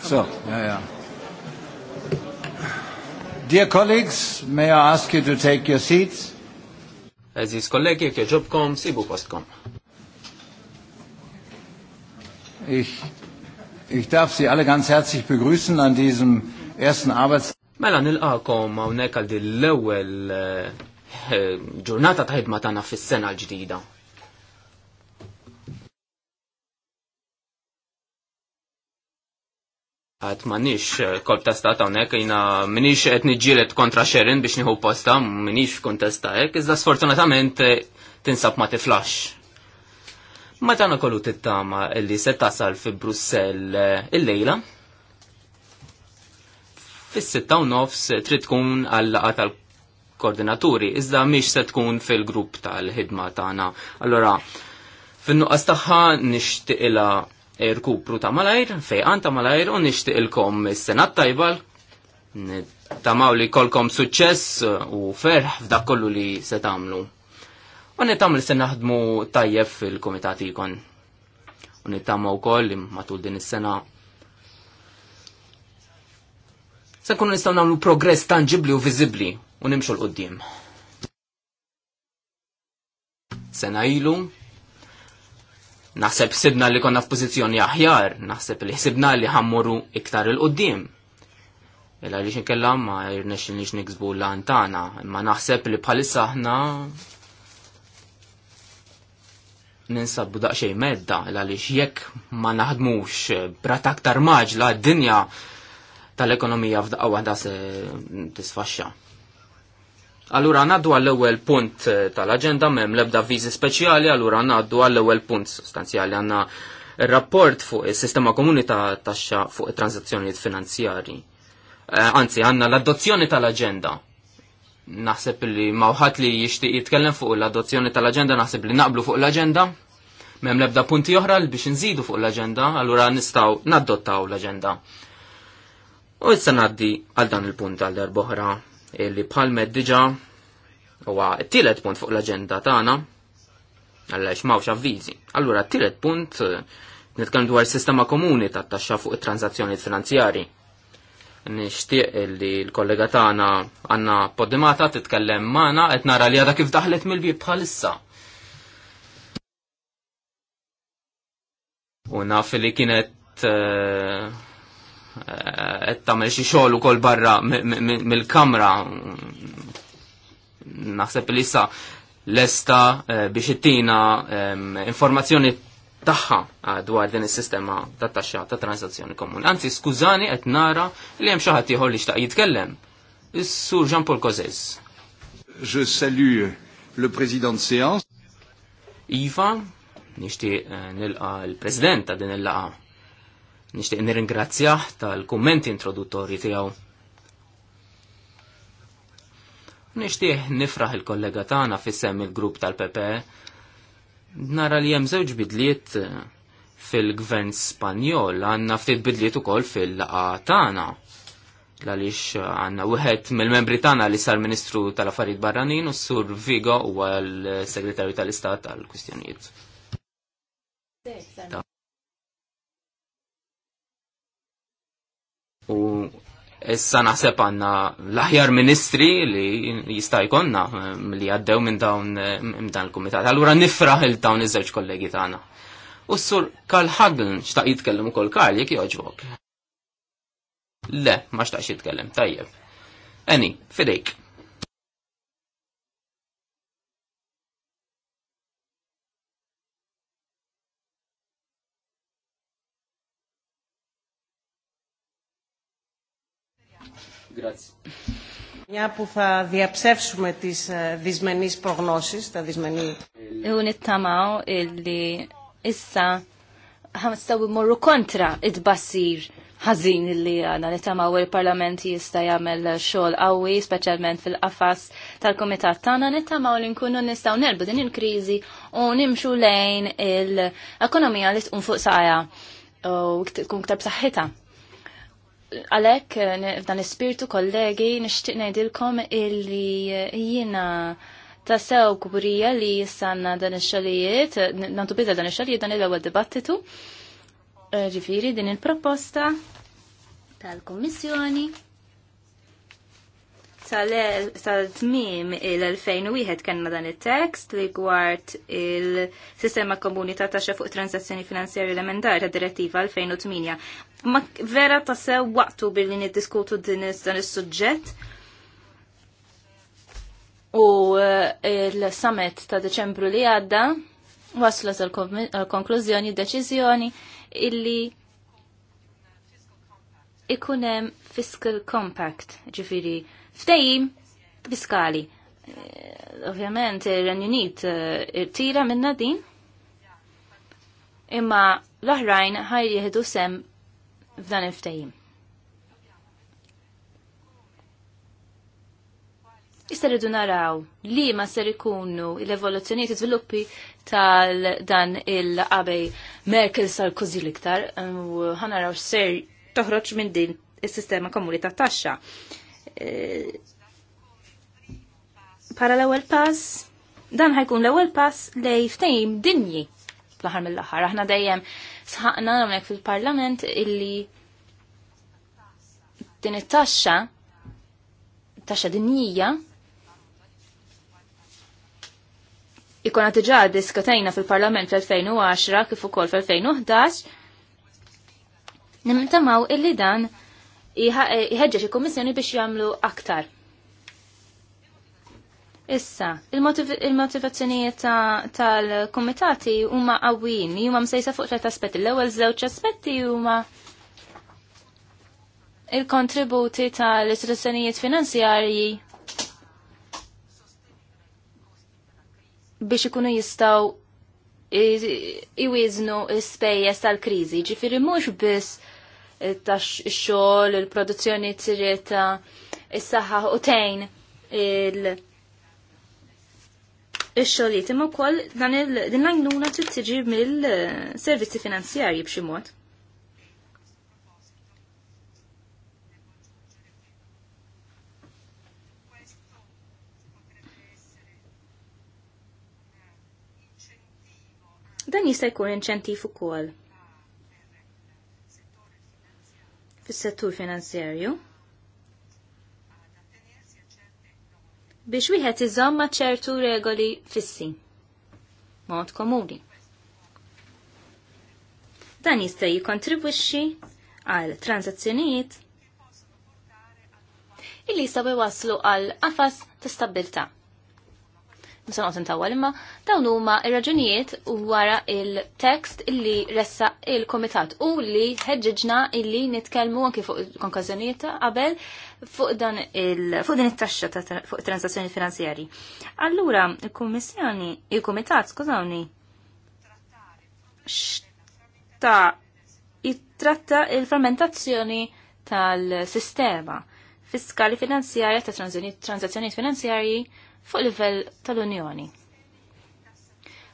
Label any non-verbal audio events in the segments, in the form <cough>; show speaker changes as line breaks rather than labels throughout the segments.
So,
yeah, yeah. Dear colleagues, may I ask you to take your seats? Aziz kollegi, jek joġobkom, sibu postkom.
Ich, ich darf Sie alle ganz herzlich begrüßen an diesem
ersten Arbeits... Mela nil-għakom għawnek għal l-ewel eh, eh, ġurnata ta' ħidma tagħna fis-sena l-ġdida. Għad manix eh, kolb ta' stat għonek, jina minix et kontra xerin biex niħu posta, minix kontesta ek, iżda sfortunatament eh, tinsab ma tiflax. Ma tana kollu tittama illi se tasal fi Brussel eh, il-lejla. Fis-sitta nofs trid tkun għallaqa tal-koordinaturi, iżda miex se tkun fil-grupp tal-ħidma tagħna. Allora, fin-nuqqas tagħha nixtieqilha rkupru ta' malajr, fejqan ta' malajr, u nishtiqilkom s-senat tajbal, tamaw li kolkom suċċess uh, u ferħ f'dak kollu li se tamlu. U nitam li se naħdmu tajjeb fil-komitat ikon. U nitam u koll li matul din is-sena se kunu nistgħu nagħmlu progress tangibli u viżibbli u nimxu l-qudiem. Sena ilu Naħseb sibna li konna f'pożizzjoni aħjar, naħseb li sibna li ħammuru iktar il-qoddim. Illa li xinkella ma jirnex li niksbu l-antana, imma naħseb li bħalissa ħna ninsabu daqxej medda, illa li jekk ma naħdmux brata aktar maġla d-dinja tal-ekonomija f'daqqa waħda se tisfaxxa. Allura naddu għall-ewwel punt eh, tal-aġenda m'hemm l-ebda viżi speċjali, allura naddu għall-ewwel punt sostanzjali għandna rapport fuq is-sistema komuni ta' taxxa fuq it-transazzjonijiet finanzjarji. Eh, anzi, għandna l-adozzjoni tal-aġenda. Naħseb li mawħat li jixtieq jitkellem fuq l-adozzjoni tal-aġenda, naħseb li naqblu fuq l-aġenda. Mem ebda punti oħra li biex nżidu fuq l-aġenda, allura nistgħu naddottaw l-aġenda. U issa ngħaddi għal dan il-punt għal darboħra Illi palmet diġa huwa t-tielet punt fuq l-aġenda tagħna għallax mawx avviżi. Allura t-tielet punt eh, nitkellem dwar sistema komuni ta' taxxa fuq it-transazzjoni finanzjari. Nixtieq li l-kollega tagħna Anna Poddimata titkellem magħna qed nara li għadha kif daħlet mill-bib bħalissa. U naf li kienet eh, qed tagħmel xi xogħol ukoll barra mill-kamra naħseb li issa lesta eh, biex ittina informazzjoni tagħha eh, dwar din is-sistema tat-taxxa ta' transazzjoni komuni. Anzi, skużani qed nara li hemm xi ħadd ieħor li xtaq jitkellem. Is-Sur Jean-Paul Cozes. Je salue le président de séance. Iva, nishti eh, nilqa l-president ta' din il-laqa Nixtieq nirringrazzjah tal-kummenti introduttori tiegħu. Nishtiq nifraħ il-kollega tagħna fissem il-grupp tal-PPE. Nara li hemm żewġ bidliet eh, fil-gvern Spanjol għandna ftit bidliet ukoll fil-laqa tagħna għaliex eh, għanna wieħed mill-membri tagħna li sar Ministru tal-Affarijiet Barranin u Sur Vigo huwa l-Segretarju tal-Istat tal-Kwistjonijiet. U issa naħseb għanna l-aħjar ministri li jista' jkollna eh, li għaddew minn dawn eh, dan il-kumitat. Allura nifraħ il dawn iż-żewġ kollegi tagħna. U s-sur Karl Hagel xtaq jitkellem ukoll Karl jekk joġbok. Le, ma xtaqx jitkellem, tajjeb. Eni, fidejk. Grazie.
Μια που θα διαψεύσουμε
τις δυσμενείς προγνώσεις, τα δυσμενή. Είναι Uni tamaw illi issa ħamstaw morru kontra id-basir ħażin li għana li tamaw il-parlament jista jgħamil xol għawi, specialment fil-qafas tal-komitat tana, tagħna nittamaw l nkunu nistaw nerbu din il krizi u nimxu lejn l ekonomija li tqum fuq saħja u tkun ktab saħħita għalek eh, f'dan l-spirtu kollegi nishtiq ngħidilkom illi eh, jiena ta' sew kuburija li jissanna dan ix-xogħlijiet, nantu bidha dan ix xalijiet dan il-ewwel dibattitu. Eh, ġifieri din il-proposta tal-Kummissjoni tal tmim il-2001 kanna dan il-tekst li gwart il-sistema komuni ta' taxxa fuq transazzjoni finanzjarji elementari ta' direttiva 2008. Ma vera ta' sew waqtu billi niddiskutu din dan is-suġġett. U eh, il-summit ta' Deċembru li għadda waslu għal-konklużjoni deċiżjoni illi ikunem fiscal compact, ġifiri Ftejim fiskali. Eh, ovvjament, il renjunit eh, tira minna din, imma l-oħrajn ħaj jihdu sem f'dan il-ftejim. Issa rridu naraw li ma ser ikunu l-evoluzzjoniet iżviluppi tal-dan il-qabej Merkel Sarkozy liktar eh, u ħanaraw ser toħroġ minn din is-sistema komuni ta' taxxa. Eh, para l-ewwel pass, dan ħajkun l-ewwel pass lej ftehim dinji fl-aħħar mill-aħħar. Aħna dejjem sħaqna għamek fil-Parlament illi din it-taxxa taxxa dinjija ikon għatġa diskatajna fil-parlament fil-2010 kif ukoll fil-2011 nimtamaw illi dan jħedġeġ eh, il-Kommissjoni biex jagħmlu aktar. Issa, il-motivazzjonijiet tal-komitati huma qawwin, huma msejsa fuq tliet aspetti. L-ewwel żewġ aspetti huma il-kontributi tal-istituzzjonijiet finanzjarji biex ikunu jistgħu iwiznu l ispejjeż tal-kriżi, ġifieri mhux biss tax xogħol, il-produzzjoni t-sirieta, is saha u tejn il- Ix-xogħlijiet imma wkoll dan din l-għajnuna trid tiġi mill-servizzi finanzjarji b'xi mod. Dan jista' jkun inċentiv ukoll. fis-settur finanzjarju. biex wieħed iżomm ma' ċertu regoli fissi. Mod komuni. Dan jista' jikkontribwixxi għal transazzjonijiet illi jistgħu waslu għal qafas ta' stabbiltà musa noqgħod intawwal imma dawn huma ir-raġunijiet wara il-tekst illi ressa il-komitat u li ħeġġġna illi nitkellmu anki fuq konkazzjonijiet ta' qabel fuq dan il fuq din it-taxxa ta' fuq transazzjoni finanzjarji. Allura il-kummissjoni, il-kumitat, skużawni, Ta' jittratta il-fermentazzjoni tal-sistema fiskali finanzjarja ta' transazzjonijiet finanzjarji fuq livell tal-Unjoni.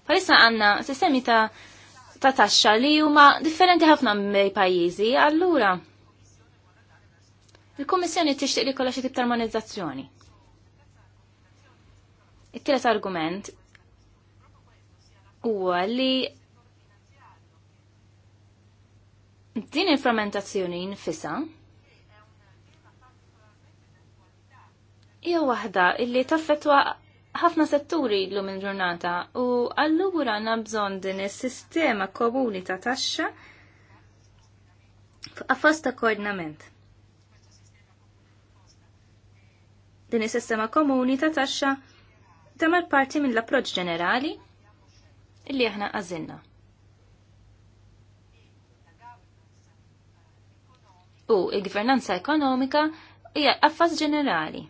Palissa għanna sistemi ta' ta' taxxa li huma differenti ħafna mill pajjiżi, allura il-Kummissjoni tixtieq li kollha xi tip tarmonizzazzjoni. It-tielet argument huwa li din il-fermentazzjoni nfisha hija waħda illi taffetwa ħafna setturi l minn ġurnata u allura għanna bżon din is-sistema komuni ta' taxxa f'qafas ta' koordinament. Din is-sistema komuni ta' taxxa tagħmel parti minn l-approċċ ġenerali illi aħna għażilna. U il-gvernanza ekonomika hija affas ġenerali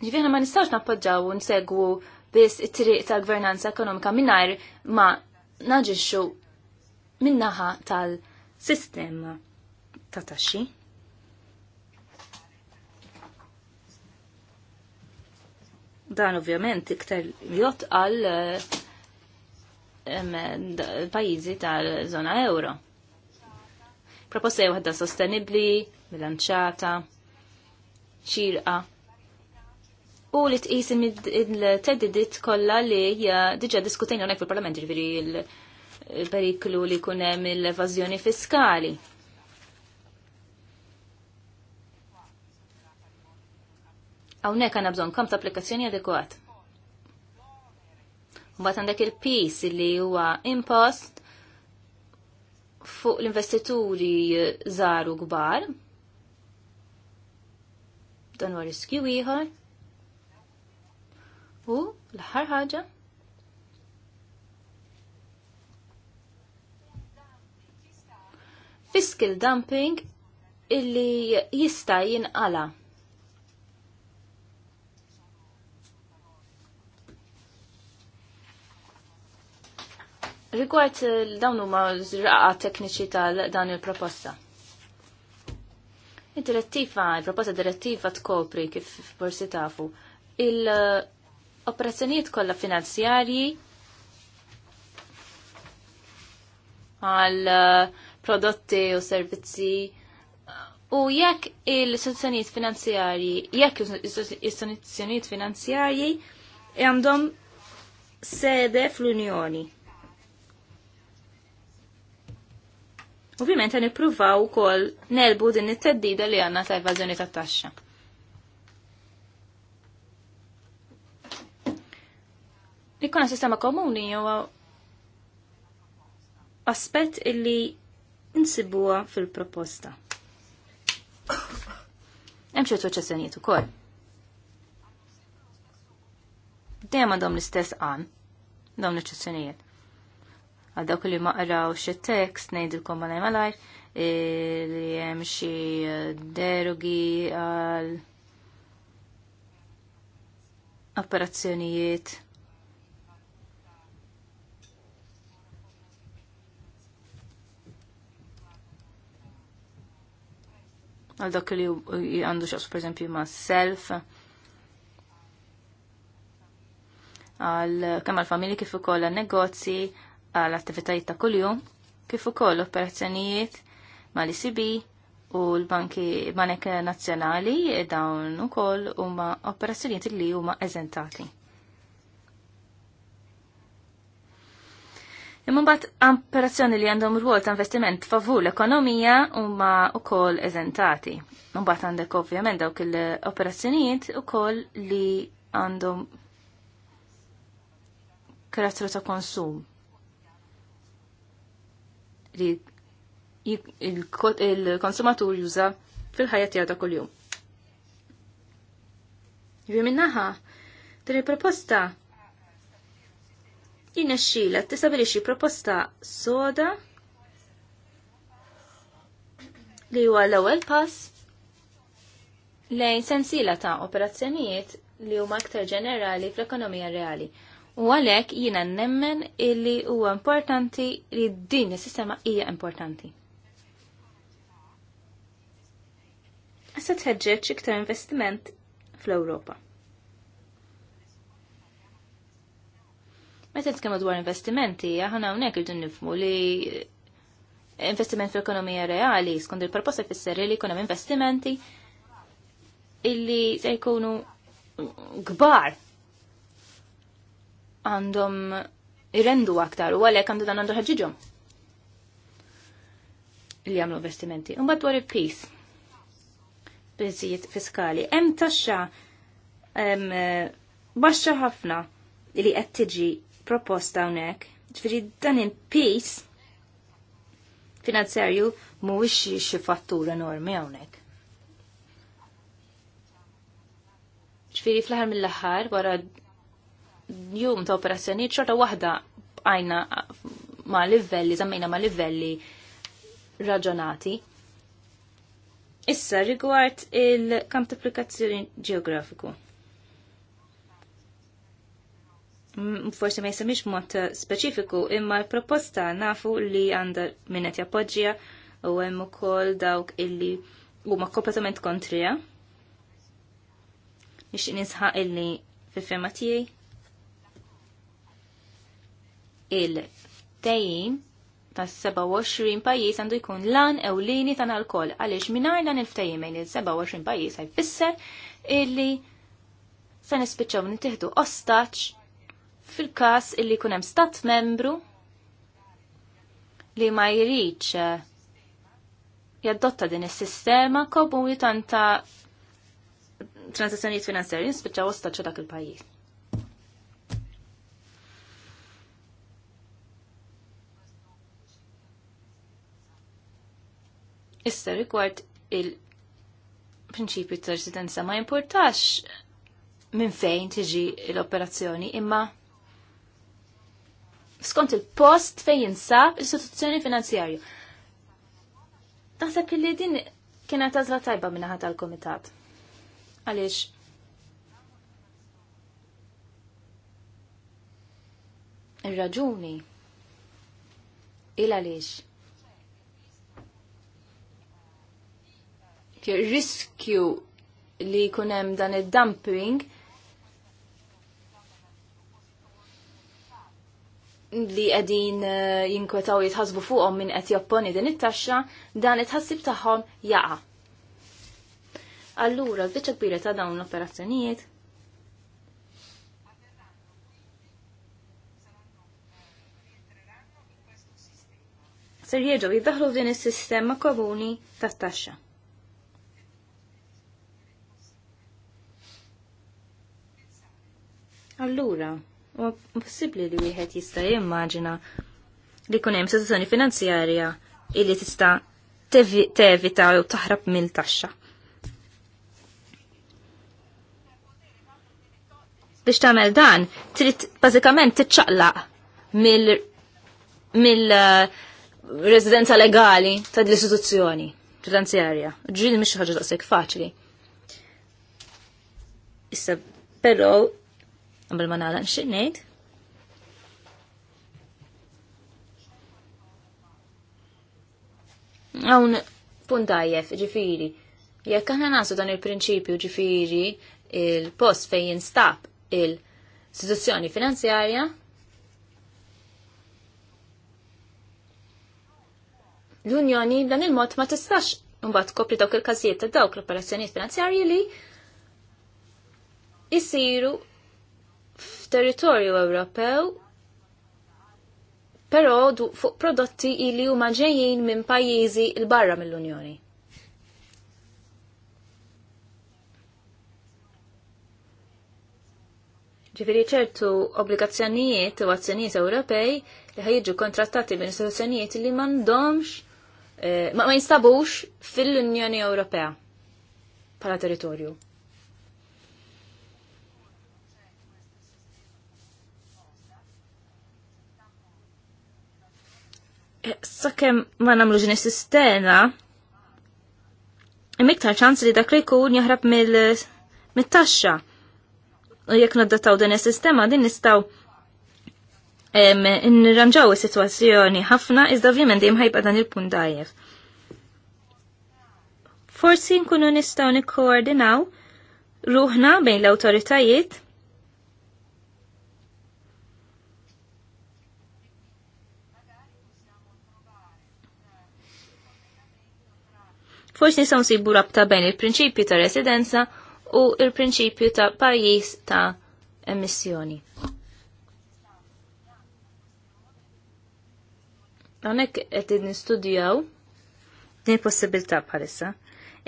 Ġifiħna ma nistawx nappoġġaw u nsegwu biss it-triq ta' gvernanza ekonomika minnajr ma naġiċu minnaħa tal-sistema ta' taxxi. Dan ovvjament iktar jott għal eh, pajizi tal-zona euro. Proposta jew ħadda sostenibli, bilanċata, xirqa u li t-qisim il-teddidit kollha li hija diġà diskutejna għonek fil-Parlament ġifieri il-periklu li jkun hemm evazjoni evażjoni fiskali. Hawnhekk għandna bżonn kam ta' applikazzjoni adekwat. Mbagħad għandek il-pis li huwa impost fuq l-investituri żaru kbar. Dan huwa riskju ieħor U l-aħħar ħaġa Fiskil dumping illi jista' jinqala. Rigward dawn huma raqa tekniċi tal dan il-proposta. Id-direttiva, il-proposta direttiva tkopri kif forsi tafu, il- operazzjonijiet kollha finanzjarji għal uh, prodotti u servizzi u jekk il-istituzzjonijiet finanzjarji, jekk il-istituzzjonijiet finanzjarji għandhom sede fl-Unjoni. Ovvijament għan ippruvaw kol nelbu din it-teddida li għanna ta' evażjoni ta' taxxa. li kuna sistema komuni jew aspett illi insibuha fil-proposta. Hemm xi ċessenijiet ukoll. Dejjem għandhom l-istess għan, dawn l eċċessjonijiet Għal dawk li ma qraw xi tekst ngħidilkom ma ngħid malajr li hemm xi derogi għal operazzjonijiet għal dak li għandu xaqs per esempio ma' self għal kemm għal familji kif ukoll għal negozji għal attivitajiet ta' kuljum kif ukoll operazzjonijiet mal-ICB u l-banki banek nazzjonali dawn ukoll huma operazzjonijiet li huma eżentati. Imma mbagħad operazzjoni li għandhom rwol ta' investiment favur l-ekonomija huma wkoll eżentati. Mbagħad għandek ovvjament dawk il-operazzjonijiet ukoll li għandhom karattru ta' konsum. Li il-konsumatur juża fil-ħajja tiegħu ta' kuljum. Ġi minnaħa, din proposta tisabili xie proposta soda li huwa l-ewwel pass lejn sensila ta' operazzjonijiet li huma aktar ġenerali fl-ekonomija reali. U għalhekk jiena nemmen illi huwa importanti li din is-sistema hija importanti. Issa tħeġġeġ iktar investiment fl-Ewropa. Meta nitkellmu dwar investimenti, aħna hawnhekk irdu nifmu li investiment fl-ekonomija reali, skont il-proposta fisser li jkun hemm investimenti illi se jkunu kbar għandhom irrendu aktar u għalhekk għandu dan għandu ħaġiġhom li għamlu investimenti. Imbagħad dwar il-peace biżijiet fiskali. Hemm taxxa eh, baxxa ħafna li qed tiġi proposta hawnhekk. Ġifieri dan il-pis finanzjarju mhuwiex xi fattura enormi hawnhekk. Ġifieri fl-aħħar mill-aħħar wara jum ta' operazzjonijiet xorta waħda bqajna ma' livelli, żammejna ma' livelli raġonati. Issa rigward il-kamp applikazzjoni ġeografiku. forsi ma jisemix mod speċifiku, imma l-proposta nafu li għanda minnet jappoġġja u hemm ukoll dawk illi huma kompletament kontrija. Nixtieq nisħaq illi fil-fema tiegħi il-tejjim tas-27 pajjiż għandu jkun lan ewlieni tan alkoll għaliex mingħajr dan il-ftehim il 27 pajjiż jfisser illi se nispiċċaw nittieħdu ostaċ fil-kas illi kunem stat membru li ma jirriċ eh, jaddotta din is-sistema kobu tanta transazzjonijiet finanzjarji spiċċaw ostaċċa dak il-pajjiż. Issa rigward il-prinċipju ta' residenza ma jimportax minn fejn tiġi l-operazzjoni imma skont il-post fejn jinsab l-istituzzjoni finanzjarju. Naħseb li din kienet għażla tajba minna ħadd tal-Kumitat. Għaliex ir-raġuni il għaliex riskju li kunem dan id-dumping li qegħdin eh, jinkwetaw jitħasbu fuqhom minn qed jopponi din it-taxxa dan it-ħassib tagħhom jaqa'. Allura, l-biċċa kbira ta' dawn l-operazzjonijiet ser jieġu jiddaħlu din is-sistema komuni tat-taxxa. Allura, U possibbli li wieħed jista' jimmaġina li kun hemm sitwazzjoni finanzjarja illi tista' tevita jew taħrab mill-taxxa. biex tagħmel dan, trid bażikament tiċċaqlaq mill mill uh, residenza legali ta' l-istituzzjoni finanzjarja. Ġili mhix ħaġa taqsek faċli. Issa, però Għamil ma nagħlaq xi ngħid. Hawn puntajjef, ġifiri, jekk aħna nasu dan il-prinċipju ġifiri il-post fejn jinstab il situzzjoni finanzjarja, l-Unjoni dan il-mod ma tistax mbagħad kopri dawk il-każijiet ta' dawk l-operazzjonijiet finanzjarji li jisiru f'territorju Ewropew però fuq prodotti ili huma ġejjin minn pajjiżi l barra mill-Unjoni. Ġifiri ċertu obbligazzjonijiet u azzjonijiet Ewropej li ħajġu kontrattati minn istituzzjonijiet li m'għandhomx eh, ma, ma jinstabux fil-Unjoni Ewropea bħala territorju. sakemm ma nagħmlu ġini sistema, imiktar ċans li dak li jkun jaħrab mill-taxxa. U jekk noddataw din is-sistema, din nistgħu nirranġaw is-sitwazzjoni ħafna iżda ovvijament dejjem ħajba dan il-punt dajjef. Forsi nkunu nistgħu nikkoordinaw ruħna bejn l-awtoritajiet Forsi nistgħu nsibu rabta bejn il-prinċipju ta' residenza u il-prinċipju ta' pajjiż ta' emissjoni. Għonek qed nistudjaw din possibilta bħalissa.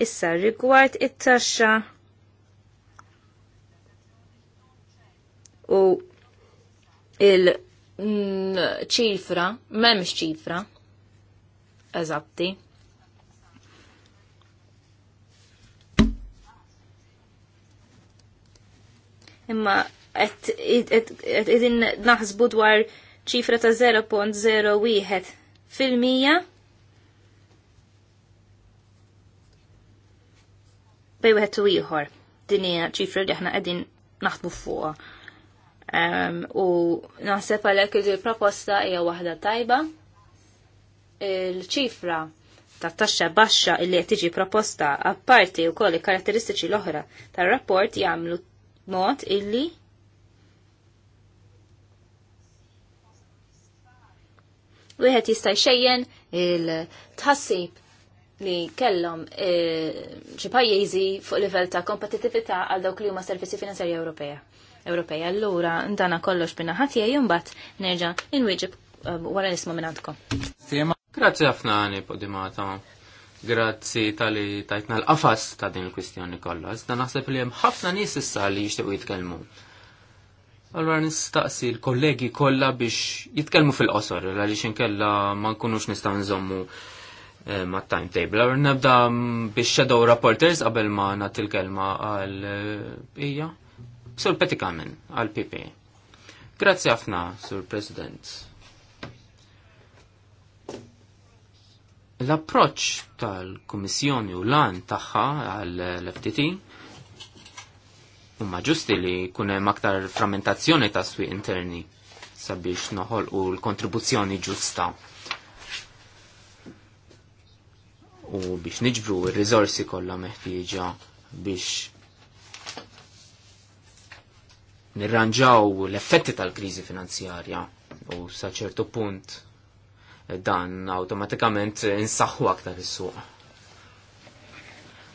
Issa rigward it-taxxa u il-ċifra, memx ċifra, eżatti. imma qed idin naħsbu dwar ċifra ta' 0.01 fil-mija bej wieħed u ieħor. Din hija ċifra li aħna qegħdin naħdmu fuqha. Ehm, u naħseb għalhekk il-proposta hija waħda tajba. Il-ċifra ta' taxxa baxxa illi qed tiġi proposta apparti wkoll il-karatteristiċi l-oħra tar-rapport jagħmlu mod illi wieħed jista' jxejjen il-tħassib li kellhom eh, xi pajjiżi fuq livell ta' kompetittività għal dawk li huma servizzi finanzjarji Ewropea. Ewropea allura ndana kollox bina ħatija jumbat nerġa' inwieġib eh, wara nisma' minn
għandkom. Grazzi ħafna għani podimata. Grazzi tal-li tajtna l-qafas ta' din il-kwistjoni kollha. Iżda naħseb li hemm ħafna nies issa li jixtiequ jitkellmu. Allora nistaqsi l-kollegi kollha biex jitkellmu fil-qosor għaliex inkella ma nkunux nistgħu nżommu eh, ma' timetable. Allora nebda biex shadow reporters qabel ma nagħti l-kelma għal hija. Eh, Sur Petikamen għal PP. Grazzi ħafna, Sur President. L-approċ tal-Kummissjoni u lan tagħha għall-FTT huma ġusti li kun hemm aktar frammentazzjoni ta' swieq interni sabiex noħolqu l-kontribuzzjoni ġusta. U biex niġbru r rizorsi kollha meħtieġa biex nirranġaw l-effetti tal-kriżi finanzjarja u sa ċertu punt dan automatikament insaħħu aktar is-suq.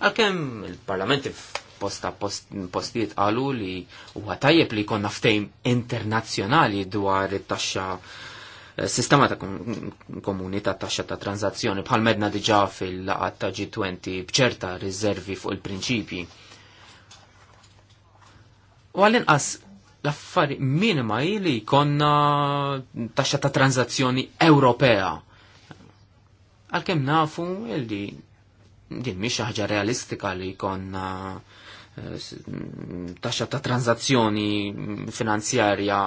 Għalkemm il-parlamenti posta postijiet qalu li huwa tajjeb li jkollna ftejm internazzjonali dwar it-taxxa eh, sistema ta' komuni ta' taxxa ta' tranzazzjoni bħal medna diġà fil-laqat ta' G20 bċerta riservi fuq il-prinċipji. U għall-inqas l-affari minima li konna taxxa ta' tranzazzjoni Ewropea. Għalkemm nafu li din mhix ħaġa realistika li konna eh, taxxa ta' tranzazzjoni finanzjarja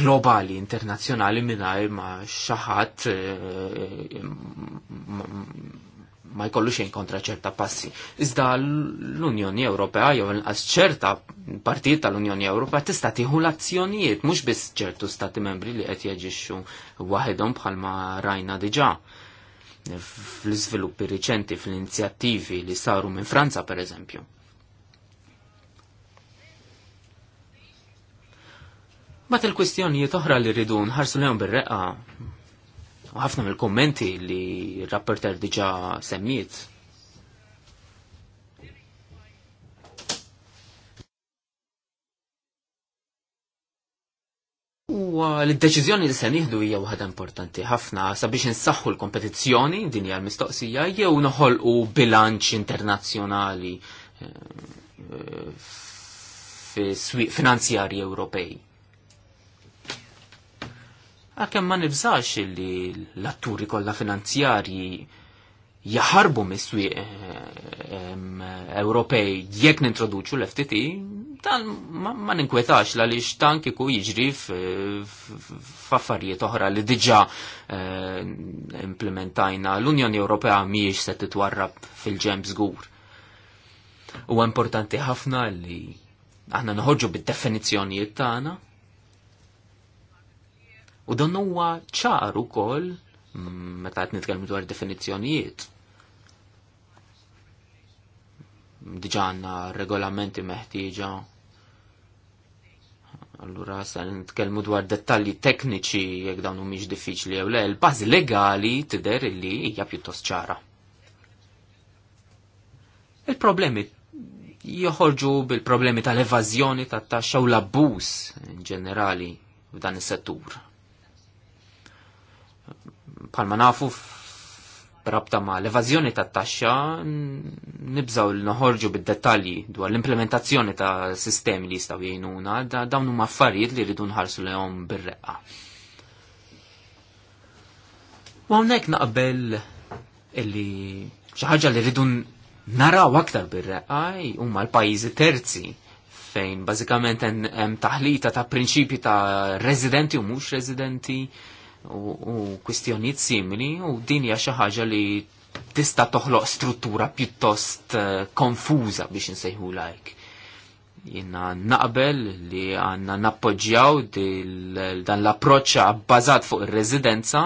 globali, internazzjonali mingħajr ma xaħat ma jkollu xejn kontra ċerta passi. Iżda l-Unjoni Ewropea jew inqas ċerta partijiet tal-Unjoni Ewropea tista' tieħu l-azzjonijiet mhux biss ċertu stati membri li qed jeġixxu waħedhom bħalma rajna diġà. Fl-iżviluppi riċenti fl-inizjattivi li saru minn Franza pereżempju. Mat il-kwistjonijiet oħra li rridu nħarsu lejhom bir-reqa ħafna mill-kommenti li rapporter diġa semmiet. U l-deċizjoni li se nieħdu hija waħda importanti ħafna sabiex insaħħu l-kompetizzjoni din hija l-mistoqsija jew noħolqu bilanċ internazzjonali eh, eh, fi swieq finanzjarji Ewropej. Għakem ma nibżax li l-atturi kollha finanzjarji jaħarbu miswi eh, Ewropej jekk nintroduċu l-FTT, dan ma ninkwetax la li xtan kiku jiġri f'affarijiet oħra li diġa eh, implementajna l-Unjoni Ewropea miex se titwarrab fil ġems żgur. U importanti ħafna li aħna noħorġu bid-definizzjonijiet tagħna U dan huwa ċar ukoll meta qed nitkellmu dwar definizzjonijiet. Diġà għandna regolamenti meħtieġa. Allura se nitkellmu dwar dettalji tekniċi jekk dawn mhumiex diffiċli jew le, l bażi legali tidher li hija pjuttost ċara. Il-problemi joħorġu bil-problemi tal-evażjoni tat-taxxa u l-abbuż in ġenerali f'dan is-settur palma nafu rabta ma l-evazjoni ta' taxxa nibżaw l-noħorġu bid-dettalji dwar l-implementazzjoni ta' sistemi li jistaw jgħinuna dawn huma affarijiet li rridu nħarsu lehom bir-reqqa. Ma hawnhekk naqbel illi xi ħaġa li rridu naraw aktar bir-reqqa huma l-pajjiżi terzi fejn bażikament hemm taħlita ta' prinċipji ta' residenti u mhux residenti. residenti u kwistjonijiet simili u din hija xi ħaġa li tista' toħloq struttura pjuttost eh, konfuża biex insejħu lajk. Jina naqbel li għanna nappoġġjaw dan l-approċċ bbażat fuq ir-residenza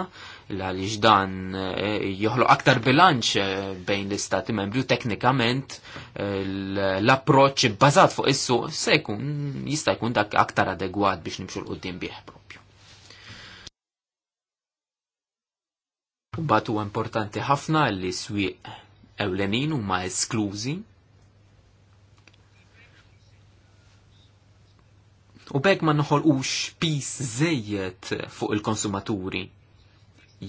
għaliex dan eh, joħloq aktar bilanċ eh, bejn l-istati membri u teknikament l-approċċ bbażat fuq issu se jkun jista' jkun dak aktar adegwat biex nimxu l-qudiem bih propju. Bat huwa importanti ħafna li swieq ewlenin huma esklużi. U bekk ma noħolqux pis żejjed fuq il-konsumaturi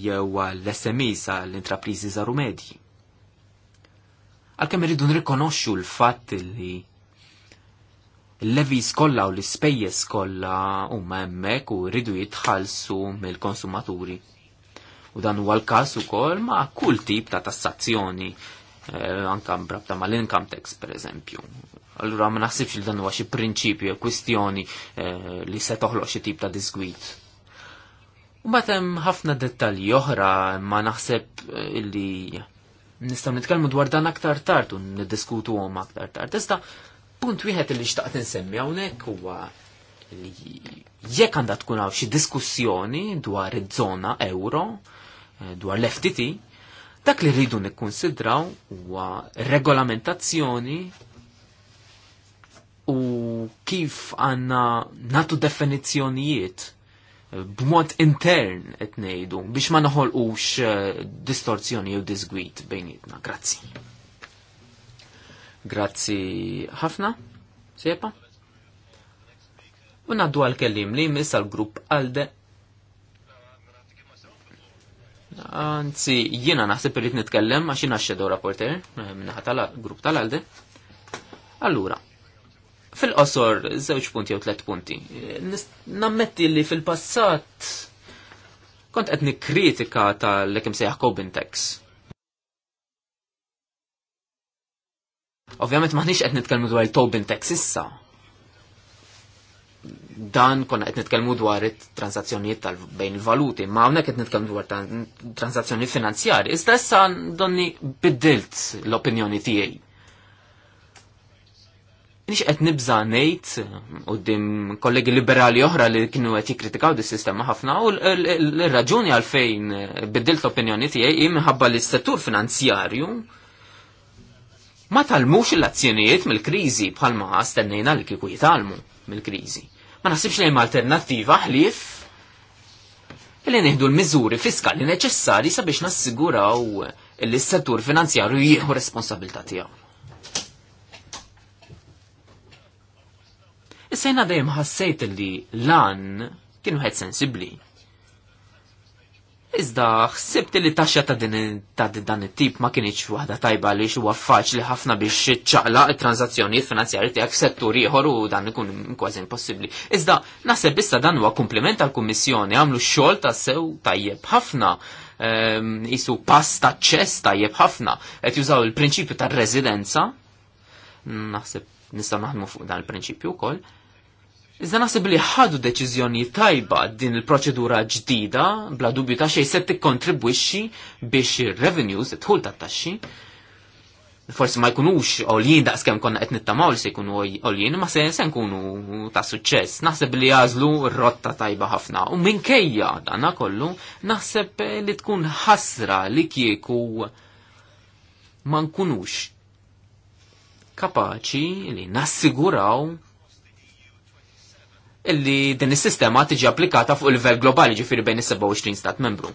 jew l-SMEs għall-intrapriżi żaru medji. Għalkemm irridu nrikonoxxu l-fatt li l-levis kollha u l-ispejjeż kollha huma hemmhekk u rridu jitħallsu mill-konsumaturi u dan huwa l-każ ukoll ma' kull tip ta' tassazzjoni eh, anka mbrabta mal-income tax per eżempju. Allura ma naħsibx li dan huwa xi prinċipju kwistjoni eh, li se toħloq xi tip ta' disgwit. U hemm ħafna dettalji oħra ma naħseb eh, li nistgħu nitkellmu dwar dan aktar tard u niddiskutu aktar tard. Iżda punt wieħed li xtaqt insemmi hawnhekk huwa li jekk għandha tkun hawn xi diskussjoni dwar iż-żona euro, Eh, dwar l-FTT, dak li rridu nikkonsidraw huwa regolamentazzjoni u kif għanna natu definizzjonijiet eh, b'mod intern qed ngħidu biex ma noħolqux eh, distorzjoni u disgwit bejnietna. Grazzi. Grazzi ħafna. Sepa? U naddu għal-kellim li jmiss għal-grupp għalde Anzi, jiena naħseb irrid nitkellem għax jiena x rapporter eh, minnaħa tal-grupp tal-Alde. Allura, fil-qosor żewġ punti jew tliet punti. Eh, nammetti li fil-passat kont qed nikkritika tal-kemm sejjaħ Cobintex. Ovvjament maħniex qed nitkellmu dwar il-Tobin Tex issa, dan konna qed nitkellmu dwar it-transazzjonijiet tal bejn il-valuti, ma hawnhekk qed nitkellmu dwar transazzjonijiet finanzjari. Iżda issa donni biddilt l-opinjoni tiegħi. Nix qed nibża ngħid eh, qudiem kollegi liberali oħra li kienu qed jikkritikaw dis sistema ħafna u l-raġuni għalfejn eh, biddilt l-opinjoni tiegħi hi minħabba li s-settur finanzjarju ma talmux l-azzjonijiet mill-kriżi bħalma stennejna li kieku jitalmu mill-kriżi ma nasibx li alternattiva ħlief illi nieħdu l-miżuri fiskali neċessari sabiex nassiguraw li s-settur finanzjarju jieħu responsabilta tiegħu. Issa jena dejjem ħassejt li lan kienu ħed sensibli. Iżda ħsibt li taxxa ta' din ta' dan it-tip ma kienx waħda tajba li huwa faċli ħafna biex ċaqla it transazzjoni finanzjarji tiegħek settur ieħor u dan ikun kważi impossibbli. Iżda naħseb issa dan huwa kumpliment tal-Kummissjoni għamlu xogħol ta' sew tajjeb ħafna jisu ehm, pass ta' ċess tajjeb ħafna qed jużaw il-prinċipju tar-residenza. Naħseb nistgħu naħdmu fuq dan il-prinċipju wkoll Iżda naħseb li ħadu deċiżjoni tajba din il-proċedura ġdida, bla dubju ta' xej se tikkontribwixxi biex ir-revenues, tħul dħul tat-taxxi, forsi ma jkunux għoljien da' skem konna qed ta' li se jkunu għoljien, ma se se nkunu ta' suċċess. Naħseb li jażlu rotta tajba ħafna. U minkejja dana kollu, naħseb li tkun ħasra li kieku ma nkunux kapaċi li nassiguraw illi din is-sistema tiġi applikata fuq il-livell globali ġifiri bejn is-27 stat membru.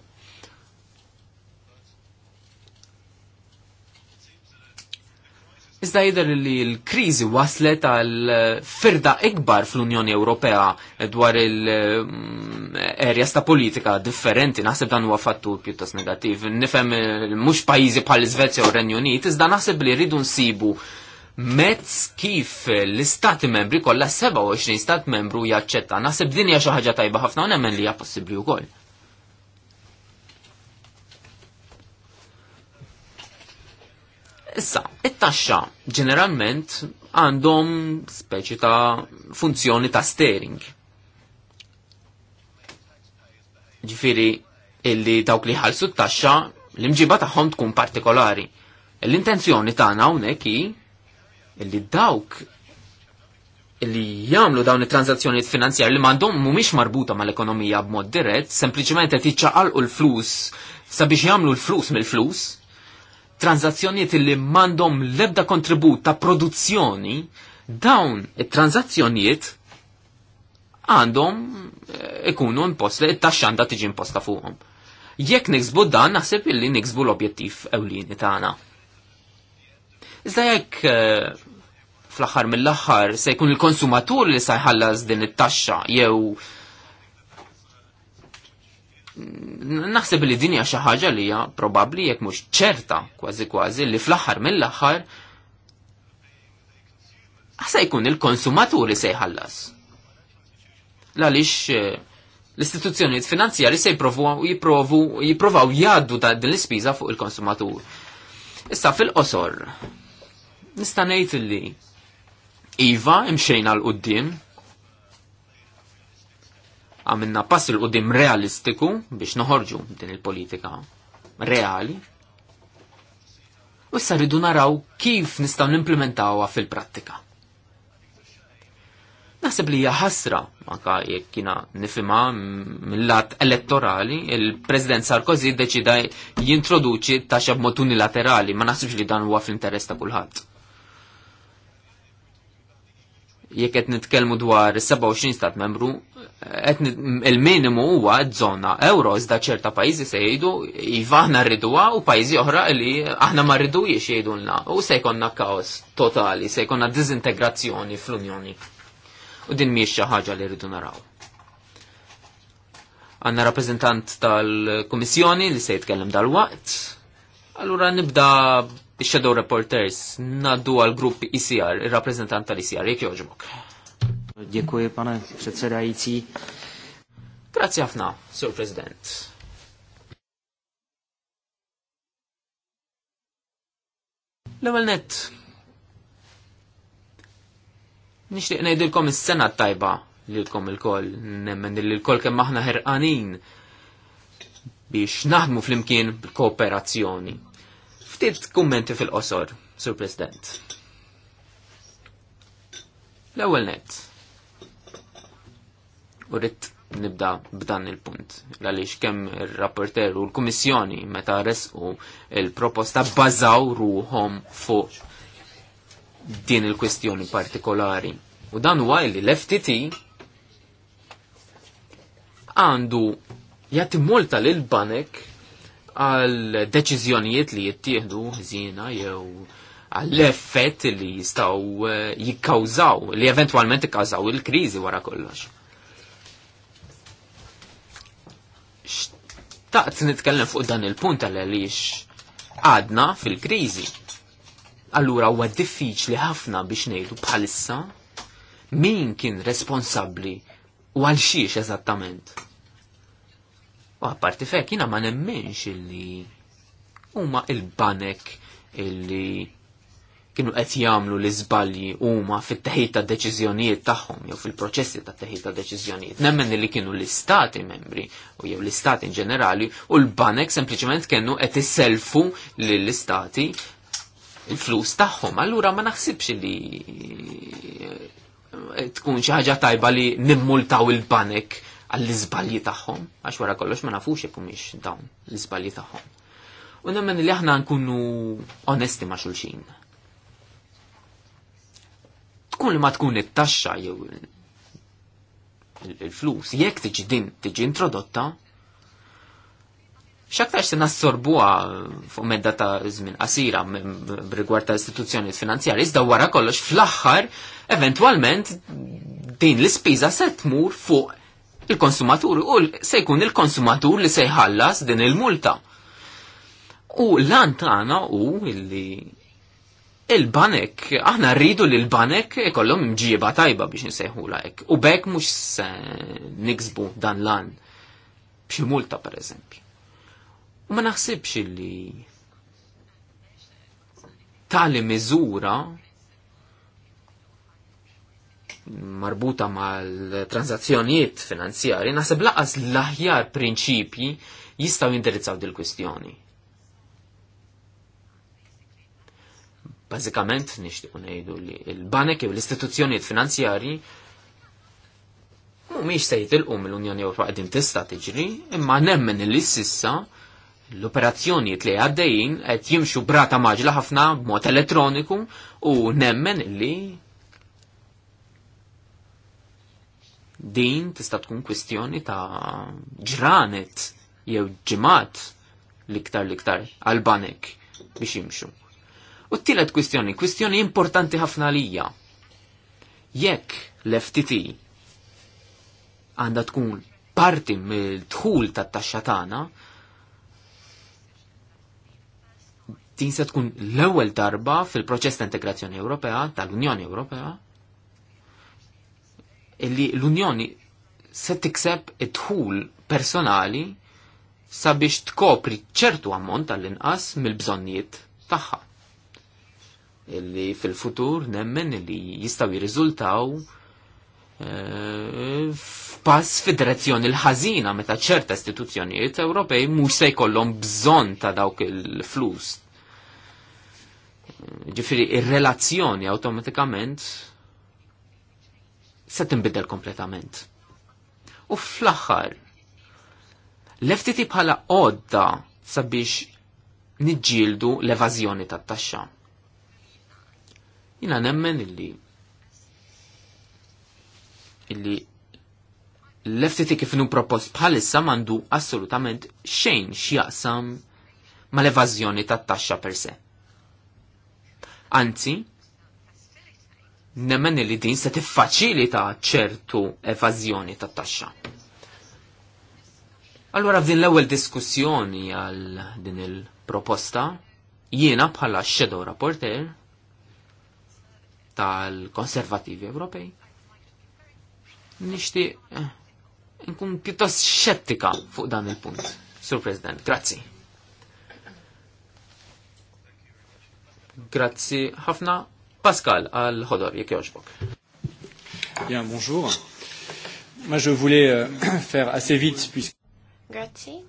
Iżda jidher li l-kriżi waslet għal eh, firda ikbar fl-Unjoni Ewropea eh, dwar il-erjas eh, ta' politika differenti, naħseb dan huwa fattur pjuttost negativ. Nifhem mhux pajjiżi bħal Iżvezja u Renju Unit, iżda naħseb li rridu nsibu mezz kif l-istati membri kollha 27 stat membru jaċċetta. Naħseb din hija xi ħaġa tajba ħafna u nemmen li hija possibbli wkoll. Issa, it-taxxa ġeneralment għandhom speċi ta' funzjoni ta' steering. Ġifiri, illi dawk li ħalsu t-taxxa l-imġiba tagħhom tkun partikolari. L-intenzjoni tagħna hawnhekk hi illi dawk li jagħmlu dawn it-transazzjonijiet finanzjarji li m'għandhom mhumiex marbuta mal-ekonomija b'mod dirett, sempliċement qed jiċċaqalqu l-flus sabiex jagħmlu l-flus mill-flus, tranzazzjonijiet li m'għandhom l-ebda kontribut ta' produzzjoni, dawn it-tranzazzjonijiet għandhom eh, ikunu impost li t-taxxa tiġi imposta fuqhom. Jekk niksbu dan naħseb illi niksbu l-objettiv ewlieni tagħna. Iżda jekk eh, fl-aħħar mill-aħħar se jkun il-konsumatur li sa jħallas din it-taxxa jew naħseb li din hija xi ħaġa li hija probabbli jekk mhux ċerta kważi kważi li fl-aħħar mill-aħħar se jkun il-konsumaturi se jħallas. Għaliex eh, l-istituzzjonijiet finanzjari se jipprovaw jgħaddu ta' din l-ispiża fuq il-konsumatur. Issa fil-qosor, nista' ngħid illi iva imxejn għall qudiem għamilna pass il qudiem realistiku biex noħorġu din il-politika reali u issa rridu naraw kif nistgħu nimplementawha fil-prattika. Naħseb li hija ħasra anka jekk kiena nifhimha mill-lat elettorali, il-President Sarkozy deċida jintroduċi taxxa b'mod unilaterali, ma naħsibx li dan huwa fl-interess ta' kulħadd jekk qed nitkellmu dwar 27 stat membru, il-minimu huwa żona euro iżda ċerta pajjiżi se jgħidu iva aħna rriduha u pajjiżi oħra li aħna ma rridux jgħidulna u se jkollna kaos totali, se jkollna dizintegrazzjoni fl-Unjoni. U din mhijiex xi ħaġa li rridu naraw. Għanna rappreżentant tal-Kummissjoni li se jitkellem dal-waqt. Allura nibda Shadow Reporters naddu għal grupp ICR, e il-rappresentant tal-ICR, e jek joġbok. Dziękuję, pana przedsedajci. Grazie ħafna, Sir President. L-ewel net. Nishtiq ngħidilkom is-sena tajba lilkom il-koll, nemmen il-koll kem maħna ħerqanin biex naħdmu fl-imkien bil-kooperazzjoni Ftit kummenti fil-qosor, Sur President. L-ewwel net. Urrit nibda b'dan il-punt. Għaliex kemm ir-rapporter u l-Kummissjoni meta resqu il-proposta bażaw ruhom fuq din il-kwestjoni partikolari. U dan huwa li l-FTT għandu jagħti multa lil banek għal deċizjonijiet li jittieħdu zina jew għall-effett li jistaw eh, jikkawżaw, li eventualment ikkawżaw il-krizi wara kollox. Taqt nitkellem fuq dan il-punt għaliex għadna fil-krizi. Allura huwa diffiċli ħafna biex ngħidu bħalissa min kien responsabbli u għal xiex eżattament. U għaparti fek, jina ma nemmenx illi huma il-banek illi kienu qed jagħmlu l-iżbalji huma fit-teħid ta' deċiżjonijiet tagħhom jew fil-proċessi ta' teħid ta' deċiżjonijiet. Nemmen li kienu l-istati membri u jew l-istati in ġenerali u l-banek sempliċement kienu qed iselfu lill-istati il-flus tagħhom. Allura ma naħsibx li eh, tkun xi ħaġa tajba li nimmultaw il-banek għall-iżbalji tagħhom, għax wara kollox ma nafux jekk mhix dawn l-iżbalji tagħhom. U nemmen li aħna nkunu onesti ma' xulxin. Tkun li ma tkun it-taxxa jew il-flus, jekk tiġi din tiġi introdotta, x'aktarx se nassorbuha fuq medda ta' żmien qasira b'rigward ta' istituzzjonijiet finanzjarji, iżda wara kollox fl-aħħar eventwalment din l-ispiża se tmur fuq il-konsumatur u se jkun il-konsumatur li se jħallas din il-multa. U l tagħna u illi il-banek, aħna rridu li l-banek kollom mġieba tajba biex nsejħu lajk. U bekk mux se niksbu dan lan b'xi multa per eżempju. U ma naħsibx li tali miżura marbuta mal-transazzjonijiet finanzjari, nasib laqas l-aħjar prinċipji jistaw jindirizzaw dil-kwistjoni. Bazzikament nixtiqu ngħidu li l-banek u l-istituzzjonijiet finanzjari mhumiex se jitilqu mill-Unjoni Ewropea qegħdin tista' tiġri, imma nemmen li sissa l-operazzjonijiet li għaddejjin qed jimxu brata maġla ħafna b'mod elettroniku u nemmen li Din tista' tkun kwistjoni ta' ġranet jew ġimat liktar liktar għalbanek banek biex jimxu. U t-tielet kwistjoni, kwistjoni importanti ħafna għalija. Jekk l-FTT għandha tkun parti mill-dħul tat-taxxa tagħna, din se tkun l-ewwel darba fil-proċess ta' integrazzjoni Ewropea tal-Unjoni Ewropea Illi l-Unjoni se tikseb it-tħul personali sabiex tkopri ċertu ammont tal-inqas mill bżonnijiet tagħha. Illi fil-futur nemmen li jistaw jirriżultaw eh, f'pass fid-direzzjoni l-ħażina meta ċerta istituzzjonijiet Ewropej mhux se jkollhom bżonn ta' dawk il-flus. Ġifieri ir-relazzjoni awtomatikament se tinbidel kompletament. U fl-aħħar, l-FTT bħala għodda sabiex niġġieldu l-evażjoni tat-taxxa. Jina nemmen illi illi l-FTT kif nu propost bħalissa mandu assolutament xejn x'jaqsam mal-evażjoni tat-taxxa per se. Anzi, nemmen li din se tiffaċilita ċertu evażjoni tat taxxa. Allura f'din l-ewwel diskussjoni għal din il-proposta, jiena bħala shadow rapporter tal-Konservativi Ewropej, nixtieq eh, nkun pjuttost xettika fuq dan il-punt. Sur President, grazzi. Grazzi ħafna Pascal al ħodor jek joġbok. Bien, bonjour. Moi, je voulais euh, <coughs> faire assez vite puisque.
Grazie.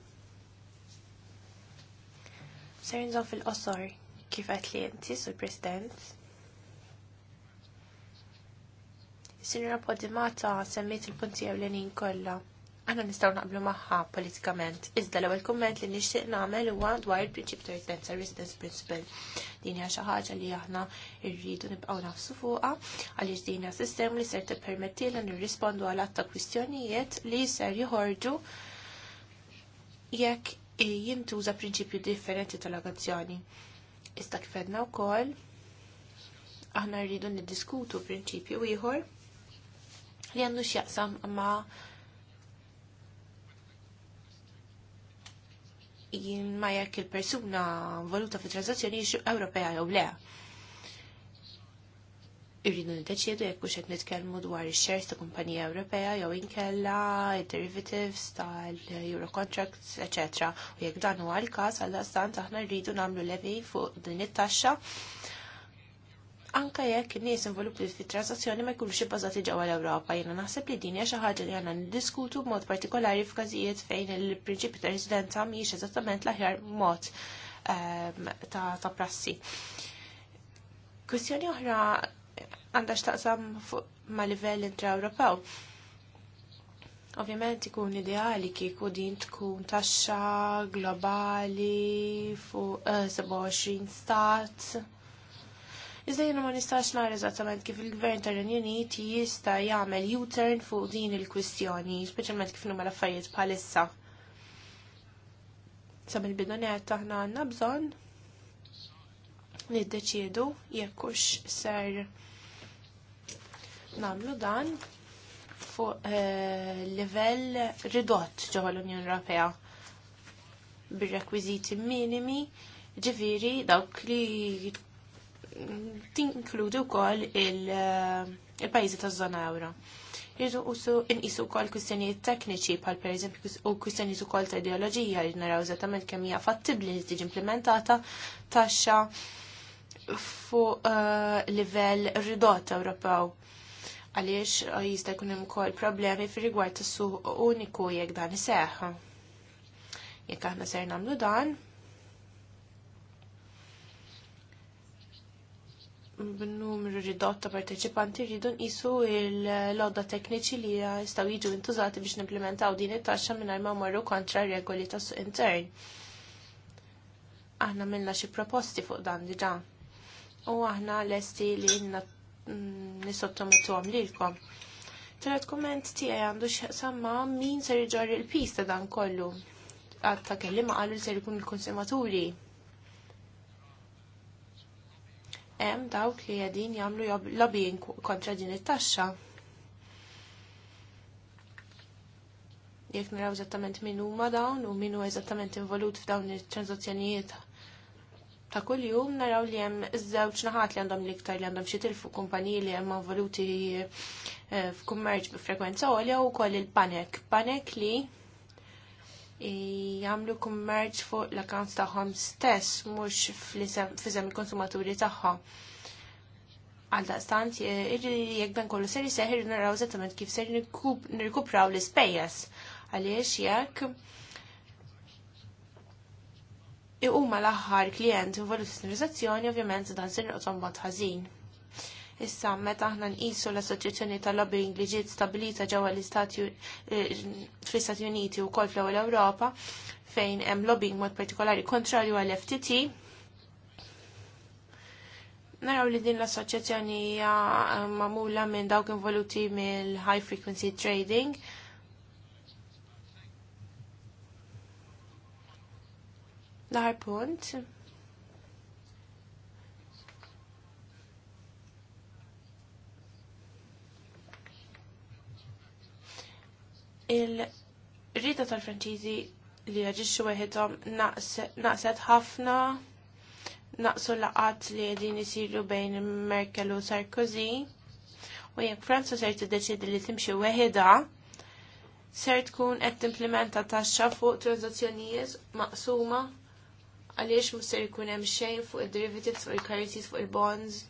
Ser nżon fil-qosor kif qed li inti sur President. Sinjora Podimata semmit il-punti għavlenin kolla. Għanna nistaw naqblu maħħa politikament. Iżda l ewwel komment li nixtieq nagħmel huwa dwar il-prinċip ta' residenza, residence principle. Din hija xi ħaġa li aħna rridu nibqgħu nafsu fuqha għaliex din hija sistem li ser tippermettilna nirrispondu għal ta' kwistjonijiet li ser jħorġu jekk jintuża prinċipju differenti tal agazzjoni Iżda kifedna wkoll aħna rridu niddiskutu prinċipju ieħor li għandu x'jaqsam ma' Jien ma jekk il-persuna voluta fi transazzjoni Ewropea jew le. Irridu niddeċiedu jekk hux qed nitkellmu dwar ix-shares ta' kumpanija Ewropea jew inkella derivatives tal-euro contracts, etc. U jekk dan huwa l-każ għal stant aħna rridu nagħmlu levi fuq din it-taxxa anka jekk nies involuti fit-transazzjoni ma jkunux ibbażati ġewwa l-Ewropa. Jiena naħseb li din hija xi ħaġa li għandna niddiskutu b'mod partikolari f'każijiet fejn il-prinċipju ta' residenza mhijiex eżattament l-aħjar mod ehm, ta' prassi. Kwistjoni oħra għandha x'taqsam fuq ma' livell intra-Ewropew. Ovvjament ikun ideali kieku din tkun taxxa globali fuq 27 eh, stat Iżda jiena ma nistax nara eżattament kif il-Gvern tar-Renju Uniti jista' jagħmel U-turn fuq din il-kwistjoni, speċjalment kif huma l-affarijiet bħalissa. Sam il-bidonet aħna għandna bżonn niddeċiedu jekk hux ser nagħmlu dan fuq eh, livell ridott ġewwa l-Unjoni Ewropea bir-rekwiżiti minimi ġifiri dawk li tinkludi wkoll eh, il-pajjiżi taż-żona euro. Irridu usu inqisu wkoll kwistjonijiet tekniċi bħal pereżempju u kwistjonijiet ukoll ta' ideoloġija li naraw eżattament kemm hija fattibbli li tiġi implementata taxxa fuq eh, livell ridott Ewropew għaliex eh, jista' jkun hemm ukoll problemi fir-rigward tas-suq uniku jekk dan iseħħ. Jekk aħna ser nagħmlu dan, b'numru ridott ta' parteċipanti rridu nqisu l logħda tekniċi li jistgħu jiġu intużati biex nimplementaw din it-taxxa mingħajr ma mmorru kontra regoli tas suq intern. Aħna minna xi proposti fuq dan diġà. U aħna lesti li mm, nisottomettuhom lilkom. Tret kumment tiegħi għandu x'samma min ser iġorri l-pista dan kollu. Għad ta' ma qalu li ser ikun il-konsumaturi hemm dawk li qegħdin jagħmlu lobbying kontra din it-taxxa. Jekk naraw eżattament min huma dawn u min huwa eżattament involut f'dawn it-transazzjonijiet ta' kuljum naraw li hemm iż-żewġ naħat li għandhom l-iktar li għandhom xi tilfu kumpaniji li hemm involuti eh, f'kummerċ bi frekwenza għolja u koll il-panek. Panek li jagħmlu kummerċ fuq l-accounts tagħhom stess mhux f'isem il-konsumaturi tagħhom. Għal daqstant, jekk ben kollu seri seħir naraw zettament kif ser nirkupraw l-ispejjeż għaliex jekk huma l-aħħar klient involut fis-sinrizazzjoni ovvjament dan se nirqotom mod ħażin. Issa, meta aħna nqisu l-Assoċjazzjoni tal-Lobbying li ġiet stabilita ġewwa l-Istati eh, fl-Istati Uniti u kol fl-ewwel Ewropa fejn hemm lobbying mod partikolari kontrarju għal FTT. Naraw li din l-assoċjazzjoni hija eh, magħmula minn dawk involuti mill-high frequency trading. L-aħar punt il-rita tal-Franċiżi li jaġixxu weħidhom naqset ħafna naqsu laqat li għedin isiru bejn Merkel u Sarkozy u jekk Franza ser tiddeċidi li timxi weħidha ser tkun qed timplementa taxxa fuq transazzjonijiet maqsuma għaliex mhux ser jkun hemm xejn fuq id-derivatives fuq il-currencies fuq il-bonds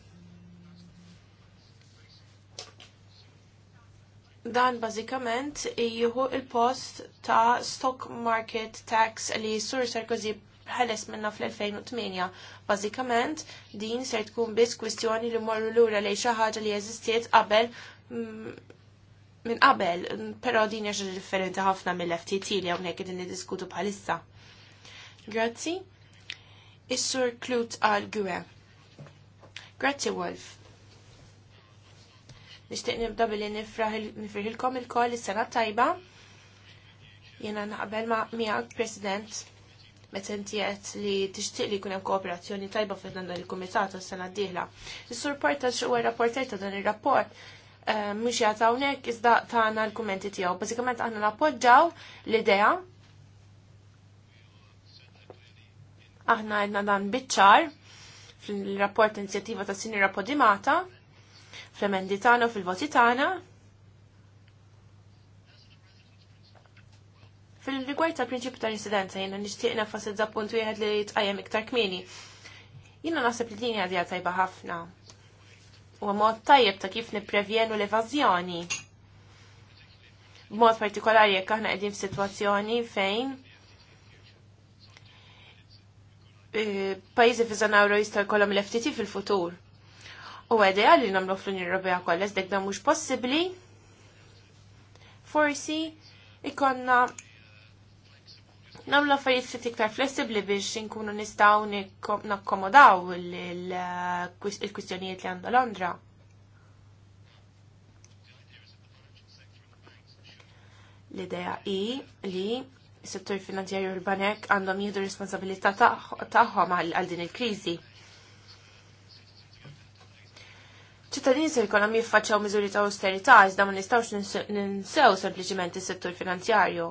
dan bażikament jieħu il-post ta' stock market tax li sur Sarkozy ħeles minna fl-2008. Bażikament din ser tkun biss kwistjoni li morru lura lejn xi ħaġa li jeżistiet qabel mm, minn qabel, però din hija differenti ħafna mill-FTT li hawnhekk qegħdin niddiskutu bħalissa. Grazzi. Is-sur Klut għal Gwe. Grazzi Wolf. Nixtieq nibda billi nifriħilkom il-koll is-sena tajba. Jiena naqbel ma' miegħek President meta inti qed li tixtieq li jkun hemm kooperazzjoni tajba f'dan dan il-kumitat tas-sena d-dieħla. Is-surport ta' xi rapporter ta' dan ir-rapport eh, mhux jagħta hawnhekk iżda tagħna l-kumenti tiegħu. Bażikament aħna nappoġġaw l-idea aħna għedna dan biċ-ċar fil-rapport inizjattiva ta' Sinjura Podimata fl-emendi tagħna u fil-voti tagħna. Fil-rigward ta' prinċipju ta' incidenza jiena nixtieq nefasizza punt wieħed li jitqajjem iktar kmieni. Jiena naħseb li din għadija tajba ħafna. U mod tajjeb ta' kif nipprevjenu l-evażjoni. B'mod partikolari jekk aħna qegħdin f'sitwazzjoni fejn eh, pajjiżi fi żona euro jistgħu jkollhom l-FTT fil-futur. U għedja li namlu fl-Unjoni Ewropea kollha dek dan mhux possibbli. Forsi ikonna namlu affarijiet ftit iktar flessibbli biex inkunu nistgħu nakkomodaw eh, il-kwistjonijiet li għandha Londra. L-idea hi li s-settur finanzjarju l-banek għandhom jieħdu responsabilità tagħhom għal din il-kriżi. ċittadini se jkollhom jiffaċċjaw miżuri ta' austerità iżda ma nistgħux ninsew sempliċiment is-settur finanzjarju.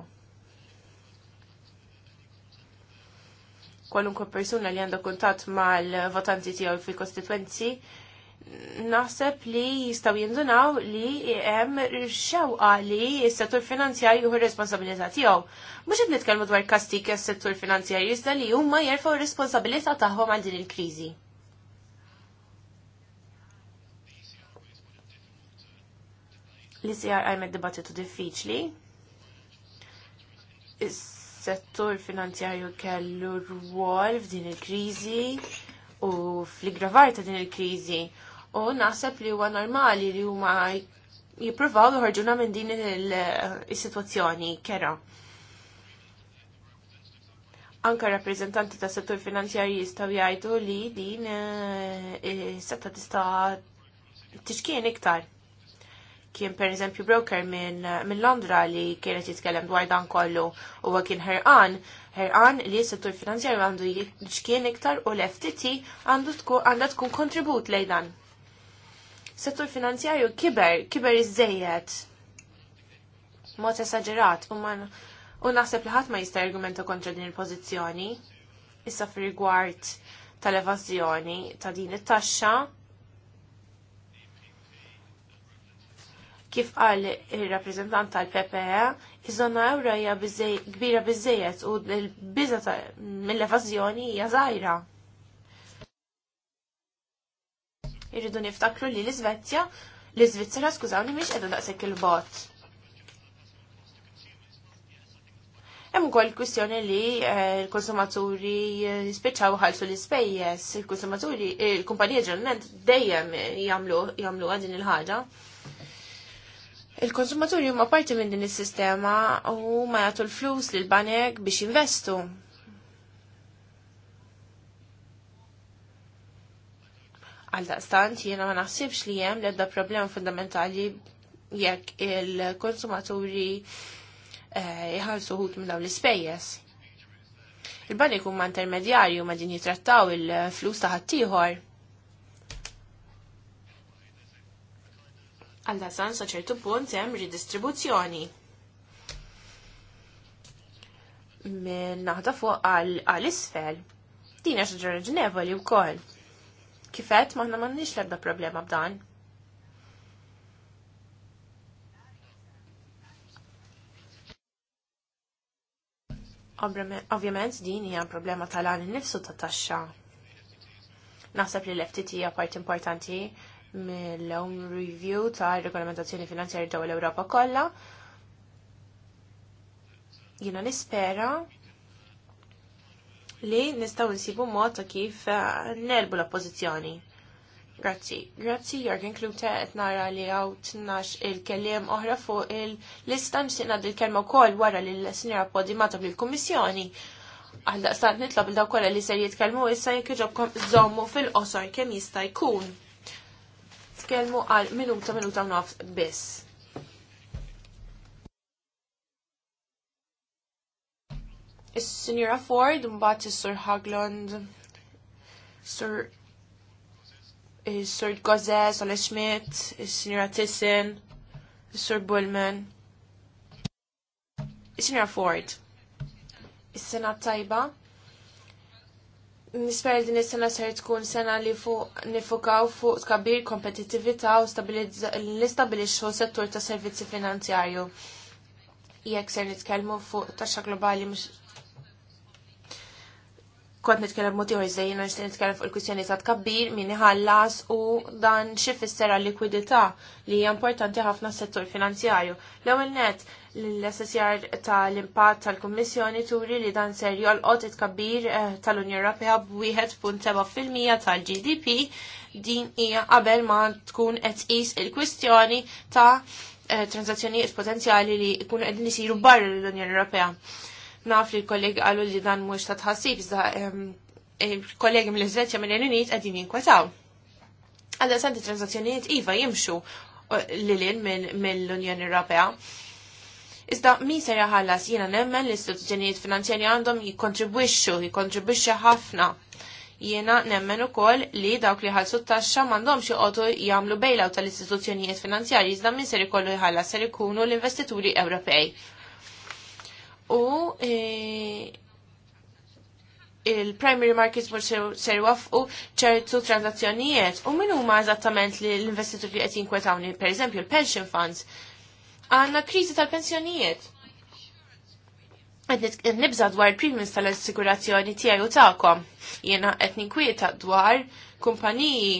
Kwalunkwe persuna li għandha kuntatt mal-votanti tiegħu fil-kostitwenzi naħseb li jistaw jindunaw li hemm xewqa li s-settur finanzjarju r responsabilità tiegħu. Mhux qed nitkellmu dwar kastik s-settur finanzjarju iżda li huma jerfgħu r-responsabilità tagħhom għal din il-kriżi. Li sijar għajmet dibattitu diffiċli. Is-settur finanzjarju kellu rwol f'din il-krizi u fl-igravar ta' din il-krizi. U naħseb li huwa normali li huma jippruvaw joħorġuna minn din il-sitwazzjoni kera anka rappresentanti ta' settur finanzjarji jistaw jgħidu li din eh, setta tista' tixkien iktar kien per eżempju broker minn min Londra li kienet jitkellem dwar dan kollu u kien ħerqan, ħerqan li s-settur finanzjarju għandu xkien iktar u l-FTT għandu tkun kontribut lej dan. Settur finanzjarju kiber, kiber iż-żejjed. Mod esagerat, u naħseb li ħadd ma jista' argumenta kontra din il-pożizzjoni. Issa fir rigward tal-evażjoni ta' din it-taxxa, Kif qal il-rappresentant tal-PPE, iż-żona ewra hija kbira biżejjed u l-biża mill-evażjoni hija żgħira. Irridu niftakru li l-Iżvezja, l-Iżvizzera skużawni mhix qiegħda daqshekk il-bot. Hemm ukoll kwistjoni li eh, l-konsumaturi eh, jispiċċaw ħalsu l-ispejjeż, il-konsumaturi, il-kumpanija ġenment dejjem jagħmlu jagħmlu din il-ħaġa. Il-konsumaturi huma parti minn din is-sistema u ma jagħtu l-flus lil banek biex jinvestu. Għal daqstant jiena ma naħsibx li hemm l-ebda problema fundamentali jekk il-konsumaturi eh, jħallsu ħut minn dawn l-ispejjeż. Il-banek huma intermedjarju ma din jitrattaw il-flus ta' ħaddieħor Għalla san sa ċertu punt hemm ridistribuzzjoni. Min naħda fuq għal isfel. Din għax raġunevoli wkoll. Kifet maħna m'għandniex l-ebda problema b'dan. Ovvjament din hija problema tal għan nifsu ta' taxxa. Naħseb li l-FTT hija part importanti mill-home review ta' regolamentazzjoni finanzjarja ġew l-Ewropa kollha. Jiena nispera li nistgħu nsibu mod ta' kif eh, nelbu l-oppożizzjoni. Grazzi. Grazzi Jorgen Klute qed nara li hawn tnax il-kelliem oħra fuq il-lista nixtieq ngħaddi l-kelma wkoll wara li l-Sinjora Podimata bil-Kummissjoni għal daqstant nitlob il-daw kolla li ser jitkellmu issa jekk iġobkom żommu fil-qosor kemm jista' jkun titkellmu għal minuta minuta u nofs biss. is sinjura Ford, mbagħad is-Sur Haglund, Sur is-Sur Gozes, Ole Schmidt, is sinjura Tissen, is-Sur Bullman. is sinjura Ford. Is-sena tajba Nisper din is-sena ser tkun sena li fuq nifukaw fuq kabir kompetittività u l-istabilixxu settur ta' servizzi finanzjarju. Jekk ser nitkellmu fuq taxxa globali mhux kont nitkellem mod ieħor żejjin għax se nitkellem fuq il-kwistjoni ta' tkabbir min iħallas u dan xi fisser għal likwidità li hija importanti ħafna s-settur finanzjarju. L-ewwel net L-SSR tal-impatt tal-Kommissjoni turi li dan ser jolqot it-kabbir eh, tal-Unjoni Ewropea b'1.7% tal-GDP din hija qabel ma tkun qed tqis il-kwistjoni ta' eh, transazzjonijiet potenzjali li jkunu qegħdin isiru barra l-Unjoni Ewropea. Naf li l-kollegi qalu li dan mhux ta' tħassib iżda eh, kollegi mill-Iżvezja mill-Unit qegħdin jinkwetaw. Għadda santi transazzjonijiet iva jimxu lilin mill-Unjoni Ewropea Iżda min se jaħallas jiena nemmen l-istituzzjonijiet finanzjarji għandhom jikkontribwixxu, jikkontribwixxu ħafna. Jiena nemmen ukoll li dawk li ħalsu t-taxxa m'għandhomx joqogħdu jagħmlu bejlaw tal-istituzzjonijiet finanzjarji iżda min ser ikollu jħallas ser ikunu l-investituri Ewropej. U eh, il-primary markets mux ser wafqu ċertu transazzjonijiet u minn huma eżattament li l-investituri qed jinkwetawni, per eżempju l-pension funds, għanna krizi tal-pensjonijiet. Nibza dwar il-premiums tal-assigurazzjoni tiegħi u tagħkom. Jiena qed ninkwieta dwar kumpaniji,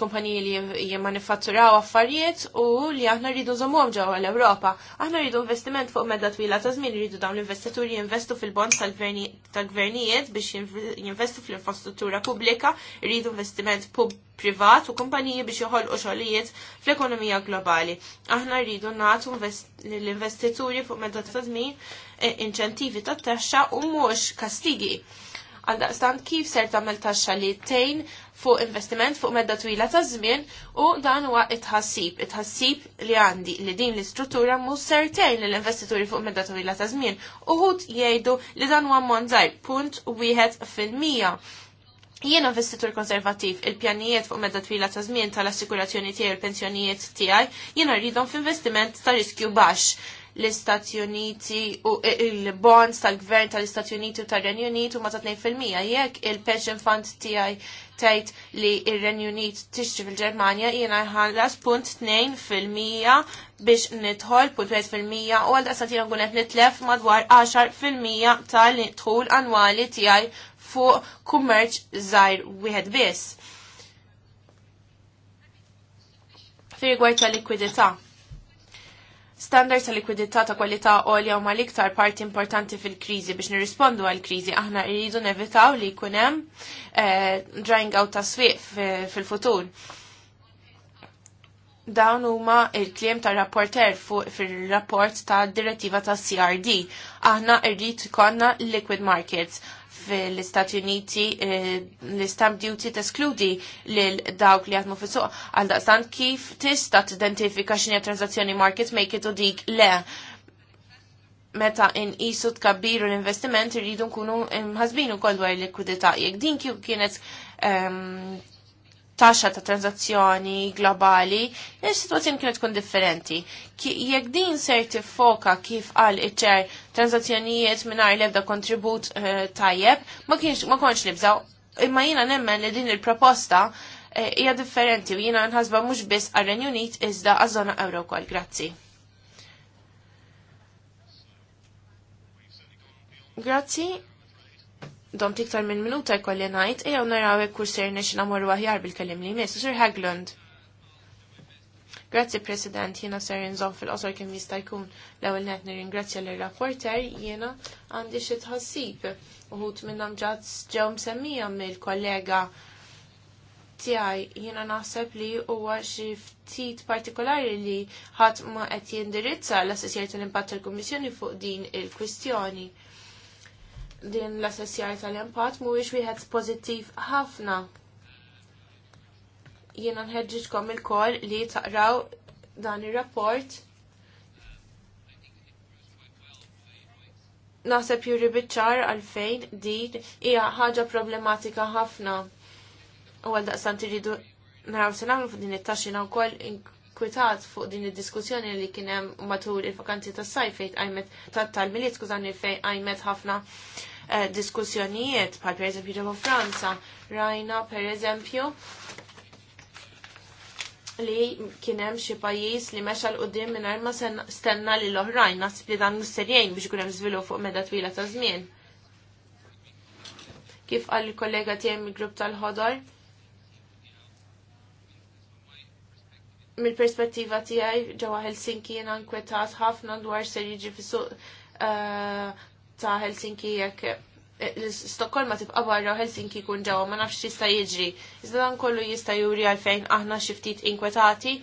kumpaniji li jimmanifatturaw affarijiet u li aħna rridu żomuhom ġewwa l-Ewropa. Aħna rridu investiment fuq medda twila ta' żmien rridu dawn l-investituri jinvestu fil-bonds tal-gvernijiet biex jinvestu fl-infrastruttura pubblika, rridu investiment pub privat u kumpaniji biex joħolqu xogħlijiet fl-ekonomija globali. Aħna rridu nagħtu l-investituri fuq meta ta' żmien eh, inċentivi ta' taxxa u mhux kastigi. Għaldaqstant kif ser tagħmel taxxa li tejn fuq investiment fuq medda twila ta' żmien u dan huwa itħassib, itħassib li għandi li din l-istruttura mhux ser tejn lill-investituri fuq medda twila ta' żmien. Uħud jgħidu li dan huwa monżajr punt wieħed fil-mija Jiena investitur konservativ, il-pjanijiet fuq medda twila ta' żmien tal-assikurazzjoni tiegħi il-pensjonijiet tiegħi, jiena rridhom f'investiment ta' riskju baxx l-Istati Uniti u il-bonds tal-gvern tal-Istati Uniti u tal-Renju Unit u ma ta' 2% jekk il-pension fund tiegħi tgħid li r renju Unit tixtri fil-Ġermanja jiena jħallas punt 2% biex nidħol punt 1% u għal daqsa tiegħu nkun qed nitlef madwar 10% tal-dħul annwali tiegħi fuq kummerċ żgħir wieħed biss. Fi rigward ta' likwidità. Standards ta' likwidità ta' kwalità għolja u mal iktar parti importanti fil-kriżi biex nirrispondu għall-kriżi. Aħna rridu nevitaw li jkun hemm eh, drying out ta' swif fil-futur. Dawn huma il-kliem ta' rapporter fil-rapport ta' direttiva ta' CRD. Aħna rrid konna liquid markets fil-Istati Uniti eh, l-stamp duty teskludi lil dawk li għatmu fil-suq għal daqstan kif tista t-identifika xinja transazzjoni market make it u dik le meta in isu kabbiru l-investiment irridu nkunu mħazbinu kol dwar likwidità jek din kienet taxxa ta' tranzazzjoni globali, il-situazzjoni kienet tkun differenti. Jekk din ser tifoka kif qal iċċer tranzazzjonijiet mingħajr l-ebda kontribut eh, tajjeb, ma kienx ma konx nibżaw, imma jiena nemmen li din il-proposta eh, hija differenti u jiena nħasba mhux biss għar-Renju Unit iżda għaż-żona Grazzi. Grazzi, dom tiktar minn minuta jkolli najt, ejaw naraw ekkur ser nix namur wahjar bil kallim li jmiss, Sir Haglund. Grazzi President, jena ser nżom fil-qosor kem jista' jkun l-ewwel net nirringrazzja lir-rapporter jiena għandi xi tħassib uħut minnhom ġadd ġew msemmija mill-kollega tiegħi jiena naħseb li huwa xi ftit partikolari li ħadd ma qed jindirizza l-assessjer tal-impatt tal-Kummissjoni fuq din il-kwistjoni. il kwistjoni din l-assessjar tal-impat mhuwiex wieħed pozittiv ħafna. Jiena nħedġiġkom il-kol li taqraw dan ir-rapport. Naħseb juri bitċar għalfejn din hija ħaġa problematika ħafna. U għal daqsan tiridu naraw se nagħmlu f'din it-taxxina wkoll kwitat fuq din id-diskussjoni li kien hemm matul il-vakanzi tas sajf fejt għajmet tal-miliet skużani fejn għajmet ħafna eh, diskussjonijiet bħal pereżempju ġewwa Franza rajna pereżempju li kien hemm xi pajjiż li mexa l qudiem mingħajr ma stenna lil oħrajn naħseb li dan misterjejn biex ikun hemm żvilupp fuq meda twila ta' żmien. Kif qal il-kollega tiegħi mill-grupp tal-ħodor, mill-perspettiva tiegħi ġewwa Helsinki jiena nkwetat ħafna dwar ser jiġi fis-suq eh, ta' Helsinki jekk eh, ma tibqa' barra Helsinki jkun ġewwa ma nafx x'jista' jiġri. Iżda dan kollu jista' juri għalfejn aħna xi ftit inkwetati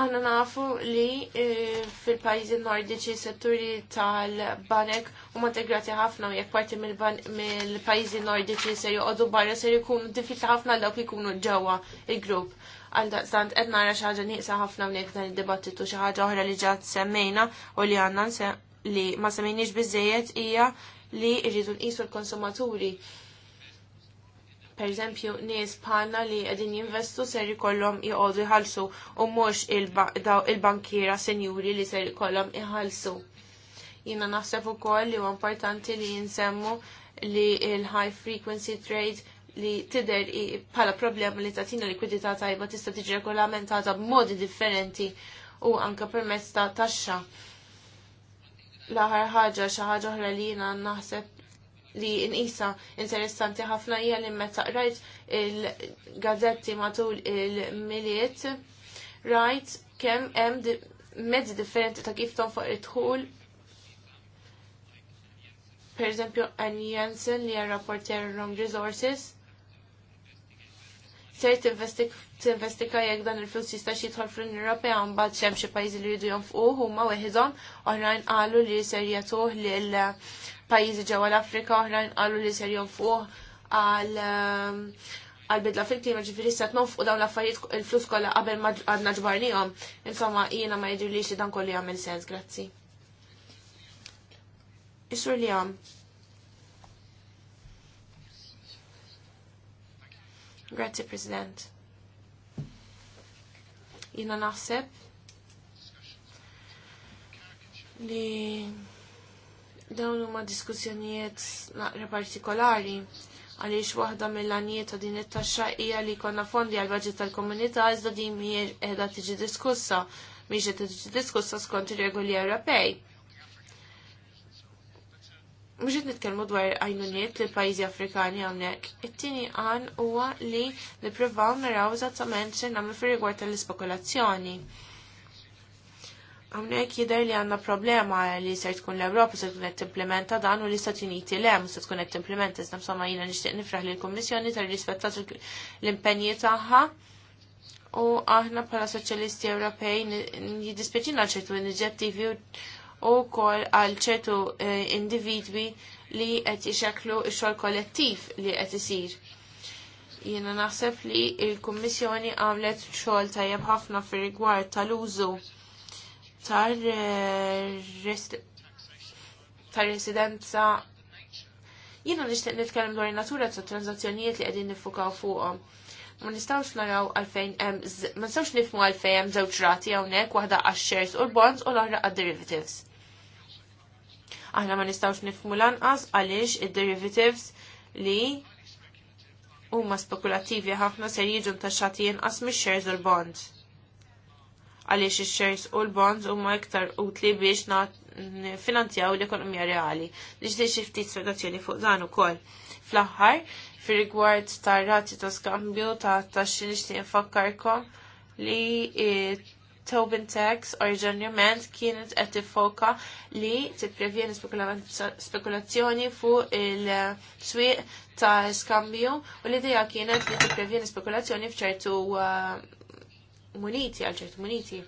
Aħna nafu li eh, fil-pajjiżi nordiċi setturi tal-banek huma integrati ħafna u jekk parti mill-pajjiżi nordiċi se joqogħdu barra se jkunu diffiċli ħafna dawk li jkunu ġewwa il-grupp. Għal stant qed nara xi ħaġa nieqsa ħafna hawnhekk dan id-dibattitu xi ħaġa oħra li ġat semmejna u li għandna li ma semmejniex biżejjed hija li rridu nqisu l-konsumaturi Per nies bħalna li qegħdin jinvestu ser ikollhom jgħodu jħallsu u mhux il-bankiera senjuri li ser ikollhom iħallsu. Jiena naħseb ukoll li huwa importanti li jinsemmu li il-high frequency trade li tider bħala problema li tatina likwidità tajba tista' tiġi regolamentata b'modi differenti u anke permezz ta' taxxa l aħħar ħaġa xi ħaġa oħra li jiena naħseb li nqisa interessanti ħafna hija li meta rajt il-gazzetti matul il-miliet rajt kemm hemm mezzi differenti ta' kif tonfoq it-dħul per eżempju Ann Jensen li hija rapporter Rom Resources ser tinvestika jekk dan il-flus jista' jidħol fl-Unjoni Ewropea mbagħad xemm xi pajjiżi li jridu jonfqu huma weħidhom oħrajn qalu li ser jagħtuh lil pajjiżi ġewwa l-Afrika oħrajn qalu li ser jonfuh għal ehm, għal-bidla fil-klima ġifiri s u dawn l-affarijiet il-flus kollha qabel ma għadna ġbarnihom. Insomma, jiena ma jidhirlix li dan kolli jagħmel sens, grazzi. Isur li għam. Grazzi, President. Jina naħseb li Dawn huma diskussjonijiet naqra partikolari għaliex waħda mill-għanijiet ta' din it-taxxa hija li jkollna fondi għal budget tal-komunità iżda din mhijiex qiegħda tiġi diskussa mhijiex qed tiġi diskussa skont ir-regoli Ewropej. Mhux qed nitkellmu dwar għajnuniet li pajjiżi Afrikani hawnhekk. It-tieni għan huwa li nippruvaw naraw eżattament xi fir-rigward tal-ispekulazzjoni. Għamnek jider li għanna problema li ser tkun l-Europa se tkun implementa dan u l-Istati Uniti le, se tkun implementa, iżda msomma jina nishtiq nifraħ li l-Kommissjoni tar rispettat l-impenji taħħa u aħna pala soċjalisti Ewropej jidispieċina ċertu inizjattivi u kol għal ċertu eh, individwi li qed ixeklu x-xogħol kollettiv li qed isir. Jiena naħseb li l-Kummissjoni għamlet xogħol tajjeb ħafna fir-rigward tal-użu tar eh, tar residenza jiena nixtieq nitkellem dwar in-natura ta' tranzazzjonijiet li qegħdin nifukaw fuqhom. Ma nistgħux naraw għalfejn ma nistgħux nifmu għalfejn hemm żewġ rati hawnhekk waħda għax-shares u l-bonds u l-oħra għad-derivatives. Aħna ma nistgħux nifmu lanqas għaliex id-derivatives li huma spekulattivi ħafna se jiġu ntaxxati inqas mix-shares u l-bonds għaliex ix-shares u l-bonds huma iktar utli biex finanzjaw l-ekonomija reali. Nixdi xi ftit spjegazzjoni fuq dan ukoll. Fl-aħħar, fir-rigward tar rati ta' skambju ta' taxxi nixtieq infakkarkom li Tobin Tax oriġinarjament kienet qed tiffoka li tipprevjeni spekulazzjoni fuq il-swieq ta' skambju u l-idea kienet li tipprevjeni spekulazzjoni f'ċertu uh, muniti għal ċertu muniti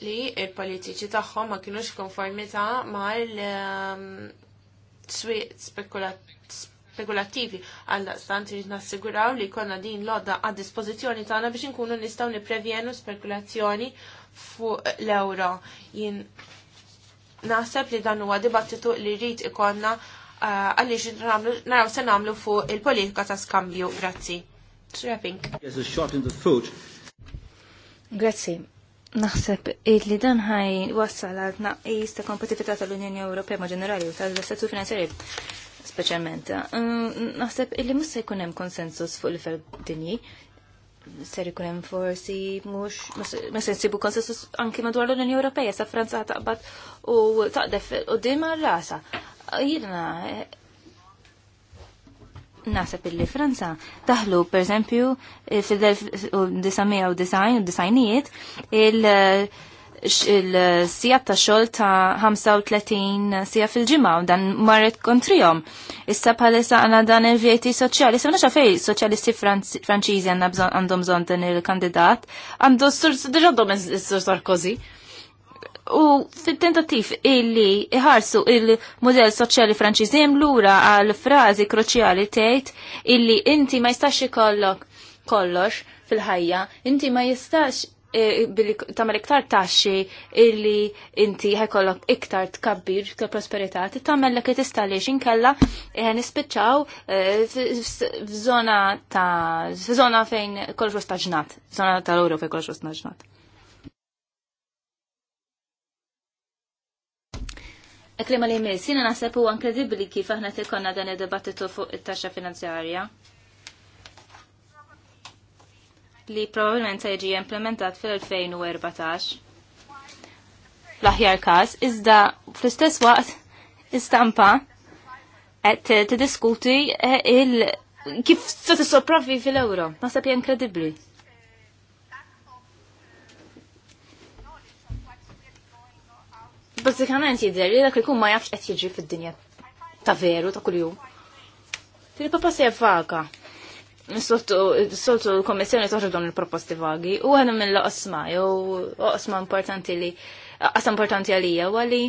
li il-politiċi tagħhom ma kienux konformità mal ehm, swieq spekulattivi għal daqstant irid nassiguraw li konna din lodda għad dispozizjoni tagħna biex inkunu nistgħu nipprevjenu spekulazzjoni fuq l-euro. Jien naħseb li dan huwa dibattitu li rrid ikonna eh, għaliex naraw se nagħmlu fuq il-politika ta' skambju. Grazzi. Trapping.
Yes, a shot in the foot.
Grazie. Naħseb li dan ħaj wassal għal naqis ta' kompetitività tal-Unjoni Ewropea ma' ġenerali u tal-settur finanzjari speċjalment. Mm, naħseb illi li se jkunem konsensus fuq l fel dinji. Ser jkunem forsi mux, ma se nsibu konsensus anki madwar l-Unjoni Ewropea sa Franza taqbad u taqdef quddiem rasa. Jiena Nasab illi Franza daħlu per esempio, fil-1990 u disajnijiet il-sijat ta' xol ta' 35 sija fil-ġimgħa u dan marret kontrihom. Issa bħalissa għana dan il-vjeti soċjali. Issa naxa fej soċjalisti Franċiżi għandhom bżonn dan il-kandidat għandhom s-sur Sarkozy. U fit-tentativ illi iħarsu il-modell soċjali franċiżim lura għal frażi kruċjali tgħid illi inti ma jistax ikollok kollox fil-ħajja, inti ma jistax billi tagħmel iktar taxxi illi inti ħajkollok iktar tkabbir, ta' prosperità, tagħmel li tista' lix inkella nispiċċaw f'żona ta' żona fejn kollox staġnat, żona tal-Ewropa kollox ġnat. Eklima li jmiss, jina naħseb huwa inkredibbli kif aħna tikonna dan id-dibattitu fuq it-taxxa finanzjarja. Li probabbilment se jiġi implementat fil-2014. L-aħjar każ, iżda fl-istess waqt istampa qed tiddiskuti eh, il kif se sopravi fil-ewro. Naħseb jankredibli. inkredibbli. bazzikament jidher li dak li kun ma jafx qed jiġri fid-dinja ta' veru ta' kuljum. Fil papa se vaga. Soltu l-Kommissjoni toħroġ dawn il-proposti vagi u għadhom mill osma jew osma importanti li qas importanti għalija u għali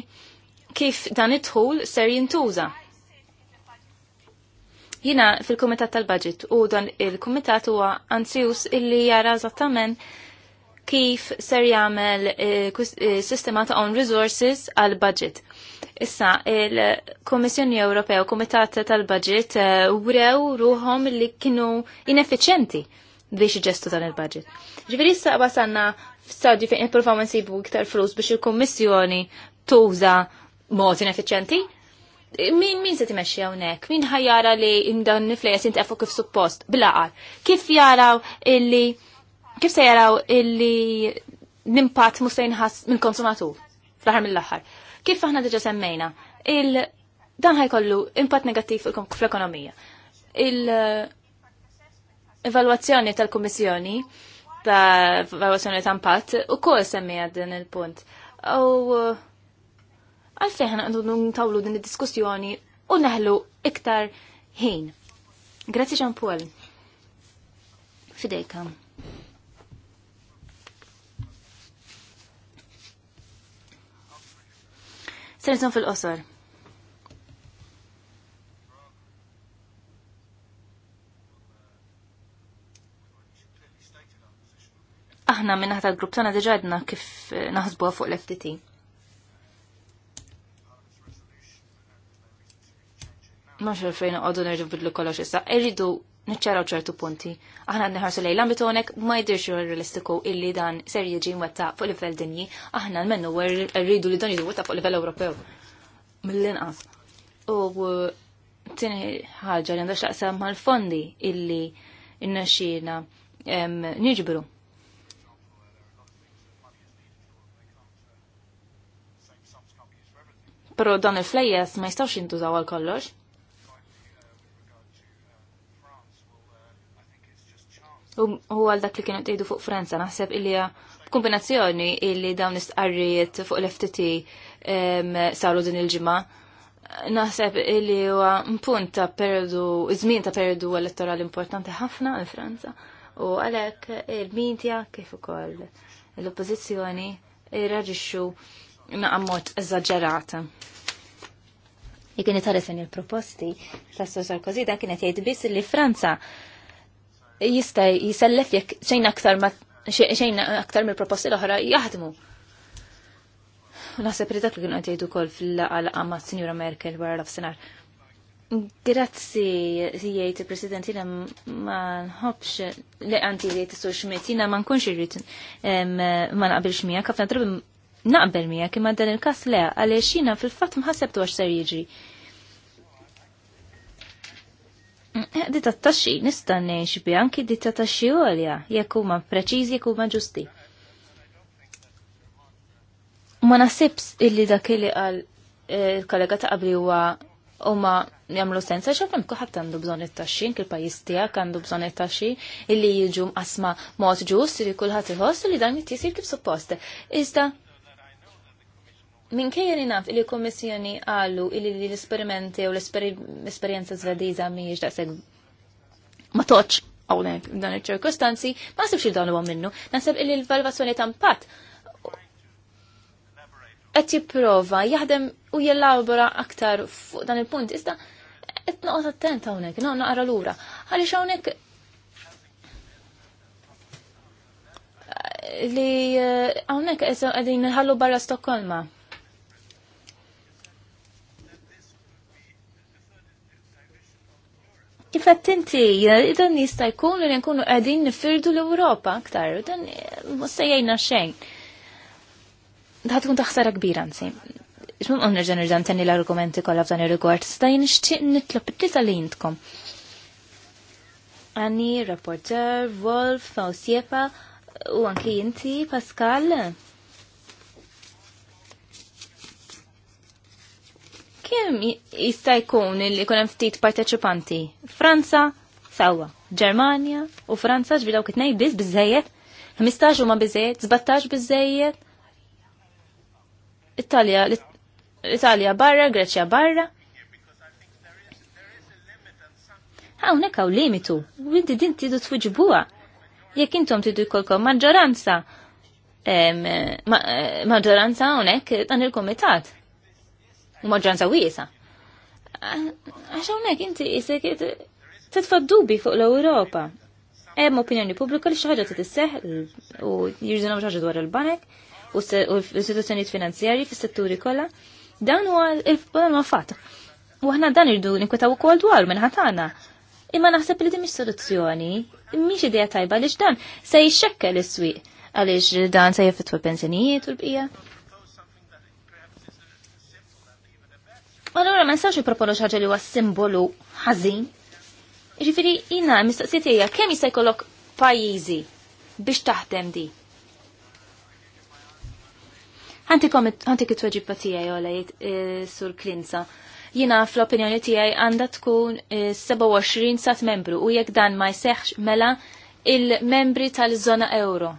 kif dan it-tħul ser jintuża. Jina fil-Kumitat tal-Budget u dan il-Kumitat huwa għanzius illi jara eżattament kif ser jagħmel eh, eh, sistema ta' own resources għal budget. Issa, il-Komissjoni Ewropew Komitat tal-Budget eh, wrew ruhom li kienu ineffiċenti biex iġestu dan il-budget. Ġifiri issa f f'stadju fejn ippruvaw nsibu iktar flus biex il-Kummissjoni tuża mod ineffiċenti, min min se timexxi hawnhekk? Min ħajjara li imdan niflejes intqafu kif suppost? Bilaqar. Kif jaraw illi kif se jaraw illi nimpat ħas minn konsumatur fl-ħar mill-ħar? Kif aħna diġa semmejna? Il dan ħajkollu impatt negattiv fl-ekonomija. Il-evaluazzjoni tal-Kummissjoni ta' evaluazzjoni ta' impatt u kol semmija din il-punt. U għalfej ħana ntawlu din id-diskussjoni u neħlu iktar ħin. Grazzi ġan Paul. Fidejkam. Serżon fil-qosor. Aħna minn naħta l-grupp tagħna diġà għadna kif eh, naħsbuha fuq l-FTT. Ma xalfejn għadu nerġu bidlu kollox issa, Eridu niċċaraw ċertu punti. Aħna nħarsu lejn l-ambitu ma jdirx realistiku illi dan ser jiġi mwetta fuq livell dinji, aħna l-mennu rridu li dan jiġi mwetta fuq livell Ewropew. Mill-inqas. U tini ħagġa li għandax ma l fondi illi n-naxxina nġibru. Pero dan il-flejjes ma jistawx jintużaw għal kollox. u għal dak li kienu tgħidu fuq Franza, naħseb illi kombinazzjoni illi dawn istqarrijiet fuq l-FTT saru din il-ġimgħa. Naħseb illi huwa mpunt ta' periodu, żmien ta' periodu elettorali importanti ħafna għal Franza u għalhekk il-medja kif ukoll l-oppożizzjoni irraġixxu naqammod eżagġerata. Jekin itħarisen il-proposti ta' Sarkozy Kozida kienet jgħid biss li Franza jista' jisellef jekk xejn aktar ma xejn aktar mill-proposti l-oħra jaħdmu. Naħseb li dak li kienu qed jgħidu wkoll fil-laqgħa ma' Sinjura Merkel wara l-ofsinhar. Grazzi, jgħid il-President, jina ma nħobx li għanti li jgħid xmiet, jina ma nkunx irrid ma naqbilx miegħek, ħafna drabi naqbel miegħek imma dan il-każ le, għaliex jina fil-fatt mħasseb għax ser jiġri Eh, di ta' taxxi nistannej xbi anki di ta' taxxi għolja, jekk huma preċiżi jekk huma ġusti. Ma nasibs illi dak li għal eh, kollega ta' qabli huwa huma jagħmlu sens għax kem kulħadd għandu bżonn it-taxxi, kil l-pajjiż tiegħek għandu bżonn it-taxxi illi jiġu mqasma mod ġust li kulħadd iħos, li dan jittisir kif suppost. Iżda Minkejja li naf li kommissjoni għallu li l-esperimenti u l-esperienza zvediza miġ daqseg ma toċ għawnek dan il ċirkustanzi ma nasib il donu minnu, nasib li l-valvazzjoni ta' impatt qed jipprova jaħdem u jellabora aktar fuq dan il-punt, iżda qed noqgħod attent hawnhekk, no, naqra lura. Għaliex hawnhekk li eh, hawnhekk qegħdin nħallu barra Stokkolma. Kif inti, dan jista' jkun li nkunu qegħdin nifirdu l-Ewropa aktar, dan se jgħinna xejn. Da tkun taħsara kbira nsi. Ixmum għon nerġan nerġan tenni l-argumenti kollha f'dan ir-rigward, sta jien nixtieq nitlob it-tisa li jintkom. Anni, rapporter, Wolf, Fausiepa, u anki inti, Pascal. Kemm jista' jkun li kunem hemm ftit parteċipanti? Franza, sawa, Ġermanja u Franza ġbidaw kitnej biss biżejjed, 15 huma biżejjed, 17 biżejjed. Italja, Italia barra, Greċja barra. Hawnhekk hawn limitu, u inti din tidu twiġbuha. Jekk intom tidu jkollkom maġġoranza, eh, maġġoranza hawnhekk dan il-kumitat u maġġoranza wiesa. Għax hawnhekk inti jisek, t dubi fuq l-Ewropa. Hemm opinjoni pubblika li xi ħaġa tisseħ u jirżinaw xi dwar il-banek u l-istituzzjonijiet finanzjarji fis-setturi kollha. Dan huwa l-problema fatt. U aħna dan irdu ninkwetaw ukoll dwar minħatana. Imma naħseb li din soluzzjoni, mhix idea tajba għaliex dan se jxekkel is-swieq għaliex dan se jaffettwa pensjonijiet u l-bqija. Allora ma nistgħux nipproponu xi li huwa simbolu ħażin. Jiġifieri jina, mistoqsijiet hija kemm jista' jkollok pajjiżi biex taħdem di. Għantik it-tweġiba tiegħi għolajt eh, sur Klinza jina fl-opinjoni tiegħi għandha tkun 27 eh, sat membru u jekk dan ma jseħx mela il-membri tal-zona euro.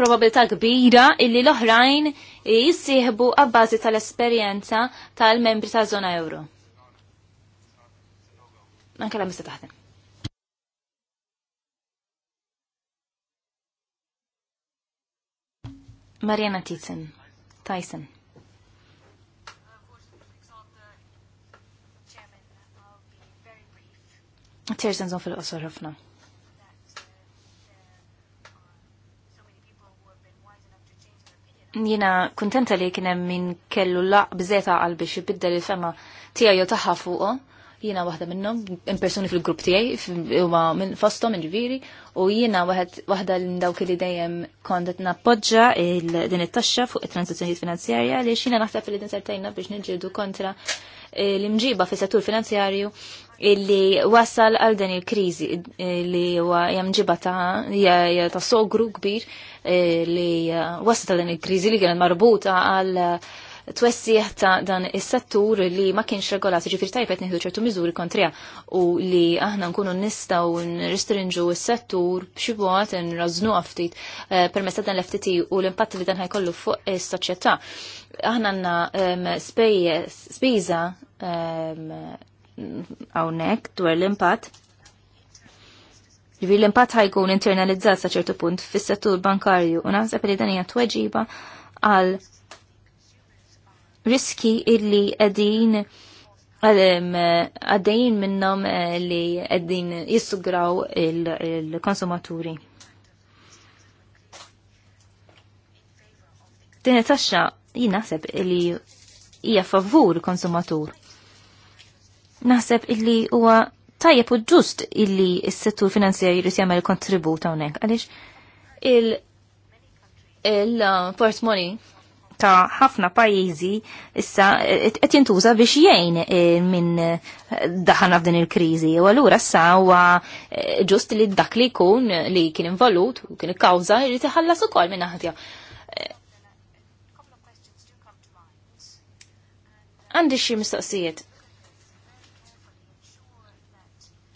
Probabilità kbira illi l-oħrajn jissieħbu għabbażi tal-esperjenza tal-membri ta' zona euro. Anke la mista taħdem. Mariana Tyson. Tyson. Tirsen fil-qosor ħafna. Jina kontenta li kienem min kellu laq bżeta għal biex jibidda li fema tija jo taħħa fuqo. Jina wahda minnom, impersoni fil-grupp tijaj, huma minn fostom, ġviri, u jina wahda l-dawk li dejjem kondet nappoġġa din it-taxxa fuq it-transazzjoni finanzjarja li xina naħseb fil din sartajna biex nġirdu kontra eh, l-imġiba fil settur finanzjarju illi wasal għal din il-krizi li huwa jamġiba ta' ta' sogru kbir li uh, wasal għal din il-krizi li kienet marbuta għal uh, twessiħ ta' dan is-settur li ma kienx regolat, ġifir tajbet nieħdu ċertu miżuri kontrija u li aħna nkunu nistgħu nristrinġu s-settur b'xi bogħod nrażnu ftit uh, permezz ta' dan l-FTT u l-impatt li dan ħajkollu fuq is-soċjetà. Aħna għandna um, spiża um, hawnhekk dwar l-impatt. Ġivir jiġifieri l-impatt ħajkun internalizzat sa ċertu punt fis-settur bankarju u naħseb li dan hija tweġiba għal riski illi qegħdin għaddejn minnom eh, li għaddin jissugraw il-konsumaturi. Din taxxa jinaħseb li hija favur konsumatur naħseb illi huwa tajjeb u ġust illi s-settur finanzjarju jrid jagħmel kontribut hawnhekk għaliex il il uh, money ta' ħafna pajjiżi issa eh, qed jintuża biex jgħin eh, minn eh, daħana f'din il-kriżi u allura issa huwa ġust li dak li jkun li kien involut u kien ikkawża jrid iħallas ukoll minn aħdja. Għandi xi mistoqsijiet.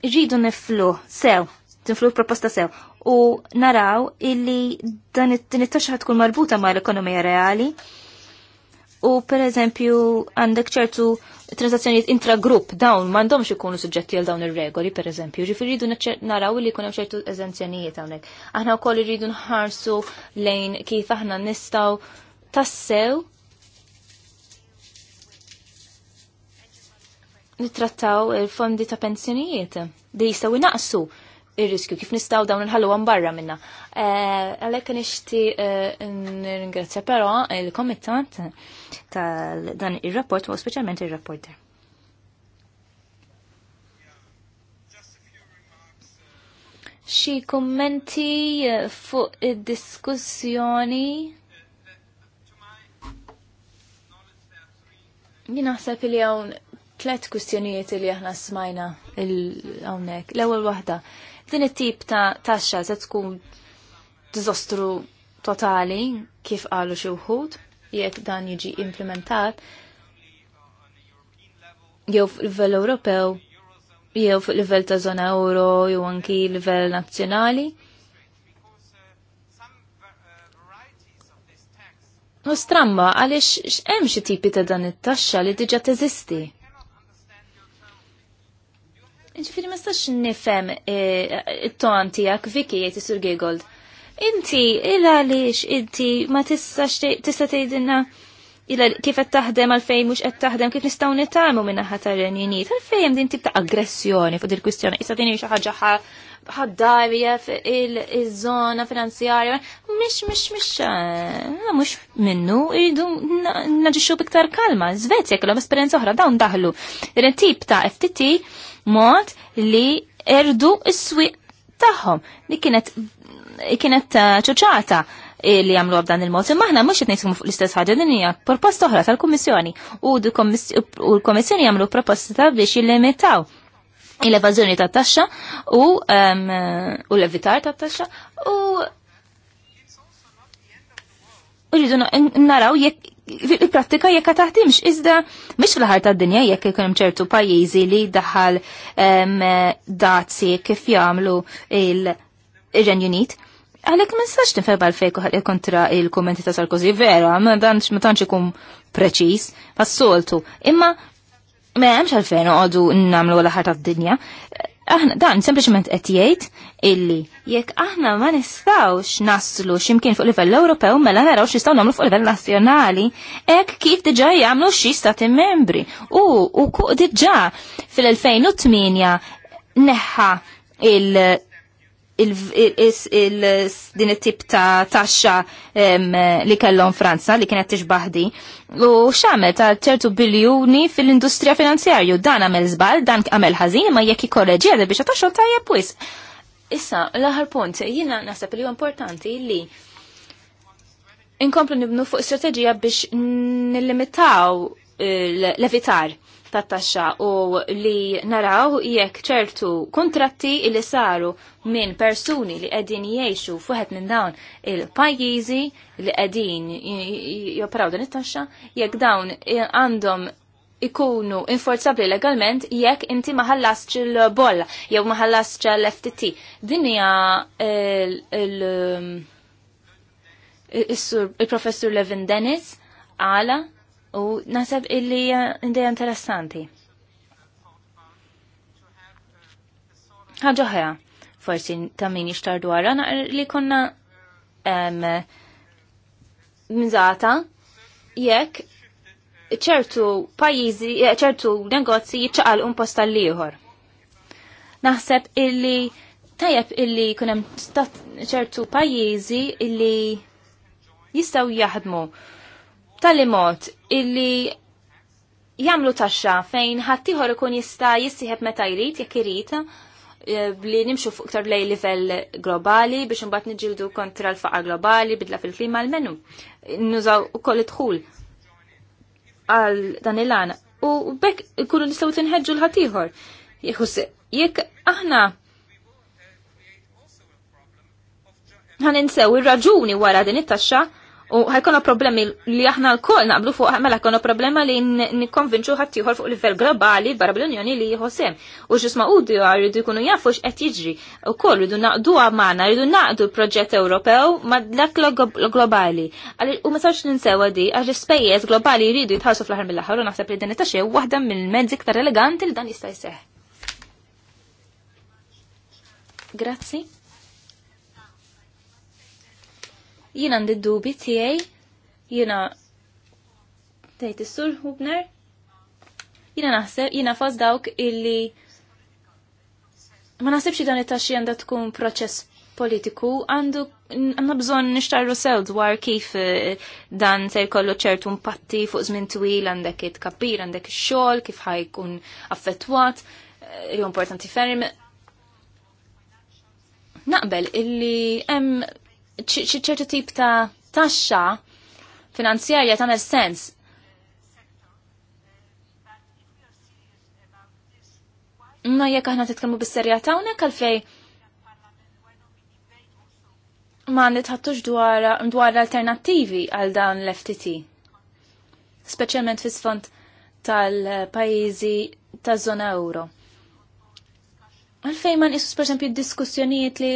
Irridu niflu sew, tinflu proposta sew u naraw illi dan it tinittax tkun marbuta ma' l-ekonomija reali u per eżempju għandek ċertu transazzjonijiet intra-grupp dawn m'għandhomx ikunu suġġetti għal dawn ir-regoli per eżempju, ġifieri rridu naraw li jkun hemm ċertu eżenzjonijiet hawnhekk. Aħna wkoll irridu nħarsu lejn kif aħna nistgħu tassew nitrattaw il-fondi ta' pensjonijiet li jistaw naqsu il-riskju kif nistaw dawn nħallu għan barra minna. Eh, Għalek nishti eh, ringrazzja però il-komitant tal dan il-rapport, u specialment il-rapporter. Xi kommenti eh, fuq id-diskussjoni Jina naħseb li hawn tlet kustjonijiet li aħna smajna il għonek L-ewel wahda, din it-tip ta' taxxa se tkun dizostru totali kif qalu xi wħud jekk dan jiġi implementat jew fuq livell Ewropew jew fuq livell ta' zona euro jew anki livell nazzjonali. U stramba għaliex hemm xi tipi ta' dan it-taxxa li diġà teżisti. Ġifiri ma stax nifem eh, it-ton tijak viki jieti sur Gigold. Inti, illa għaliex inti ma tistax tista' tgħidilna kif qed taħdem għalfejn mhux qed taħdem kif nistgħu nitamu minna naħa tar-renjiniet. Għalfejn din tip ta' aggressjoni fuq il-kwistjoni. Issa din xi ħaġa ħaddarja il-żona finanzjarja. Mhix mhix mhix eh, mhux minnu idu naġixxu biktar kalma. Żvezja kellhom esperjenza oħra dawn daħlu. Din tip ta' FTT mod li erdu s swi tagħhom. Li kienet kienet eh, ċoċata li għamlu għabdan il-mod. Imma ħna mux jitnejsmu fuq l-istess ħagġa din hija proposta oħra tal-Kummissjoni u l kommissjoni għamlu proposta biex jillimitaw il-evażjoni tat-taxxa ehm, u l-evitar tat-taxxa u rridu naraw jekk il-prattika jekk taħtimx iżda mhix fl-ħar tad-dinja jekk ikun hemm ċertu pajjiżi li daħal dazzi kif jagħmlu il-Renju Unit. Għalek ma nistax nifhem l fejku kontra il-kummenti ta' Sarkozy, vera, ma tantx ikun preċiż, ma' soltu Imma ma hemmx għalfejn noqogħdu nagħmlu l-ħar tad-dinja aħna dan sempliċement qed jgħid illi jekk aħna ma nistgħux naslu x'imkien fuq livell Ewropew mela naraw x'istgħu nagħmlu fuq livell nazzjonali hekk kif diġà jagħmlu xi stati membri. U u diġà fil-2008 neħħa il- din it-tip ta' taxxa li kellhom Franza li kienet tixbaħdi u xamet għal ċertu biljuni fil-industrija finanzjarju dan għamel żball, dan għamel ħażin ma jekk ikorreġi għadha biex taxxa tajjeb wis. Issa, l aħħar punt, jiena naħseb li huwa importanti li inkomplu nibnu fuq strateġija biex nillimitaw l-evitar ta' taxxa u li naraw jekk ċertu kontratti li saru minn persuni li qegħdin jgħixu fuħet minn dawn il-pajjiżi li qegħdin joperaw dan it-taxxa jekk dawn għandhom ikunu inforzabli legalment jekk inti maħallast il-bolla jew maħallast l-FTT. Din hija um, il-professur Levin Dennis għala u naħseb illi ideja interessanti. ħagħaħja, forsi ta' min ixtar dwarra, li konna mżata jekk ċertu pajizi, eh, ċertu negozji jitċaqal un posta liħor. Naħseb illi tajab illi kunem ċertu pajizi illi jistaw jaħdmu tal-imot illi jamlu taxxa fejn ħattiħor ikun jista' jissieħeb meta jrid jekk irid eh, li nimxu fuq iktar lej livell globali biex imbagħad niġildu kontra l-faqar globali bidla fil-klima l-menu. Nużaw ukoll idħul għal dan il-għan. U bekk ikunu nistgħu tinħeġġu l-ħaddieħor. Jekk aħna ħaninsew ir-raġuni wara din it-taxxa U ħajkonu problemi li aħna l-koll naqblu fuq mela ħajkonu problema li nikkonvinċu ħattijħor fuq livell globali barra bl-Unjoni li jħosem. U ġisma u di rridu jkunu jafu x'qed jiġri. U koll rridu naqdu għamana, rridu naqdu proġett Ewropew ma dak globali. U ma sarx ninsewa di għax spejjeż globali jridu jitħallsu fl-aħħar mill-aħħar u naħseb li din it-taxxej waħda mill-mezzi iktar eleganti li dan jista' jseħħ. Grazie. jina għandi dubi tiegħi jina tgħid s sur Hubner jina naħseb jina fas dawk illi ma naħsibx dan it-taxxi għandha tkun proċess politiku għandu għanna bżon nishtarru sew dwar kif eh, dan se jkollu ċertu impatti fuq żmien twil għandek it kapir għandek ix-xogħol, kif ħajkun affettwat, eh, jew importanti ferm. Naqbel illi hemm ċertu tip ta' taxxa finanzjarja tagħmel sens. Ma jekk aħna titkellmu bis-serjetà hawnhekk għalfej. ma nitħattux dwar, dwar għal dan l-FTT. Speċjalment fis fond tal pajjiżi ta' zona euro. Għalfejn ma isus per diskussjonijiet li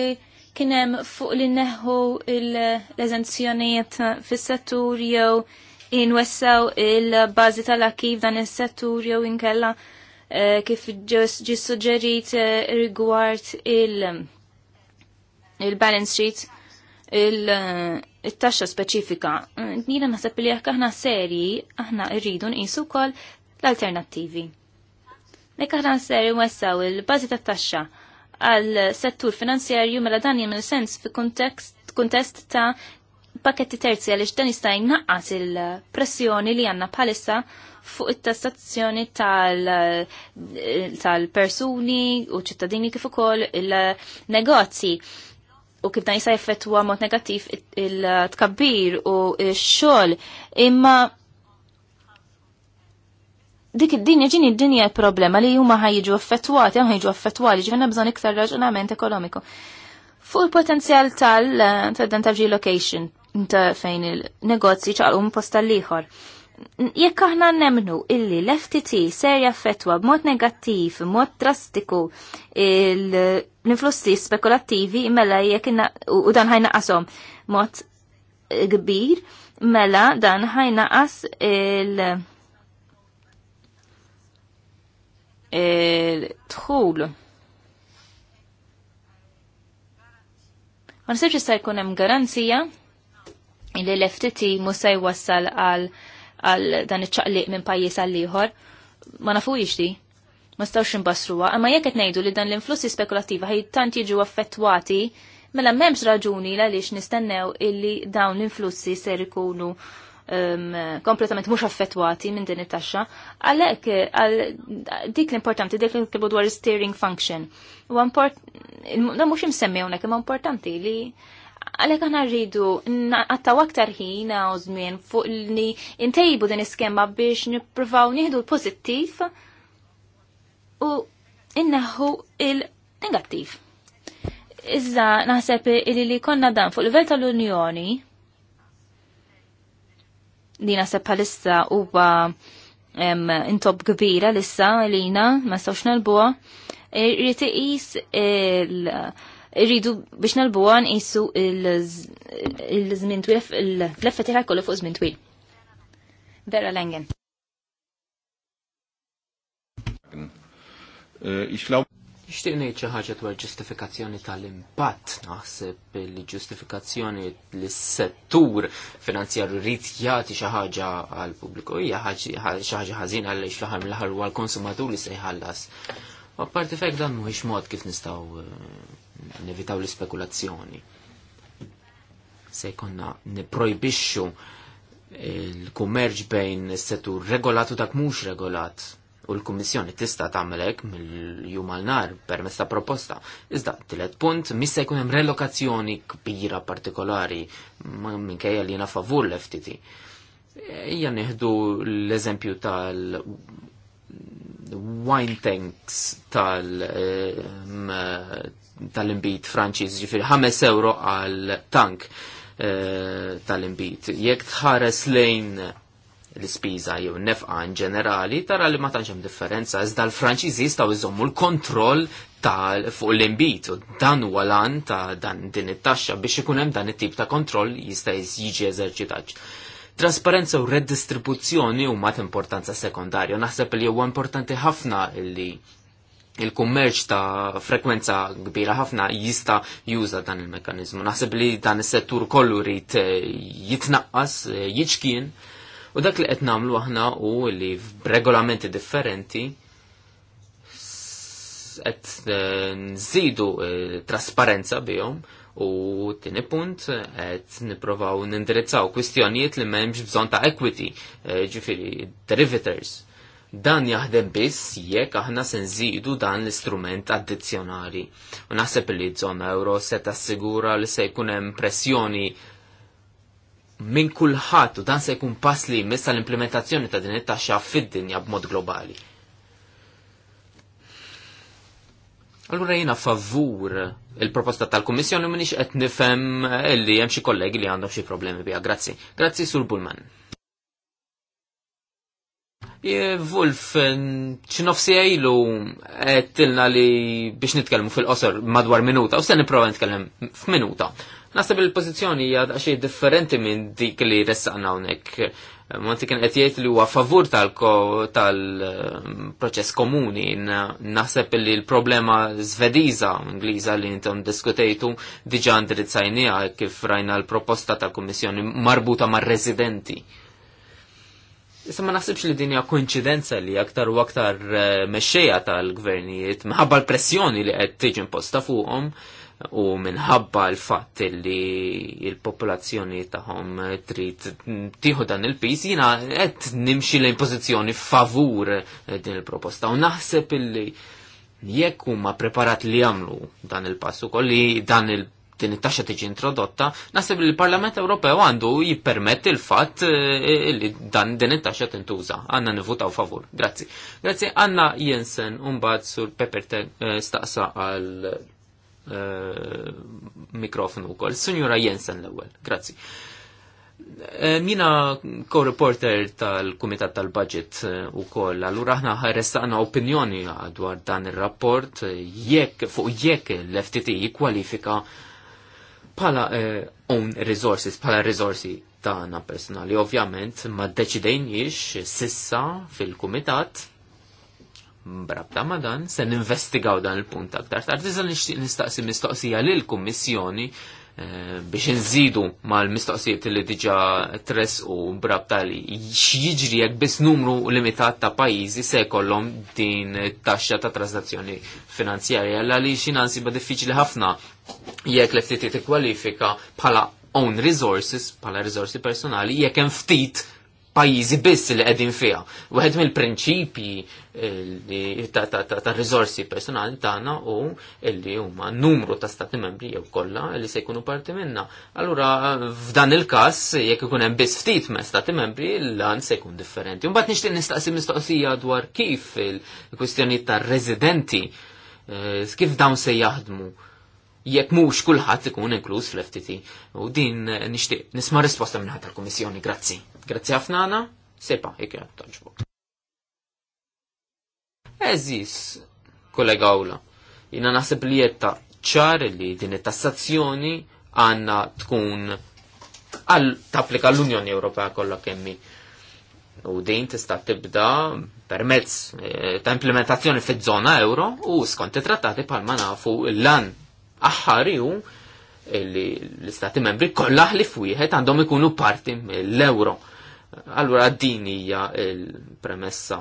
kienem fuq li neħu l-eżenzjonijiet fis-settur jew inwessaw il-bazi tal-akiv dan is-settur jew inkella eh, kif ġi suġġerit eh, rigward il- balance sheet il-taxxa eh, speċifika. Nina naħseb li jekk aħna serji aħna rridu nqisu wkoll l-alternattivi. Nek aħna seri wessaw il-bażi tat-taxxa għal settur finanzjarju mela dan jemel sens fi kontest ta' paketti terzi għalix dan jista' jnaqqas il-pressjoni li għanna bħalissa fuq it-tassazzjoni tal-persuni u ċittadini kif ukoll il-negozji u kif dan jista' jeffettwa mod negattiv il-tkabbir u x-xogħol imma dik id-dinja ġini id dinja problema li huma ħajġu affettwati, għan ħajġu affettwali, ġivna bżon iktar raġunament ekonomiku. Fuq l potenzjal tal-dan tal location ta' fejn il-negozji post posta liħor. Jekk aħna nemnu illi l-FTT ser jaffettwa b'mod negattiv, b'mod drastiku l-influssi spekulattivi mela jekk u dan ħajnaqashom mod eh, kbir, mela dan qas il- il-tħul. Ma nistax jista' jkun hemm garanzija li l-FTT mhux se jwassal għal għal dan iċ-ċaqliq minn pajjiż għal ieħor. Ma nafuhiex di. Ma stawx imbassruha, imma jekk qed ngħidu li dan l-influssi spekulattiva ħaj tant jiġu affettwati mela m'hemmx raġuni għaliex nistennew illi dawn l-influssi ser ikunu Um, kompletament mhux affettwati minn din it-taxxa, għalhekk dik l-importanti dik li nitkellmu dwar steering function. U mhux imsemmi hawnhekk imma importanti li għalek għana rridu għattaw aktar ħin u żmien fuq li intejbu din iskema biex nippruvaw nieħdu l-pozittiv u inneħu il-negattiv. Iżda naħseb li li konna dan fuq l livell tal-Unjoni palissa seppalissa huwa intob kbira lissa lina ma sawx nalbuha Rriti iqis il irridu biex nalbuha nqisu il-żmien twil il-leffa tiegħek kollu fuq żmien twil. Vera Lengen.
Äh, ich glaube Ixtieq ngħid xi ħaġa dwar ġustifikazzjoni tal-impatt naħseb li ġustifikazzjoni li s-settur finanzjarju rrid jagħti xi ħaġa għal pubbliku hija xi ħaġa ħażin għaliex fl-aħħar mill-aħħar huwa l-konsumatur li se jħallas. U apparti fejk dan mhuwiex mod kif nistgħu eh, nevitaw l-ispekulazzjoni. Se jkollna il-kummerġ bejn is-settur regolat u dak mhux regolat u l-Kummissjoni tista' tagħmel hekk mill-jum għal nar permezz ta' proposta. Iżda tielet punt missa jkun hemm relokazzjoni kbira partikolari minkejja li jiena favur l-FTT. Ejja nieħdu l-eżempju tal wine tanks tal tal-imbit Franċiż ġifir 5 euro għal tank eh, tal-imbit. Jekk tħares lejn l-ispiża jew nefqa in ġenerali tara li ma tantx hemm differenza iżda l-Franċiżi jistgħu jżommu l-kontroll tal fuq l-imbit u dan huwa lan ta' dan din it-taxxa biex ikun hemm dan it-tip ta' kontroll jista' jiġi eżerċitaġġ. Trasparenza u redistribuzzjoni huma mat importanza sekondarja. Naħseb li huwa importanti ħafna li il-kummerċ ta' frekwenza kbira ħafna jista juża dan il-mekanizmu. Naħseb li dan is-settur kollu rrit eh, jitnaqqas, eh, jiċkien, U dak li qed nagħmlu aħna u li f'regolamenti differenti qed eh, nżidu eh, trasparenza bihom u tieni punt qed nipprovaw nindirizzaw kwistjonijiet li m'hemmx bżonn ta' equity, eh, ġifieri derivators. Dan jaħdem biss jekk aħna se nżidu dan l-istrument addizzjonali. U naħseb li żona euro se tassigura li se jkun hemm pressjoni minn kulħadd u dan se jkun pass li jmiss l-implementazzjoni ta' din it-taxxa fid-dinja b'mod globali. Allura jiena favur il-proposta tal-Kummissjoni minix qed nifhem eh, li hemm xi kollegi li għandhom xi problemi biha. Grazzi. Grazzi Sur Bullman. Wolf, ċinofsi għajlu għettilna li biex nitkellmu fil-qosor madwar minuta, u s-sen niprofa nitkellem f'minuta. Nasib il-pozizjoni hija xi differenti minn dik li ressaqna hawnhekk. Monti kien qed jgħid li huwa favur tal-proċess komuni. Naħseb li l-problema Svediża Ingliża li intom diskutejtu diġà ndirizzajniha kif rajna l-proposta tal-Kummissjoni marbuta mar-residenti. Issa ma naħsibx li dinja koincidenza li aktar u aktar eh, mexxejja tal-gvernijiet, minħabba l-pressjoni li qed tiġi imposta fuqhom, u minħabba l-fatt li il-popolazzjoni taħom trid tieħu dan il-pis jiena qed nimxi l impozizjoni favur din il-proposta u naħseb illi jekk huma preparat li jagħmlu dan il-pass ukoll li dan il din it-taxxa tiġi introdotta, naħseb li l-Parlament Ewropew għandu jippermett il-fatt eh, eh, li dan din it-taxxa tintuża. Għandna nivutaw favur. Grazzi. Grazzi Anna Jensen umbad sur Pepper eh, staqsa għal Eh, mikrofonu kol. Sunjura Jensen l ewel grazzi. Eh, mina co-reporter tal-Kumitat tal-Budget u eh, koll, allura aħna ħarrestaqna opinjoni dwar dan il-rapport jekk fuq jekk l-FTT jikwalifika pala eh, own resources, pala resorsi tagħna personali. Ovvjament ma deċidejniex sissa fil-Kumitat Brabta ma dan, se ninvestigaw dan il-punt aktar. Tartiza nistaqsi mistoqsija lil kummissjoni eh, biex nżidu mal-mistoqsijiet li diġa tres u brabta li x'jiġri jekk biss numru limitat ta' pajjiżi se jkollhom din taxxa ta' transazzjoni finanzjarja la li xinansi ba' diffiċli ħafna jekk l-FTT tikkwalifika bħala own resources, bħala risorsi personali, jekk hemm ftit pajjiżi biss li qegħdin fiha. Wieħed mill-prinċipji eh, ta' rizorsi personali tagħna u li huma numru ta' stati membri jew kollha li se jkunu parti minna. Allura f'dan il-każ jekk ikun hemm biss ftit me stati membri l-għan se jkun differenti. Mbagħad nixtieq nistaqsi mistoqsija dwar kif il-kwistjoni tar-residenti eh, kif dawn se jaħdmu jekk mhux kulħadd ikun inkluż fl-FTT. U din nixtieq nisma' risposta minn tal-Kummissjoni, grazzi. Grazzi ħafna għana, sepa, jekk qed Eżis, kollega Awla, jina naħseb li jetta ċar li din it-tassazzjoni għanna tkun għal tapplika l-Unjoni Ewropea kollha kemmi. U din tista' tibda permezz eh, ta' implementazzjoni fiż-żona euro u skont it-trattati bħalma nafu l-lan aħħariju li l-istati membri kollha li fwieħed għandhom ikunu parti mill-euro. Allura din hija il-premessa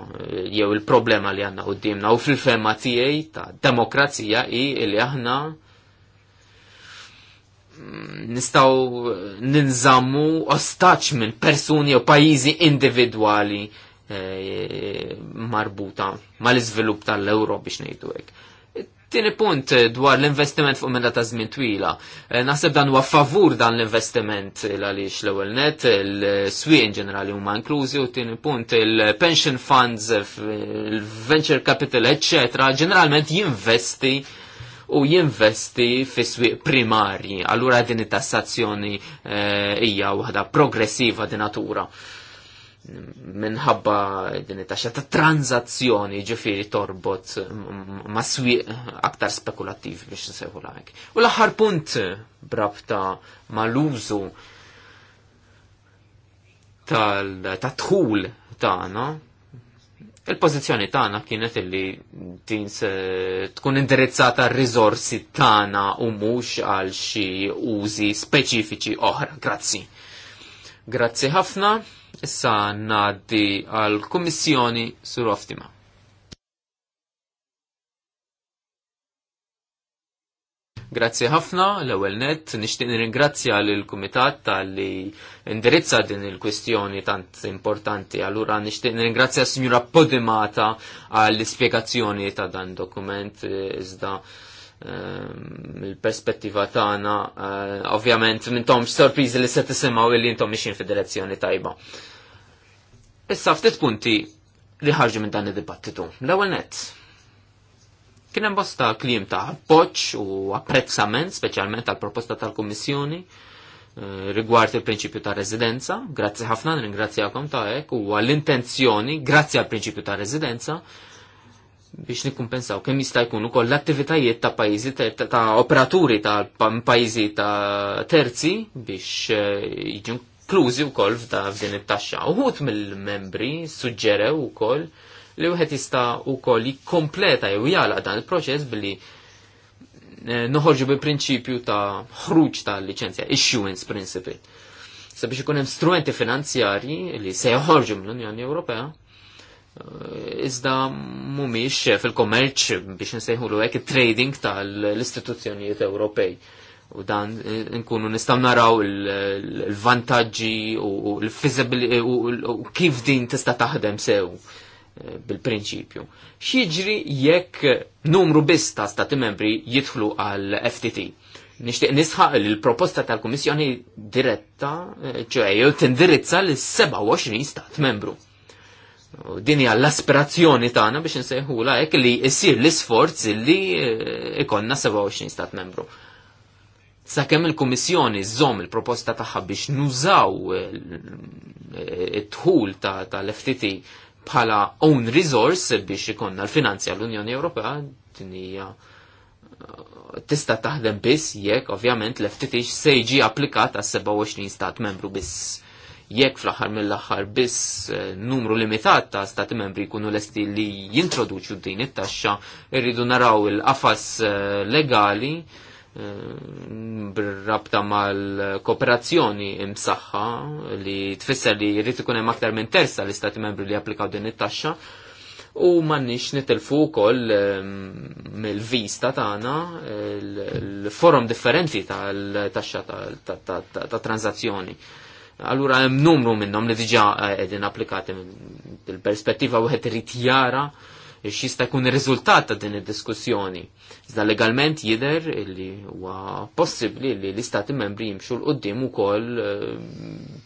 jew il-problema li għandna qudiemna u fil-fema tiegħi ta' demokrazija hi li aħna mm, nistaw ninżammu ostaċ minn persuni u pajjiżi individwali eh, marbuta mal-iżvilupp tal-Ewro biex ngħidu hekk. Tieni punt eh, dwar l-investiment fuq menda ta' żmien twila. Eh, naħseb dan huwa favur dan l-investiment eh, għaliex l-ewwel net, il-swien ġenerali huma inklużi u tieni punt il-pension funds, il-venture capital, eċċetera, ġeneralment jinvesti u jinvesti fi swieq primarji. Allura din it-tassazzjoni hija waħda progressiva di natura minħabba din it-taxxa ta' tranzazzjoni ġifieri torbot ma' swieq aktar spekulattiv biex nsejħu lajk. U l-aħħar punt brabta mal-użu ta' tħul tagħna il pożizzjoni tagħna kienet illi din se tkun indirizzata r-riżorsi tagħna u mhux għal xi użi speċifiċi oħra. Grazzi. Grazzi ħafna. Issa naddi għal kummissjoni sur oftima. Grazzi ħafna l-ewwel net, nixtieq ringrazzja lill kumitat tal-li indirizza din il-kwistjoni tant importanti. Allura nixtieq nirringrazzja s Podimata għall-ispjegazzjoni ta' dan dokument iżda Ehm, il perspettiva tagħna, eh, ovvjament minn tom sorpriżi li se tisimgħu illi intom mixin fid-direzzjoni tajba. Issa ftit punti li ħarġu minn dan id-dibattitu. L-ewwel nett. Kien hemm bosta klim ta' appoġġ u apprezzament speċjalment għall proposta tal-Kummissjoni eh, rigward il-prinċipju ta' residenza, grazzi ħafna, ringrazzjakom ta' ek, u għall-intenzjoni, grazzi għall-prinċipju ta' residenza, biex nikkumpensaw kemm jista' jkun ukoll l-attivitajiet ta' pajjiżi ta' operaturi ta' pajjiżi ta' terzi biex eh, jiġu inklużi wkoll f'din it-taxxa. Uħud mill-membri suġġerew ukoll li wieħed jista' wkoll jikkompleta jew jagħlaq dan il-proċess billi eh, noħorġu bil prinċipju ta' ħruġ ta' licenzja, issuance principle. Sabiex ikun hemm strumenti finanzjarji li se joħorġu mill-Unjoni Ewropea iżda mumiex fil-kommerċ biex nsejħulu hekk trading tal-istituzzjonijiet Ewropej. U dan e, nkunu nistaw naraw il-vantaġġi u l-fiżibili u kif din tista' taħdem sew e, bil-prinċipju. Xieġri jekk numru biss ta' stati membri jidħlu għal FTT. Nishtiq nisħaq li l-proposta tal-Kummissjoni diretta, ċoħe, tindirizza l-27 stat membru din hija l-aspirazzjoni tagħna biex nsejħula hekk li jsir l-isforz illi eh, ikonna 27 stat membru. Sakemm il-Kummissjoni żomm il-proposta tagħha biex nużaw eh, eh, it-tħul tal-FTT bħala own resource biex ikonna l-finanzja l-Unjoni Ewropea din hija tista taħdem biss jekk ovvjament l-FTT se jiġi applikat għas 27 stat membru biss jekk fl-aħħar mill-aħħar biss numru limitat ta' stati membri jkunu lesti li jintroduċu din it-taxxa, irridu naraw il-qafas legali b'rabta rabta mal-kooperazzjoni imsaħħa li tfisser li jrid ikun hemm aktar minn terza l-istati membri li applikaw din it-taxxa u m'għandniex nitilfu wkoll mill-vista tagħna l-forum differenti tal-taxxa ta' transazzjoni. Ta ta ta Allura hemm numru minnhom li diġà eh, qegħdin applikati mill perspettiva wieħed irid jara x'jista' jkun ir-riżultat ta' din id-diskussjoni. Iżda legalment jidher li huwa possibbli li l-istati membri jimxu l qudiem ukoll eh,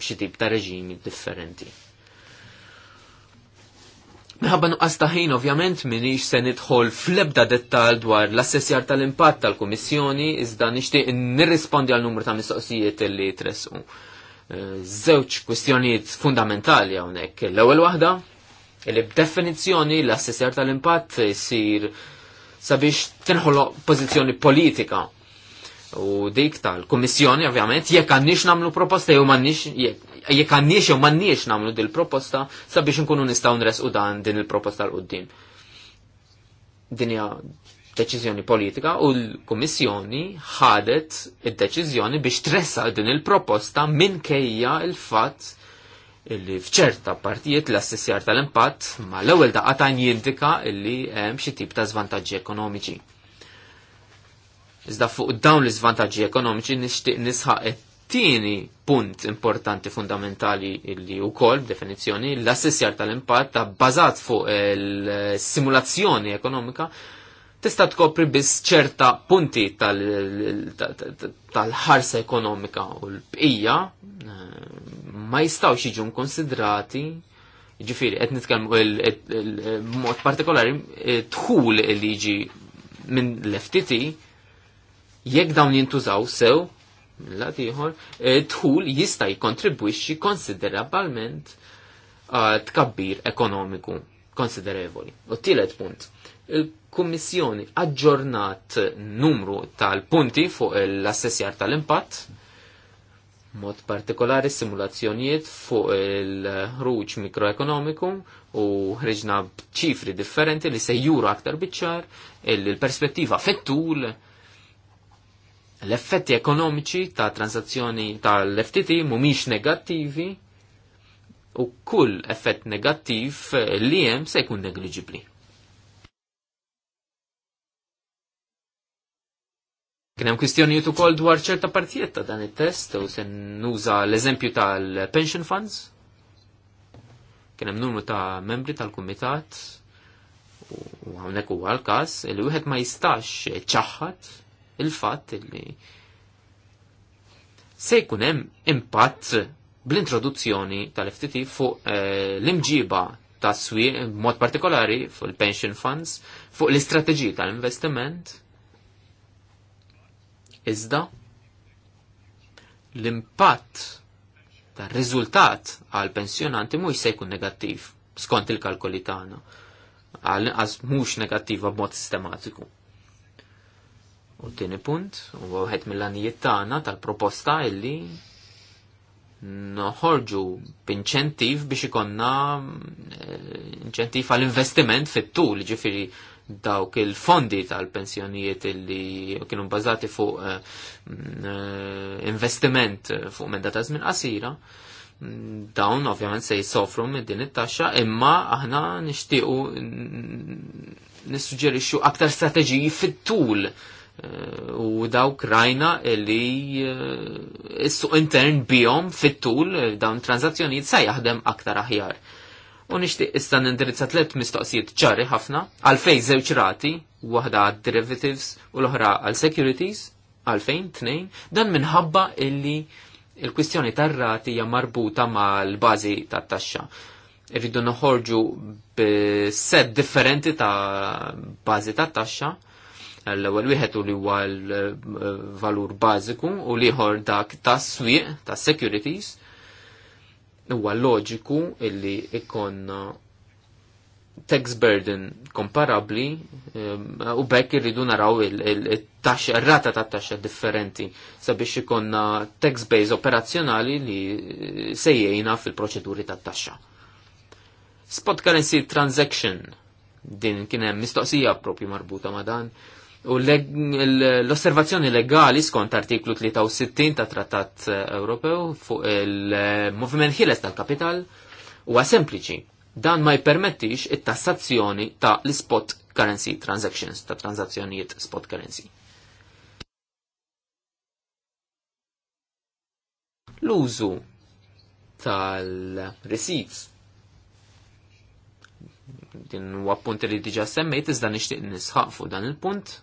b'xi tip ta' reġimi differenti. Minħabba nuqqas taħin ovvjament minix se nidħol fl-ebda dettal dwar l-assessjar tal-impatt tal-Kummissjoni iżda nixtieq nirrispondi għal numru ta' mistoqsijiet li tressu żewġ eh, kwestjonijiet fundamentali hawnhekk. L-ewwel waħda li b'definizzjoni l-assessjar tal-impatt jisir sabiex tenħolo pożizzjoni politika u dik tal-Kummissjoni ovvjament jekk għandniex nagħmlu proposta jew m'għandniex jekk għandniex jew m'għandniex nagħmlu din proposta sabiex inkunu nistgħu nresqu dan din il-proposta l qudiem Dinja deċiżjoni politika u l-Kummissjoni ħadet id-deċiżjoni biex tressa din il-proposta minkejja il-fatt illi fċerta partijiet l-assessjar tal-impatt ma l-ewwel daqqa tan jindika illi hemm xi tip ta' żvantaġġi ekonomiċi. Iżda fuq dawn l-iżvantaġġi ekonomiċi nixtieq nisħaq it-tieni punt importanti fundamentali illi wkoll b'definizzjoni l-assessjar tal-impatt ta' bbażat fuq il-simulazzjoni ekonomika tista' tkopri biss ċerta punti tal-ħarsa ekonomika u l-bqija eh, ma jistgħux jiġu konsidrati ġifiri, qed nitkellmu mod partikolari eh, tħul li jiġi minn l-FTT jekk dawn jintużaw sew lat ieħor, eh, tħul jista' jikkontribwixxi konsiderabbilment tkabbir ekonomiku konsiderevoli. U tielet punt, il-Kummissjoni aġġornat numru tal-punti fuq l-assessjar tal-impatt, mod partikolari simulazzjonijiet fuq il ruċ mikroekonomiku u ħriġna b'ċifri differenti li se juru aktar biċċar il-perspettiva fettul l-effetti ekonomiċi ta' transazzjoni tal-FTT mumiċ negattivi u kull effett negattiv li jem se jkun negliġibli. Kien hemm kwistjonijiet ukoll dwar ċerta partijiet ta' dan it-test u se nuża l-eżempju tal-pension funds. Kien hemm numru ta' membri tal-kumitat u hawnhekk huwa l-każ li wieħed ma jistax ċaħħad il-fatt li se jkun hemm impatt bl-introduzzjoni tal-FTT fuq eh, l-imġiba ta' swieq mod partikolari fuq il-pension funds, fuq l-istrateġiji tal-investiment Iżda l-impatt tar riżultat għal pensjonanti mhux se jkun negattiv skont il-kalkoli tagħna għal inqas mhux negattiva b'mod sistematiku. U tieni punt, u għed mill-għanijiet tagħna tal-proposta illi noħorġu b'inċentiv biex ikonna eh, inċentiv għall-investiment fit-tul, ġifiri dawk il-fondi tal-pensjonijiet li kienu bbażati fuq eh, mm, eh, investiment fuq medda ta' żmien qasira, mm, dawn ovvjament se jisofru minn din it-taxxa, imma aħna nixtiequ mm, nissuġġerixxu aktar strateġiji fit-tul eh, u dawk rajna li s-suq intern bihom fit-tul dawn transazzjonijiet se jaħdem aktar aħjar. U nixtieq issa nindirizza tliet mistoqsijiet ċari ħafna għalfejn żewġ rati, waħda għad derivatives u l-oħra għal securities, għalfejn tnejn, dan minħabba illi il-kwistjoni tar-rati hija marbuta mal-bażi tat-taxxa. Irridu noħorġu b'set differenti ta' bażi tat-taxxa, l-ewwel wieħed u li huwa l-valur bażiku u liħor dak tas-swieq ta' securities huwa loġiku illi ikonna tax burden komparabli ehm, u bekk irridu naraw il-rata ta' taxxa differenti sabiex ikonna tax base operazzjonali li eh, sejjejna fil-proċeduri ta' taxxa. Spot currency transaction din kien hemm mistoqsija propju marbuta ma' dan U l-osservazzjoni legali skont artiklu 63 ta' Trattat eh, Ewropew fuq il-moviment ħieles tal-kapital huwa sempliċi. Dan ma jpermettix it-tassazzjoni ta' l-spot currency transactions, ta' transazzjonijiet spot currency. L-użu tal-receipts din huwa punt li diġa semmejt iżda nixtieq nisħaq fuq dan il-punt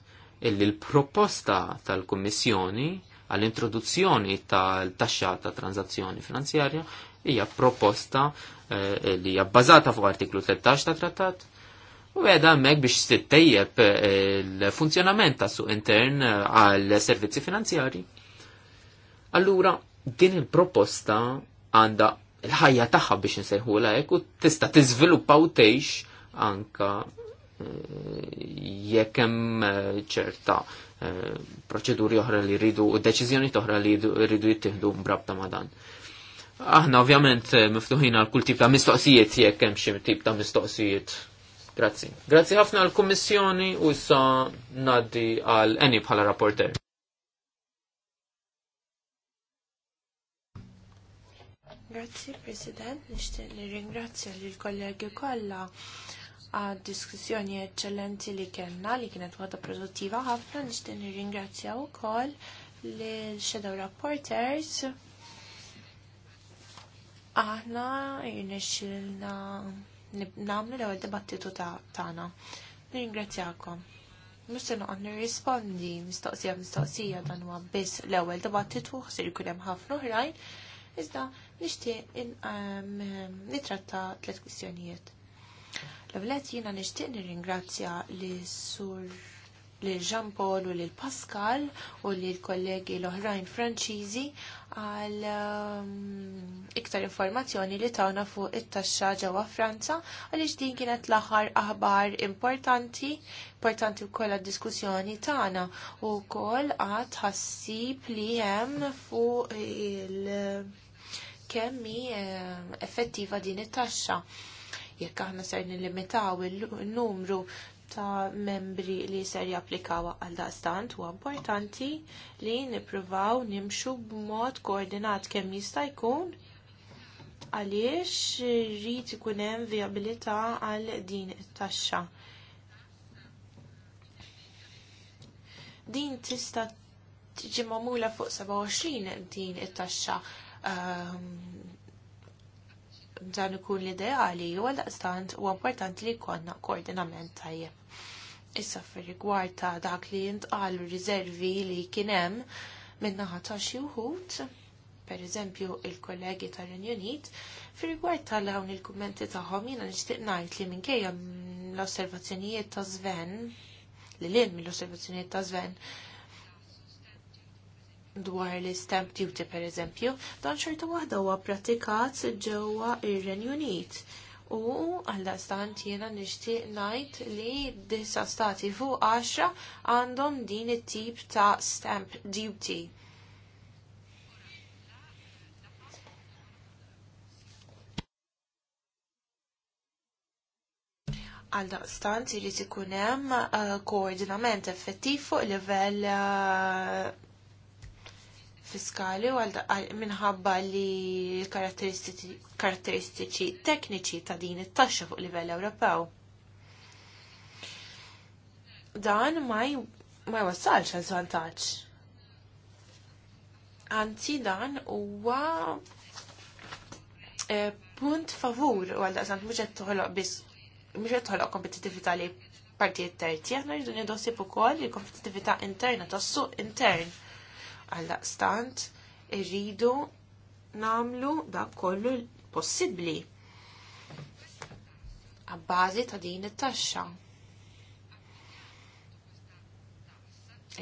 illi l-proposta tal-Kummissjoni għall-introduzzjoni tal-taxxa ta' tranzazzjoni finanzjarja hija proposta eh, li hija bbażata fuq artiklu 13 ta' trattat u għedha hemmhekk biex tittejjeb il-funzjonament eh, ta' suq intern eh, għal servizzi finanzjarji. Allura din il-proposta għandha l-ħajja tagħha biex nsejħula hekk u tista' tiżviluppa u tgħix anka jekk hemm eh, ċerta eh, proċeduri oħra li rridu u deċiżjoni oħra li rridu jittieħdu mbrabta ma' dan. Aħna ovvjament eh, miftuħin għal kull tip ta' mistoqsijiet jekk hemm xi tip ta' mistoqsijiet. Grazzi. Grazzi ħafna għal kummissjoni u issa ngħaddi għal eni bħala rapporter.
Grazzi President, nixtieq ringrazzja lill kollegi kollha għad diskussjoni eccellenti li kellna li kienet waħda produttiva ħafna nixtieq kol li l Shadow Reporters. Aħna jirnexxilna nagħmlu l-ewwel dibattitu tagħna. Nirringrazzjakom. Mux se nirrispondi mistoqsija mistoqsija dan huwa biss l-ewwel dibattitu ħsir ikun hemm ħafna oħrajn. Iżda nixtieq nitratta tliet kwistjonijiet L-għavlet jina nishtiq nir-ingrazzja li sur li Jean Paul u li Pascal u li l-kollegi l-oħrajn franċiżi għal um, iktar informazzjoni li tawna fuq it-taxxa ġewwa Franza għaliex din kienet l-aħħar aħbar importanti, importanti wkoll għad-diskussjoni tagħna u wkoll għad ħassib li hemm fuq il kemm um, effettiva din it-taxxa jekk aħna ser nilimitaw il-numru ta' membri li ser japplikaw għal daqstant u importanti li nippruvaw nimxu b'mod koordinat kemm jista' jkun għaliex rrid ikun hemm viabilità għal din it-taxxa. Din tista' tiġi magħmula fuq 27 din it-taxxa ehm, dan ikun l-ideali u għal-daqstant u importanti li jkollna koordinament tajjeb. Issa fir-rigward ta' dak li jintqalu riservi li kien hemm ħata xi wħud, pereżempju il-kollegi tar-Renju Unit, fir-rigward ta' lawn il-kummenti tagħhom jiena nixtieq ngħid li minkejja l-osservazzjonijiet ta' Sven li lin mill-osservazzjonijiet ta' Sven dwar l-stamp duty per eżempju, dan xorta waħda huwa pratikat ġewwa ir-Renju Unit. U għalla stant jena nixtieq ngħid li disa stati fuq 10 għandhom din it-tip ta' stamp duty. għal daqstant irrid ikun hemm eh, koordinament effettiv fuq livell eh, fiskali u minħabba li karatteristiċi tekniċi ta' din it-taxxa fuq livell Ewropew. Dan ma jwassalx għal żvantaġġ. Anzi dan huwa eh, punt favur u għal-daqsant mux għed toħloq bis, mux toħloq kompetitivita li partijiet terzi, aħna rridu nidossi ukoll il kompetitività interna, tas-suq intern għall-stant irridu namlu dak kollu possibbli għabbazi ta' din it-taxxa.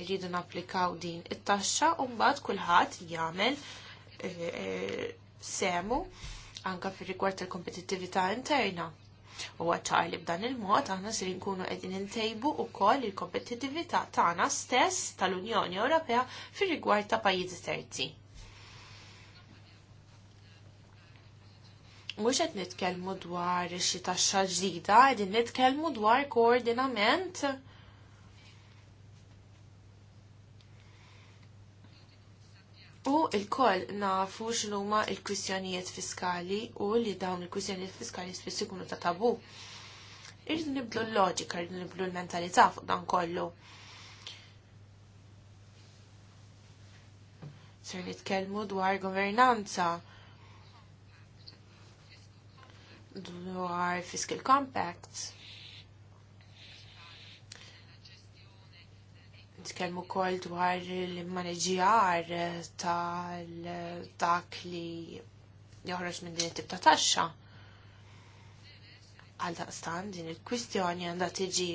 Irridu napplikaw din it-taxxa u mbagħad kulħadd jagħmel eh, eh, semu anka fir rigward tal-kompetittività interna. U għacċar li b'dan il-mod aħna sir nkunu qegħdin u wkoll il kompetitivita tagħna stess tal-Unjoni Ewropea fir-rigward ta' pajjiżi terzi. Mhux qed nitkellmu dwar xita taxxa ġdida, qegħdin nitkellmu dwar koordinament U il-koll nafu x'numa il-kwistjonijiet fiskali u li dawn il-kwistjonijiet fiskali spiss ikunu ta' tabu. Irridu nibdlu l-loġika, irridu nibdlu l-mentalità fuq dan kollu. Ser nitkellmu dwar governanza, dwar fiscal compacts nitkellmu wkoll dwar il-maneġjar tal dak li joħroġ minn din it-tip ta' taxxa. Għal daqstan din il-kwistjoni għandha tiġi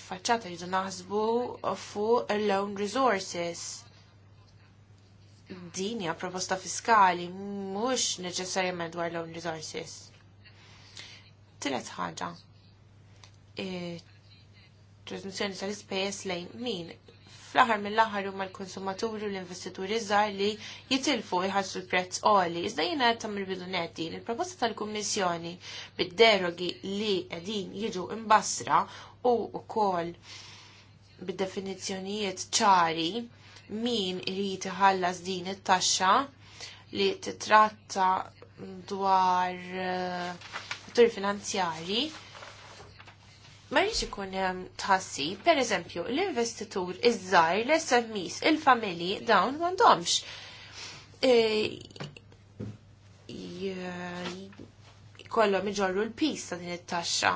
iffaċċata jridu naħsbu fuq il-loan resources din hija proposta fiskali mhux neċessarjament dwar loan resources. Tilet ħaġa trasmissjoni tal-ispejjeż lejn min. Fl-aħħar mill-aħħar huma l-konsumaturi u l-investituri żgħar li jitilfu jħassu l-prezz għoli. Iżda jiena qed tagħmel bidunet din il-proposta tal-Kummissjoni bid-derogi li qegħdin jiġu imbasra u wkoll bid-definizzjonijiet ċari min irid iħallas din it-taxxa li titratta dwar eh, turi finanzjari ma jiex ikun hemm tħassi, per eżempju, l-investitur iż-żgħar, l-SMEs, il-familji dawn m'għandhomx e, jkollhom iġorru l-pis ta' din it-taxxa.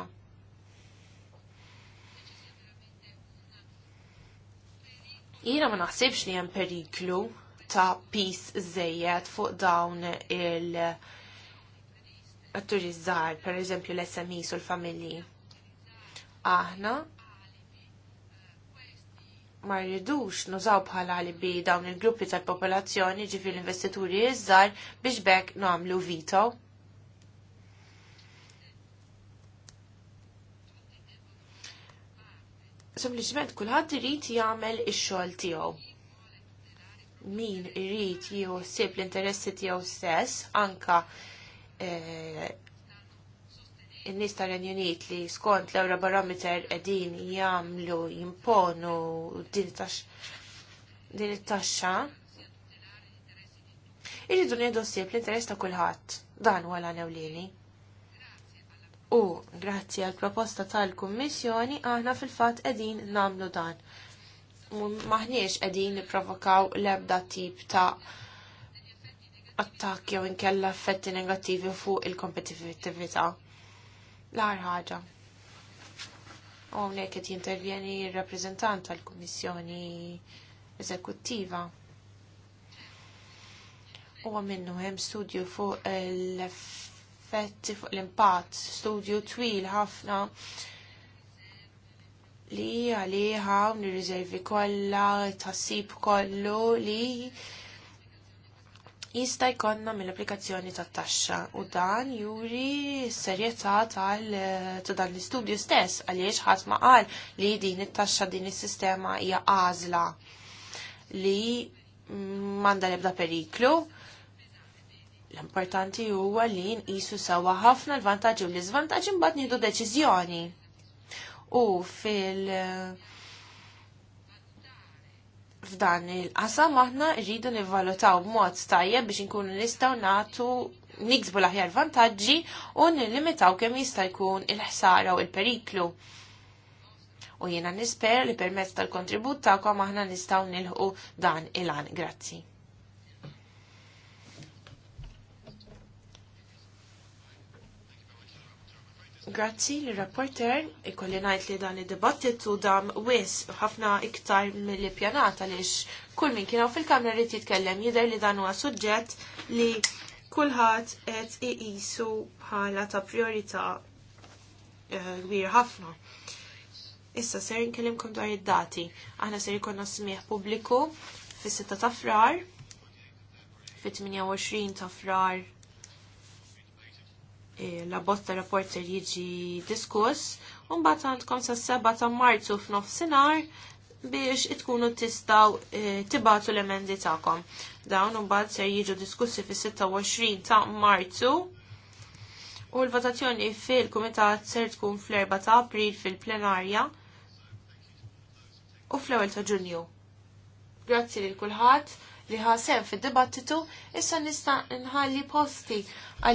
Jiena ma naħsibx li hemm periklu ta' pis żejjed fuq dawn il-turizzar, per eżempju l smis u l-familji aħna ma rridux nużaw bħala alibi dawn il-gruppi tal-popolazzjoni ġifi l-investituri iżżar biex bekk nagħmlu vito. Sempliċement kulħadd irid jagħmel ix-xogħol tiegħu. Min irid jieħu ssib l-interessi tiegħu stess anka eh, in-nies tal-Renju Unit li skont l barometer qegħdin jagħmlu jimponu din it-taxxa irridu ngħidu ssib l-interess ta' kulħadd dan wara newlieni. U grazzi għal proposta tal-Kummissjoni aħna fil-fatt qegħdin nagħmlu dan. Maħniex qegħdin nipprovokaw l-ebda tip ta' attakki jew inkella effetti negattivi fuq il-kompetitività l-ar ħaġa. U hawnhekk qed jintervjeni r reprezentant tal-Kummissjoni Eżekuttiva. Huwa minnu hemm studju fuq l-effetti fuq l-impatt, studju twil ħafna li għalieha nirriżervi kollha, tassib kollu li jista' jkollna mill-applikazzjoni tat-taxxa u dan juri serjetà tal ta' dan l-istudju stess għaliex ħadd ma qal li din it-taxxa din is-sistema hija għażla li m'għandha l-ebda periklu. L-importanti huwa li nqisu sewwa ħafna l-vantaġġi u l-iżvantaġġi mbagħad nieħdu deċiżjoni. U fil- uh, f'dan il-qasam aħna rridu nivvalutaw b'mod tajjeb biex inkunu nistgħu nagħtu niksbu l-aħjar vantaġġi u nillimitaw kemm jista' jkun il-ħsara u l periklu U jiena nisper li permezz tal-kontribut tagħkom aħna nistgħu nilħu dan il-għan. Grazzi. Grazzi li rapporter, ikolli najt li dan id-dibattitu dam wis ħafna iktar mill pjanata x kull min kienaw fil-kamra rrit jitkellem jider li dan huwa suġġett li kulħadd qed iqisu bħala ta' priorità eh, kbir ħafna. Issa ser nkellimkom dwar id-dati. Aħna ser ikonna smieħ pubbliku fis sitta ta' frar, fit-28 ta' frar Eh, la bosta rapport jiġi diskuss, un bat għandkom sa' 7 ta' marzu f'nofsinar biex itkunu tistaw eh, tibatu l-emendi ta'kom. Dawn un bat ser jiġu diskussi fis-26 ta' marzu u l-votazzjoni fil-Kumitat ser tkun fl-4 ta' april fil-plenarja u fl 1 ta' Ġunju. Grazzi lil kulħadd li ħasem fid-dibattitu, issa nista' nħalli posti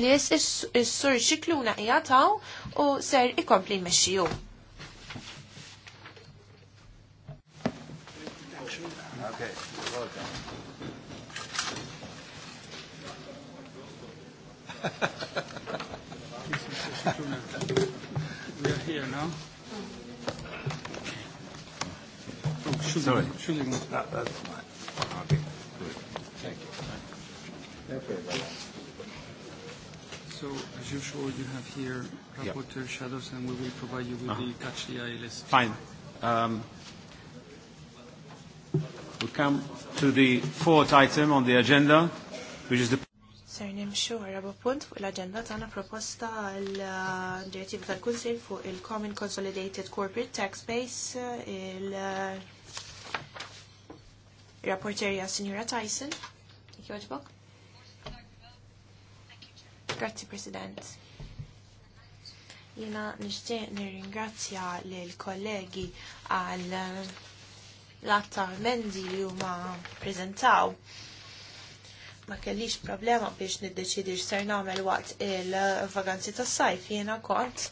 jess is-sur xikluna jgħataw u ser ikompli jmexxiju. Okay, welcome.
<laughs> We are here now. So, as usual, you have here rapporteur yeah. shadows, and we will provide you with uh -huh. the uh-huh. catch the eye list. Fine. Um, we come to the fourth item on the agenda, which is the
Ser nimxu għarraba punt fuq l-agenda tagħna proposta għal-direttiva uh, tal-Kunsil fuq il-Common Consolidated Corporate Tax Base, uh, il- uh, Rapporterja Signora Tyson. Jogħġbok. Grazzi, President. Jena nishtiq nirringrazzja l-kollegi għal l-atta mendi li huma prezentaw. Ma kellix problema biex niddeċidi x'ser nagħmel waqt il-vaganzi tas-sajf. Jiena kont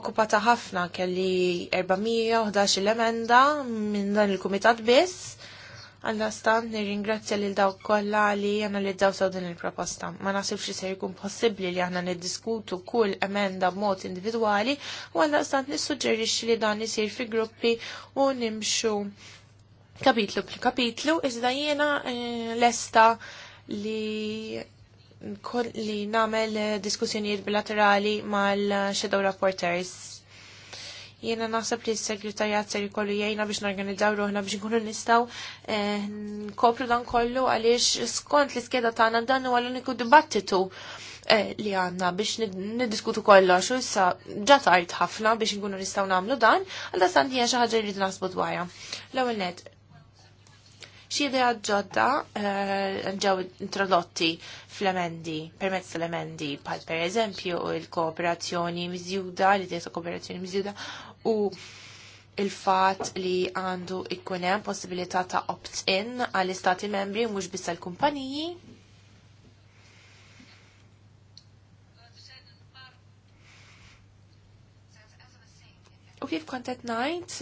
okkupata ħafna kelli 411 l-emenda minn dan il-kumitat biss Għanna stan nirringrazzja lil dawk kollha li analizzaw sew din il-proposta. Ma nasibx li se jkun possibbli li aħna niddiskutu kull emenda b'mod individwali u għanna stan nissuġġerixxi li dan isir fi gruppi u nimxu kapitlu per kapitlu iżda jiena eh, lesta li li namel eh, diskussjonijiet bilaterali mal-shadow rapporters Jiena naħseb li s-segretarjat ser jkollu jgħina biex norganizzaw ruħna biex nkunu nistgħu eh, nkopru dan kollu għaliex skont l-iskeda tagħna dan huwa l-uniku dibattitu eh, li għanna biex niddiskutu kollox u issa ġa tard ħafna biex nkunu nistgħu nagħmlu dan, għal dan hija xi ħaġa li nasbu dwarha. L-ewwel net, xi idea ġodda eh, ġew introdotti fl-emendi, permezz l-emendi, pal per eżempju il-kooperazzjoni miżjuda, li tiesa kooperazzjoni miżjuda u il-fat li għandu ikkunem possibilità ta' opt-in għall-istati membri mhux biss l-kumpaniji. U kif kontet najt,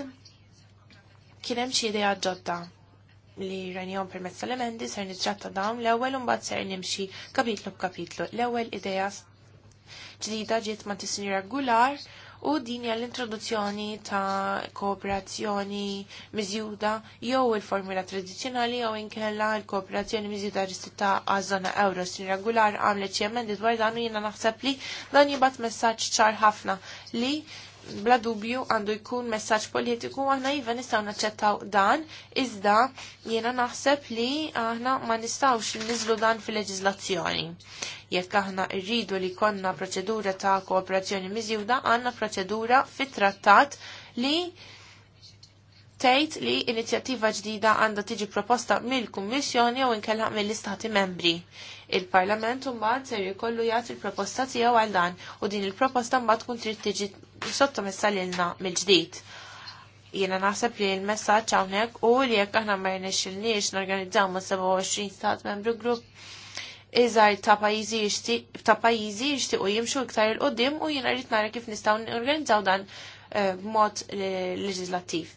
kien hemm xi idea ġodda li rajnijom permezz tal-emendi ser nitratta dawn l-ewwel mbagħad ser nimxi kapitlu b'kapitlu. L-ewwel idea ġdida ġiet ma' tisinjura Gular u din hija l-introduzzjoni ta' kooperazzjoni miżjuda jew il-formula tradizzjonali jew inkella l-kooperazzjoni miżjuda ġistita għaż-żona euro. Sinjura Gular għamlet xi emendi dwar dan u jiena naħseb li dan jibgħat messaġġ ċar ħafna li bla dubju għandu jkun messaġġ politiku aħna iva nistgħu naċċettaw dan, iżda jiena naħseb li aħna ma nistgħux niżlu dan fil-leġiżlazzjoni. Jekk aħna rridu li konna proċedura ta' kooperazzjoni miżjuda, għandna proċedura fit-trattat li tgħid li inizjattiva ġdida għandha tiġi proposta mill-Kummissjoni jew inkella mill-Istati Membri il-Parlament mbagħad ser jkollu jagħti il-proposta tiegħu għal dan u din il-proposta mbagħad tkun trid tiġi sottomessa lilna mill-ġdid. Jiena naħseb li l-messaġġ hawnhekk u li jekk aħna ma jnexxilniex norganizzaw ma' 27 stat membru grupp iżgħar ta' pajjiżi ta' pajjiżi jixtiequ jimxu iktar il qudiem u jiena rrid nara kif nistgħu norganizzaw dan eh, b'mod leġislattiv.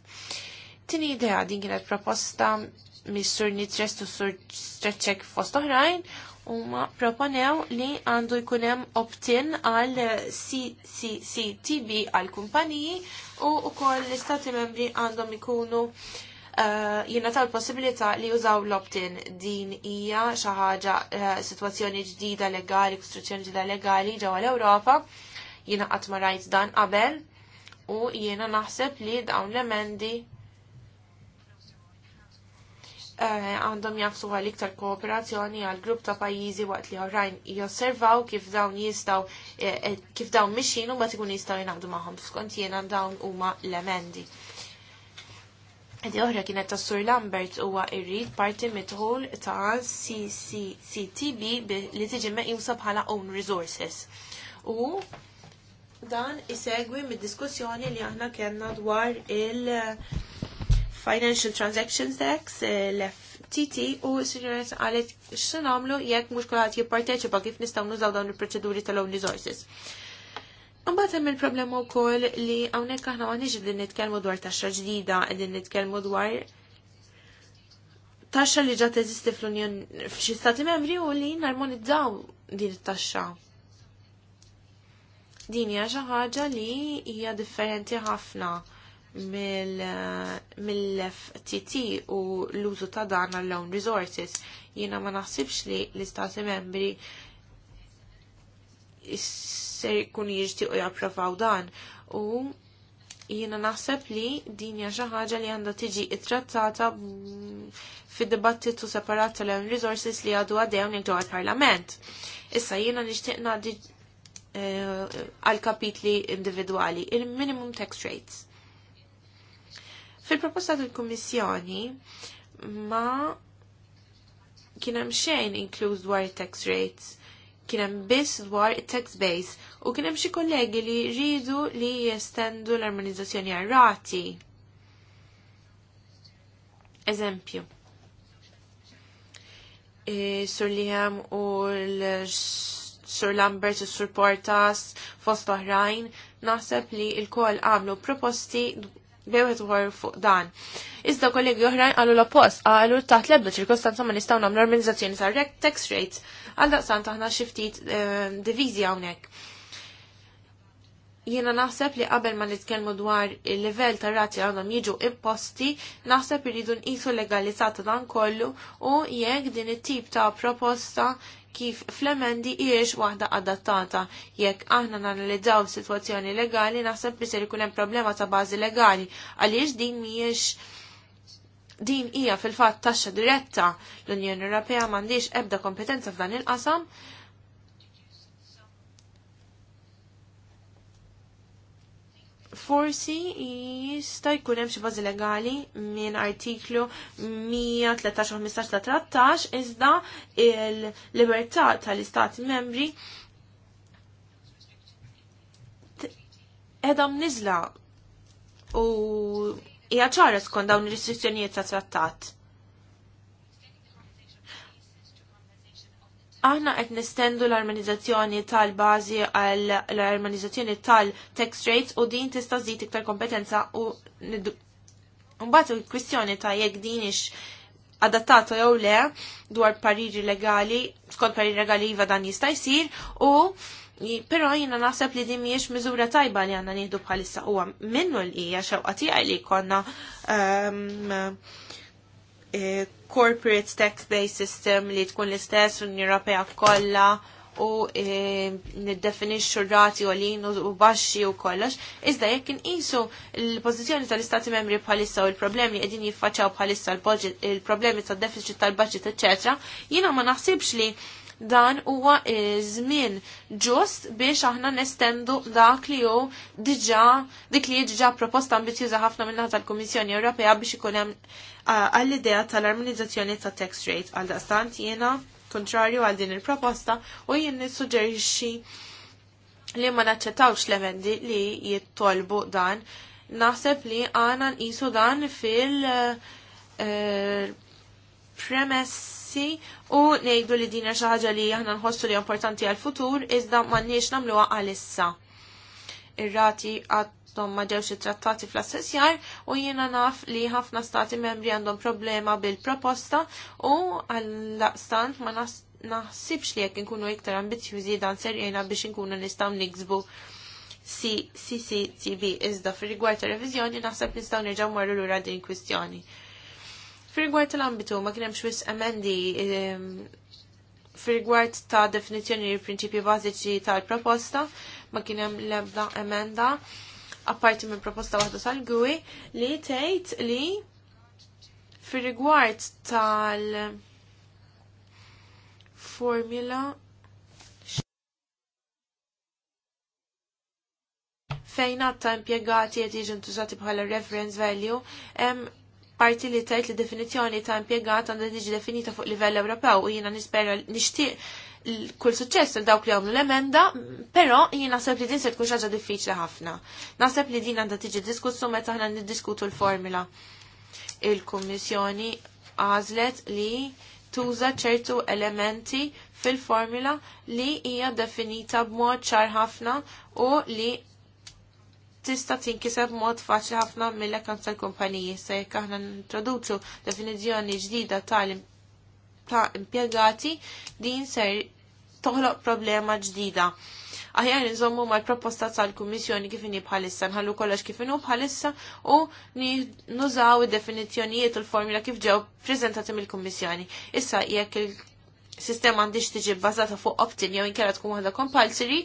Tini idea din kienet proposta mis-sur Nitres u sur Streċek fost oħrajn Umma proponew li għandu jkunem opt-in għal ccctb għal kumpaniji u ukoll l-istati membri għandhom ikunu eh, jina tal-possibilità li jużaw l-opt-in din hija xi ħaġa eh, sitwazzjoni ġdida legali, kostruzzjoni ġdida legali ġewwa l-Ewropa. Jiena qatt ma rajt dan qabel u jiena naħseb li dawn l-emendi Eh, għandhom jafsu għal iktar kooperazzjoni għal grupp ta' pajjiżi waqt li oħrajn josservaw kif dawn jistaw eh, eh, kif dawn mixin u tkun jistaw jingħaqdu magħhom skont jiena dawn huma l-emendi. Edi oħra kienet ta' Sur Lambert huwa rrid parti mitħul ta' CCCTB li tiġi meqjusa bħala own resources. U dan isegwi mid-diskussjoni li aħna kellna dwar il- Financial Transactions Tax, eh, l-FTT, u s-signoret għalet x-sanamlu jek mux kolħat jipparteċipa kif nistaw nużaw dawn il-proċeduri tal-own resources. Unbat hemm il-problema wkoll li hawnhekk aħna m'għandniex din nitkellmu dwar taxxa ġdida, qegħdin nitkellmu dwar taxxa li ġat teżisti fl-Unjon f'xi stati membri u li narmonizzaw din it-taxxa. Din hija xi ħaġa li hija differenti ħafna Eh, mill-FTT u l-użu ta' dan għall-own resources. Jiena ma naħsibx li l-istati membri ser kun jirtiq u japprovaw dan. U jiena naħseb li din xi ħaġa li għandha tiġi ittrattata fid-dibattitu separat tal-own resources li għadu għadew li għadu parlament Issa jiena nixtieq ngħaddi eh, għal kapitli individwali, il-minimum tax rates. Fil-proposta tal-Kummissjoni ma kien hemm xejn inkluż dwar tax rates, kien hemm biss dwar tax base u kien hemm xi kollegi li jridu li jestendu l-armonizzazzjoni għar-rati. Eżempju. E, sur Liam u l-Sur Lambert u Sur Portas fost oħrajn naħseb li l kol għamlu proposti bewet uħor fuq dan. Iżda kollegi oħrajn għallu la post, għallu taħt lebda ċirkostanza ma nistaw normalizzazzjoni sa' tax rate, għal daqsan taħna xiftit eh, divizi għawnek jiena naħseb li qabel ma nitkellmu dwar il-livell ta' rati għandhom jiġu imposti, naħseb irridu nqisu legalizzata ta' dan kollu u jekk din it-tip ta' proposta kif fl-emendi hijiex waħda adattata. Jekk aħna nanalizzaw situazzjoni legali, naħseb li ser ikun hemm problema ta' bażi legali għaliex din miex din hija fil-fatt taxxa diretta l-Unjoni Ewropea m'għandix ebda kompetenza f'dan il-qasam, forsi jista' jkun hemm xi bażi legali minn artiklu 113-15 ta' trattax iżda il-libertà tal-istati membri edha nizla u hija ċara skont dawn ir-restrizzjonijiet ta' trattat. Aħna qed nistendu l-armonizzazzjoni tal-bażi għal l-armonizzazzjoni tal-tax rates u din tista' żid iktar kompetenza u Mbagħad il-kwistjoni ta' jekk din ix adattato jew le dwar pariri legali, skont pariri legali iva dan jista' jsir u Pero jina naħseb li di miex miżura tajba li għanna nieħdu bħalissa huwa minnu l-ija xewqa tiegħi li konna um, ehm, e, eh, corporate tax based system li tkun l-istess l-Unjoni Ewropea kollha u e, niddefinixxu rati għolin u baxxi u kollox, iżda jekk inqisu l-pożizzjoni tal-Istati Membri bħalissa u l-problemi qegħdin jiffaċċaw bħalissa il-problemi tad-deficit tal-budget, eċċetera, jiena ma naħsibx li Dan huwa żmien ġust biex aħna nestendu dak li hu diġà dik li diġà proposta ambizjuża ħafna minnaħa tal-Kummissjoni Ewropea biex ikun hemm għall-idea tal-armonizzazzjoni ta' tax rate għal daqstant jiena kontrarju għal din il-proposta u jien nissuġġerixxi li ma naċċettawx l-emendi li jittolbu dan. Naħseb li għana nqisu dan fil- eh, premess interessi u ngħidu li dina xi ħaġa li aħna nħossu li importanti għal-futur iżda m'għandniex nagħmluha għalissa. Ir-rati għadhom ma ġewx trattati fl-assessjar u jiena naf li ħafna stati membri għandhom problema bil-proposta u għall-laqstant ma naħsibx li jekk inkunu iktar ambizjużi dan ser biex inkunu nistgħu niksbu CCTV iżda fir rigward ta' revizjoni naħseb nistgħu nerġgħu marru lura din kwistjoni. Fil-gwart tal-ambitu ma kienem xwiss emendi ehm, fil-gwart ta' definizjoni l-prinċipji bażiċi tal-proposta ma kienem l-ebda emenda apparti minn proposta waħda tal-gwi li tgħid li fir-rigward tal- formula fejna ta' impiegati għet tużati bħala reference value, em parti li tajt li definizjoni ta' impiegat għandha tiġi definita fuq livell Ewropew u jiena nispera nixtieq kull suċċess l dawk li għamlu l-emenda, però jien naħseb li din se tkun xaġa diffiċli ħafna. Naħseb li din għandha tiġi diskussu meta aħna niddiskutu l-formula. Il-Kummissjoni għażlet li tuża ċertu elementi fil-formula li hija definita b'mod ċar ħafna u li tista' tinkiseb mod faċli ħafna mill-akkanz tal-kumpaniji se jekk aħna nintroduċu definizzjoni ġdida tal ta' impjegati din ser toħloq problema ġdida. Aħjar nżommu mal-proposta tal-Kummissjoni kif inhi bħalissa, nħallu kollox kif inhu bħalissa u nużaw id-definizzjonijiet u l-formula kif ġew preżentati mill-Kummissjoni. Issa jekk il-sistema għandix tiġi bbażata fuq opt-in jew inkella tkun waħda compulsory,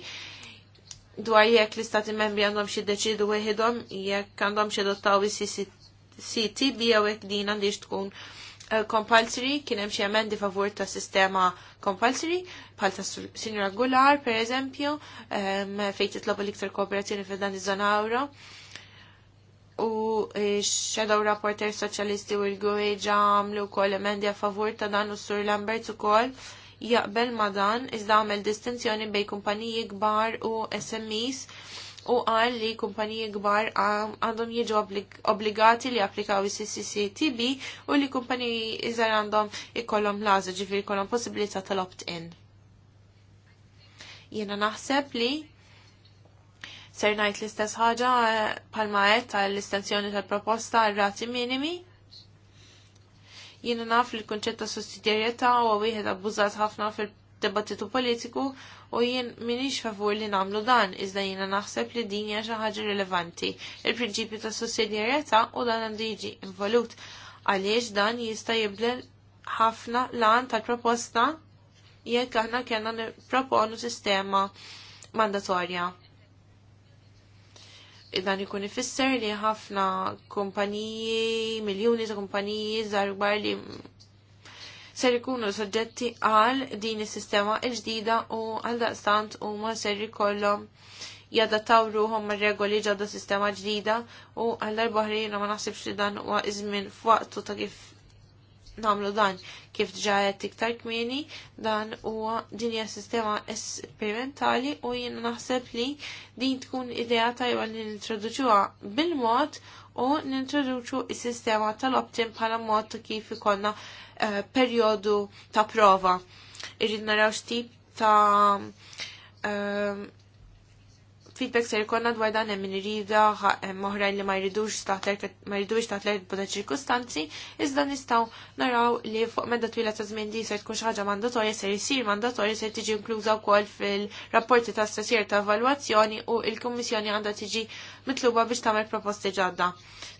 dwar jekk l-istati membri għandhom xie deċidu weħidhom jekk għandhom xie dottaw CCTB bija jekk din għandix tkun eh, compulsory, kien hemm xi emendi favur ta' sistema compulsory, bħal ta' Sinjora Gular, per eżempju, ehm, fejn titlobu l-iktar kooperazzjoni f'dan iż-żona euro u eh, shadow rapporter soċjalisti u l-gweġa għamlu kol emendi a favur ta' dan u sur Lambert u kol jaqbel ma dan iżda għamel distinzjoni bej kumpaniji kbar u SMEs u għal li kumpaniji kbar għandhom jiġu obbligati li applikaw is-CCCTB u li kumpaniji iżgħar għandhom ikollhom lażu ġifieri kollhom possibilità tal-opt-in. Jiena naħseb li ser ngħid l-istess ħaġa eh, palma qed tal-istenzjoni tal-proposta għal rati minimi Jiena naf li l-konċett ta' sussidjarjetà huwa wieħed abbużat ħafna fil-debattitu politiku u jien minix favur li namlu dan, iżda jiena naħseb li din hija xi ħaġa rilevanti. Il-prinċipju ta' sussidjarjetà u dan għandu jiġi involut għaliex dan jista' jibdel ħafna lan tal-proposta jekk aħna kellna nipproponu sistema mandatorja dan ikun ifisser li ħafna kumpaniji, miljoni ta' kumpaniji zarbar li ser ikunu soġġetti għal din is-sistema l-ġdida u għal daqstant huma ser ikollhom jadattaw ruhom mar-regoli ġodda sistema ġdida u għal darba ma naħsibx li dan huwa iżmin f'waqtu ta' kif namlu dan kif ġajet iktar kmini dan huwa din hija sistema esperimentali u jien naħseb li din tkun idea tajba li nintroduċuha bil-mod u nintroduċu is-sistema tal-optim bħala mod ta' kif ikonna uh, eh, perjodu ta' prova. Irrid naraw xtip ta' eh, feedback ser jkollna dwar dan hemm irrida hemm oħrajn li ma jridux ma jridux taħt l ċirkustanzi, iżda nistgħu naraw li fuq medda twila ta' żmien di se tkun xi ħaġa mandatorja ser isir mandatorja se tiġi inkluża wkoll fil-rapporti ta' stasir ta' evalwazzjoni u l-Kummissjoni għandha tiġi mitluba biex tagħmel proposti ġodda.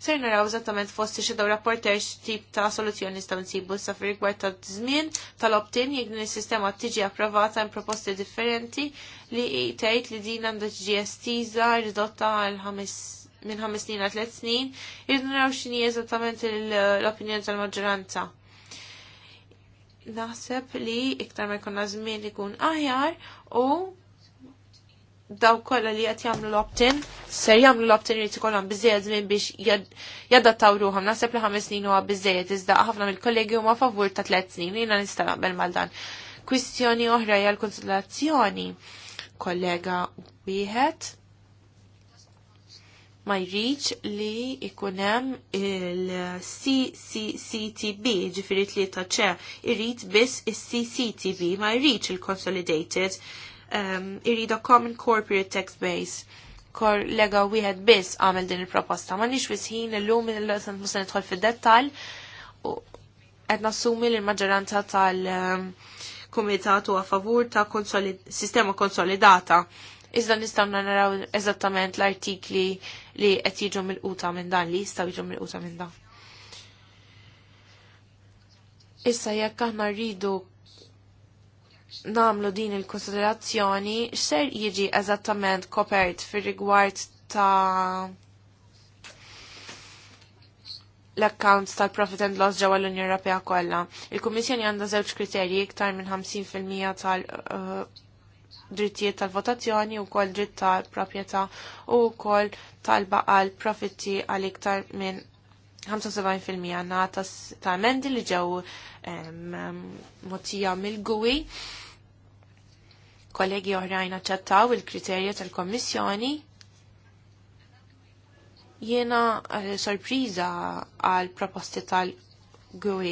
Ser naraw eżattament fosti xi daw rapporters tip ta' soluzzjoni nistgħu nsibu sa fir rigward ta' żmien tal-optin jekk din is-sistema tiġi approvata hemm proposti differenti li tgħid li din għandha tiġi estiża ridotta għal ħames minn ħames snin għal tliet snin, irridu naraw x'inhi eżattament l-opinjoni tal-maġġoranza. Naħseb li iktar ma jkollna żmien ikun aħjar u daw kolla li għat jamlu l-optin, ser jamlu l-optin li tikolam bizzejed minn biex jaddattaw tawruħam nasib li ħames snin huwa bizzejed, iżda ħafna mill-kollegi huma favur ta' tliet snin, li jina nista' naqbel mal dan. Kwistjoni oħra hija l-konsultazzjoni kollega wieħed ma jriċ li ikunem il-CCCTB, ġifiri li ċe, irrit biss il-CCTB, ma jriċ il-Consolidated, um, a Common Corporate Tax Base. Kor lega wieħed biss għamel din il-proposta. Ma nix wisħin l-lum il-lasan musan nidħol fil dettall u għedna sumi l-maġġoranza tal- um, kumitat huwa favur ta' konsolid sistema konsolidata. Iżda nistgħu naraw eżattament l-artikli li qed jiġu mill-quta minn dan li jistgħu jiġu mill-quta minn dan. Issa jekk aħna rridu namlu din il-konsiderazzjoni x'ser jiġi eżattament kopert fir-rigward ta' l-accounts tal-profit and loss ġewwa l-Unjoni Ewropea kollha. Il-Kummissjoni għandha żewġ kriterji iktar minn 50% tal- uh, drittijiet tal-votazzjoni u kol dritt tal-propieta u kol talba għal profitti għal iktar minn 75% na ta' mendi li ġew motija mill-gwi. Kollegi oħrajn aċċettaw il-kriterja tal-Kommissjoni Jiena eh, sorpriża għal proposti tal gwi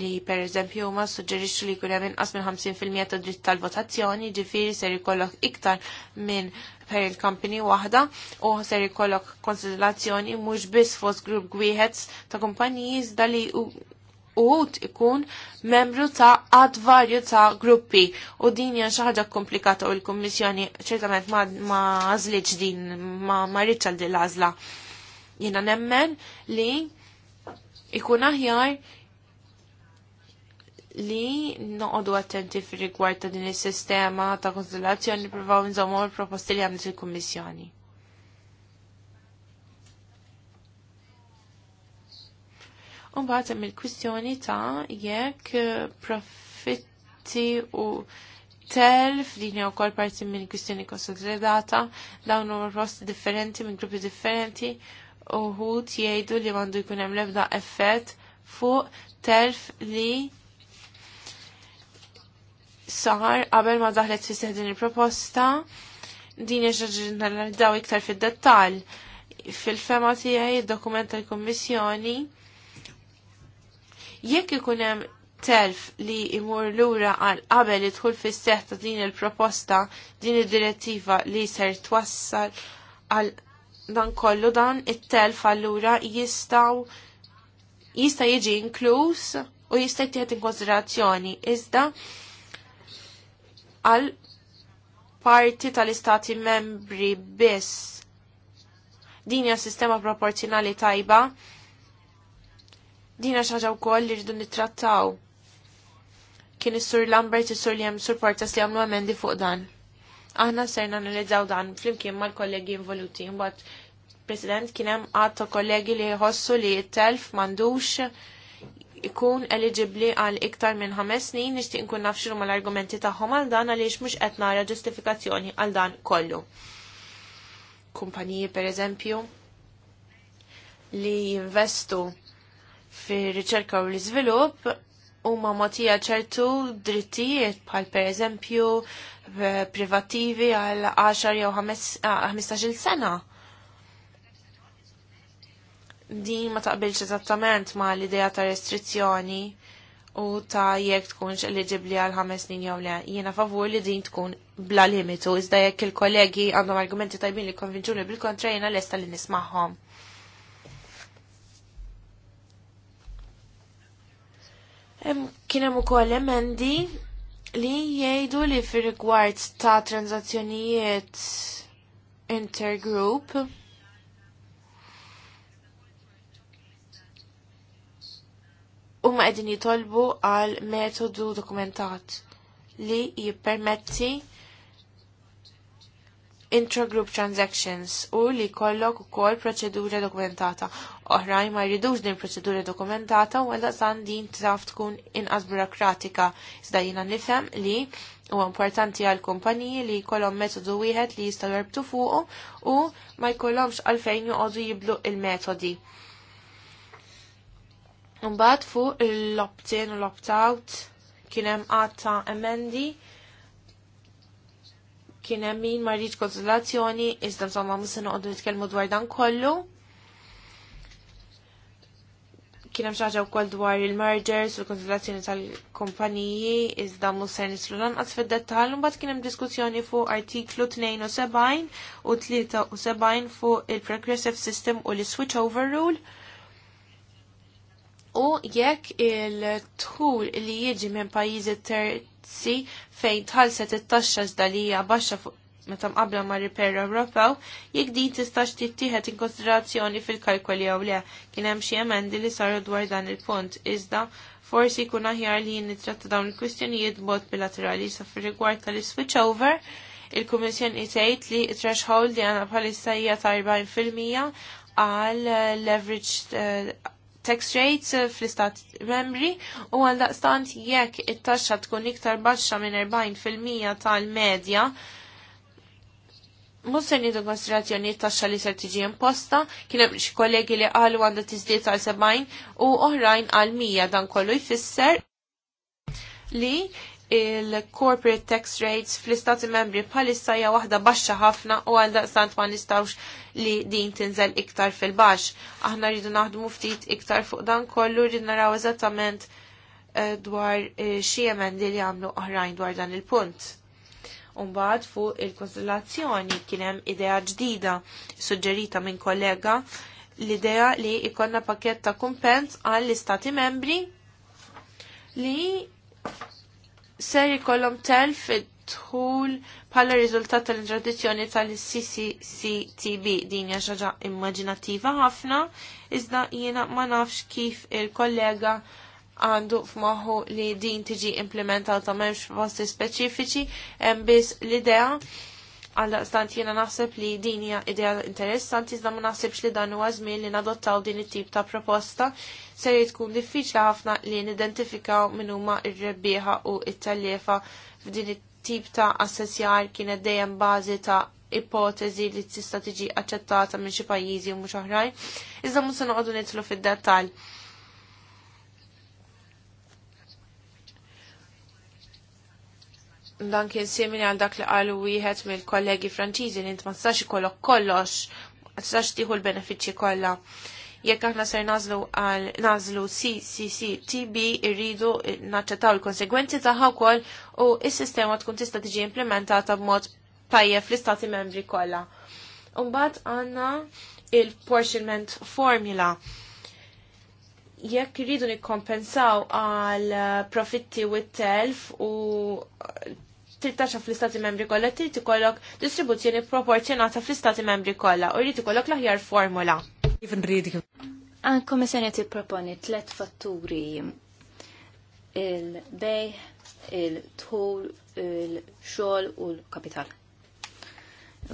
li per eżempju ma suġġerixxu li kunem inqas minn 50% ta' dritt tal-votazzjoni, ġifiri ser ikollok iktar minn per il-company waħda u ser ikollok konsiderazzjoni mhux biss fost grupp wieħed ta' kumpaniji dali li uħut ikun membru ta' advarju ta' gruppi u din hija xi ħaġa komplikata u l-Kummissjoni ċertament ma għażlitx din ma riċal għal din l-għażla jina nemmen li ikun aħjar li noqodu attenti fi rigward ta' din is-sistema ta' konsultazzjoni provaw nżommu l-proposti li għandu il-Kummissjoni. Unbaħt hemm il-kwistjoni ta' jekk eh, profitti u telf li hija wkoll parti minn kwistjoni konsolidata dawn huma proposti differenti minn gruppi differenti uħud jgħidu li mandu jkun hemm lebda effett fuq telf li sar qabel ma daħlet fi din il-proposta din iġġaġġina daw iktar fid-dettal. Fil-fema tiegħi id-dokument tal-Kummissjoni jekk ikun hemm telf li imur lura għal qabel idħul fis seħħ ta' din il-proposta din id-direttiva li ser twassal għal dan kollu dan it-telf allura jistaw jista' jiġi inkluż u jista' jittieħed inkonsiderazzjoni iżda għal parti tal-istati membri biss din hija sistema proporzjonali tajba din hija xaġa wkoll li rridu nittrattaw kien is-sur Lambert is-sur li hemm sur Portas li għamlu emendi fuq dan. Aħna serna analizzaw dan flimkien mal-kollegi involuti, mbagħad President kien hemm kollegi li jħossu li t-telf m'għandux ikun eligibli għal iktar minn ħames snin nixtieq nkun nafxilu x'huma l-argumenti tagħhom għal dan għaliex mhux qed nara ġustifikazzjoni għal dan kollu. Kumpaniji pereżempju li jinvestu fir-riċerka u l-iżvilupp huma mogħtija ċertu drittijiet bħal pereżempju privattivi għal 10 jew 15-il sena. Din ma taqbilx eżattament ma l-idea ta' restrizzjoni u ta' jekk tkunx eligibli għal ħames snin jew le. Jiena favur li din tkun bla limitu, iżda jekk il-kollegi għandhom argumenti tajbin li konvinġuni bil-kontra jiena lesta li nismaħħom. Kien hemm ukoll emendi li jgħidu li fir-rigward ta' tranzazzjonijiet intergroup huma qegħdin jitolbu għal metodu dokumentat li jippermetti intra-group transactions u li kollok ukoll proċedura dokumentata oħrajn ma jridux din proċedura dokumentata u għalda san din traf tkun inqas burokratika. Iżda jina nifhem li u importanti għal kumpaniji li kolom metodu wieħed li jistaw jarbtu fuqu u ma jkollomx għalfejn joqogħdu jiblu il-metodi. Mbagħad fuq l-opt-in u l-opt-out kien hemm għatta emendi kien hemm min ma rridx konsultazzjoni iżda insomma mhux se noqogħdu nitkellmu dwar dan kollu kien hemm xaġa wkoll dwar il-mergers u l tal-kumpaniji iżda mhux se nislu lanqas fid-dettall, imbagħad kien hemm diskussjoni fuq artiklu 72 u 73 fuq il-Progressive System u l-Switch Over Rule. U jekk il-tul li jiġi minn pajjiżi terzi fejn tħallset it-taxxa żdalija baxxa fuq meta mqabla ma' riper Ewropew, jekk din tistax tittieħed in konsiderazzjoni fil-kalkoli jew le. Kien hemm xi emendi li saru dwar dan il-punt, iżda forsi jkun aħjar li nitratta dawn il-kwistjonijiet b'mod bilaterali sa fir-rigward tal-switch over il-Kummissjoni tgħid li t threshold li għandha bħalissa hija ta' 40% għal leverage eh, tax rates fl-istat membri u għal daqstant jekk it-taxxa tkun iktar baxxa minn 40% tal-medja Mux se nidu konsiderazzjoni taxxa li ser tiġi imposta, kien hemm xi kollegi li qalu għandha tiżdied għal 70 u oħrajn għal mija dan kollu jfisser li il-corporate tax rates fl-istati membri bħalissa hija waħda baxxa ħafna u għal daqstant ma nistawx li din tinżel iktar fil-baxx. Aħna rridu naħdmu ftit iktar fuq dan kollu rridu naraw eżattament eh, dwar eh, xi emendi li għamlu oħrajn dwar dan il-punt Umbagħad fuq il kostellazzjoni kien hemm idea ġdida suġġerita minn kollega l-idea li ikonna pakket ta' kumpens għall istati membri li ser ikollhom telf dħul bħala riżultat tal-introduzzjoni tal-CCCTB din hija xaġa immaġinattiva ħafna iżda jiena ma nafx kif il-kollega għandu f'moħħu li din tiġi implementata m'hemmx f'posti speċifiċi hemm biss l-idea għalla stant jena naħseb li din hija idea interessanti iżda ma naħsebx li dan huwa żmien li nadottaw din it-tip ta' proposta se tkun diffiċli ħafna li nidentifikaw min huma r-rebbieħa u t-taljefa f'din it-tip ta' assessjar kienet dejjem bażi ta' ipotezi li tista' tiġi aċċettata minn xi pajjiżi u mhux oħrajn, iżda mhux se noqogħdu nidħlu fid-dettall. dan kien simili għal dak li qalu wieħed mill-kollegi Franċiżi li int ma tistax ikollok kollox, ma tistax tieħu l-benefiċċji kollha. Jekk aħna ser nażlu għal nażlu CCCTB irridu naċċettaw il-konsegwenzi tagħha wkoll u s-sistema tkun tista' tiġi implementata b'mod tajjeb fl-istati membri kollha. Umbagħad għandna il-portionment formula jekk rridu nikkompensaw għal profitti u telf u tirtaxa fl-istati membri kollha trid ikollok distribuzzjoni proporzjonata fl-istati membri kollha u jrid ikollok l-aħjar formula.
komissjoni se tipproponi tliet fatturi il-bej, il-tħul, il-xogħol u l-kapital.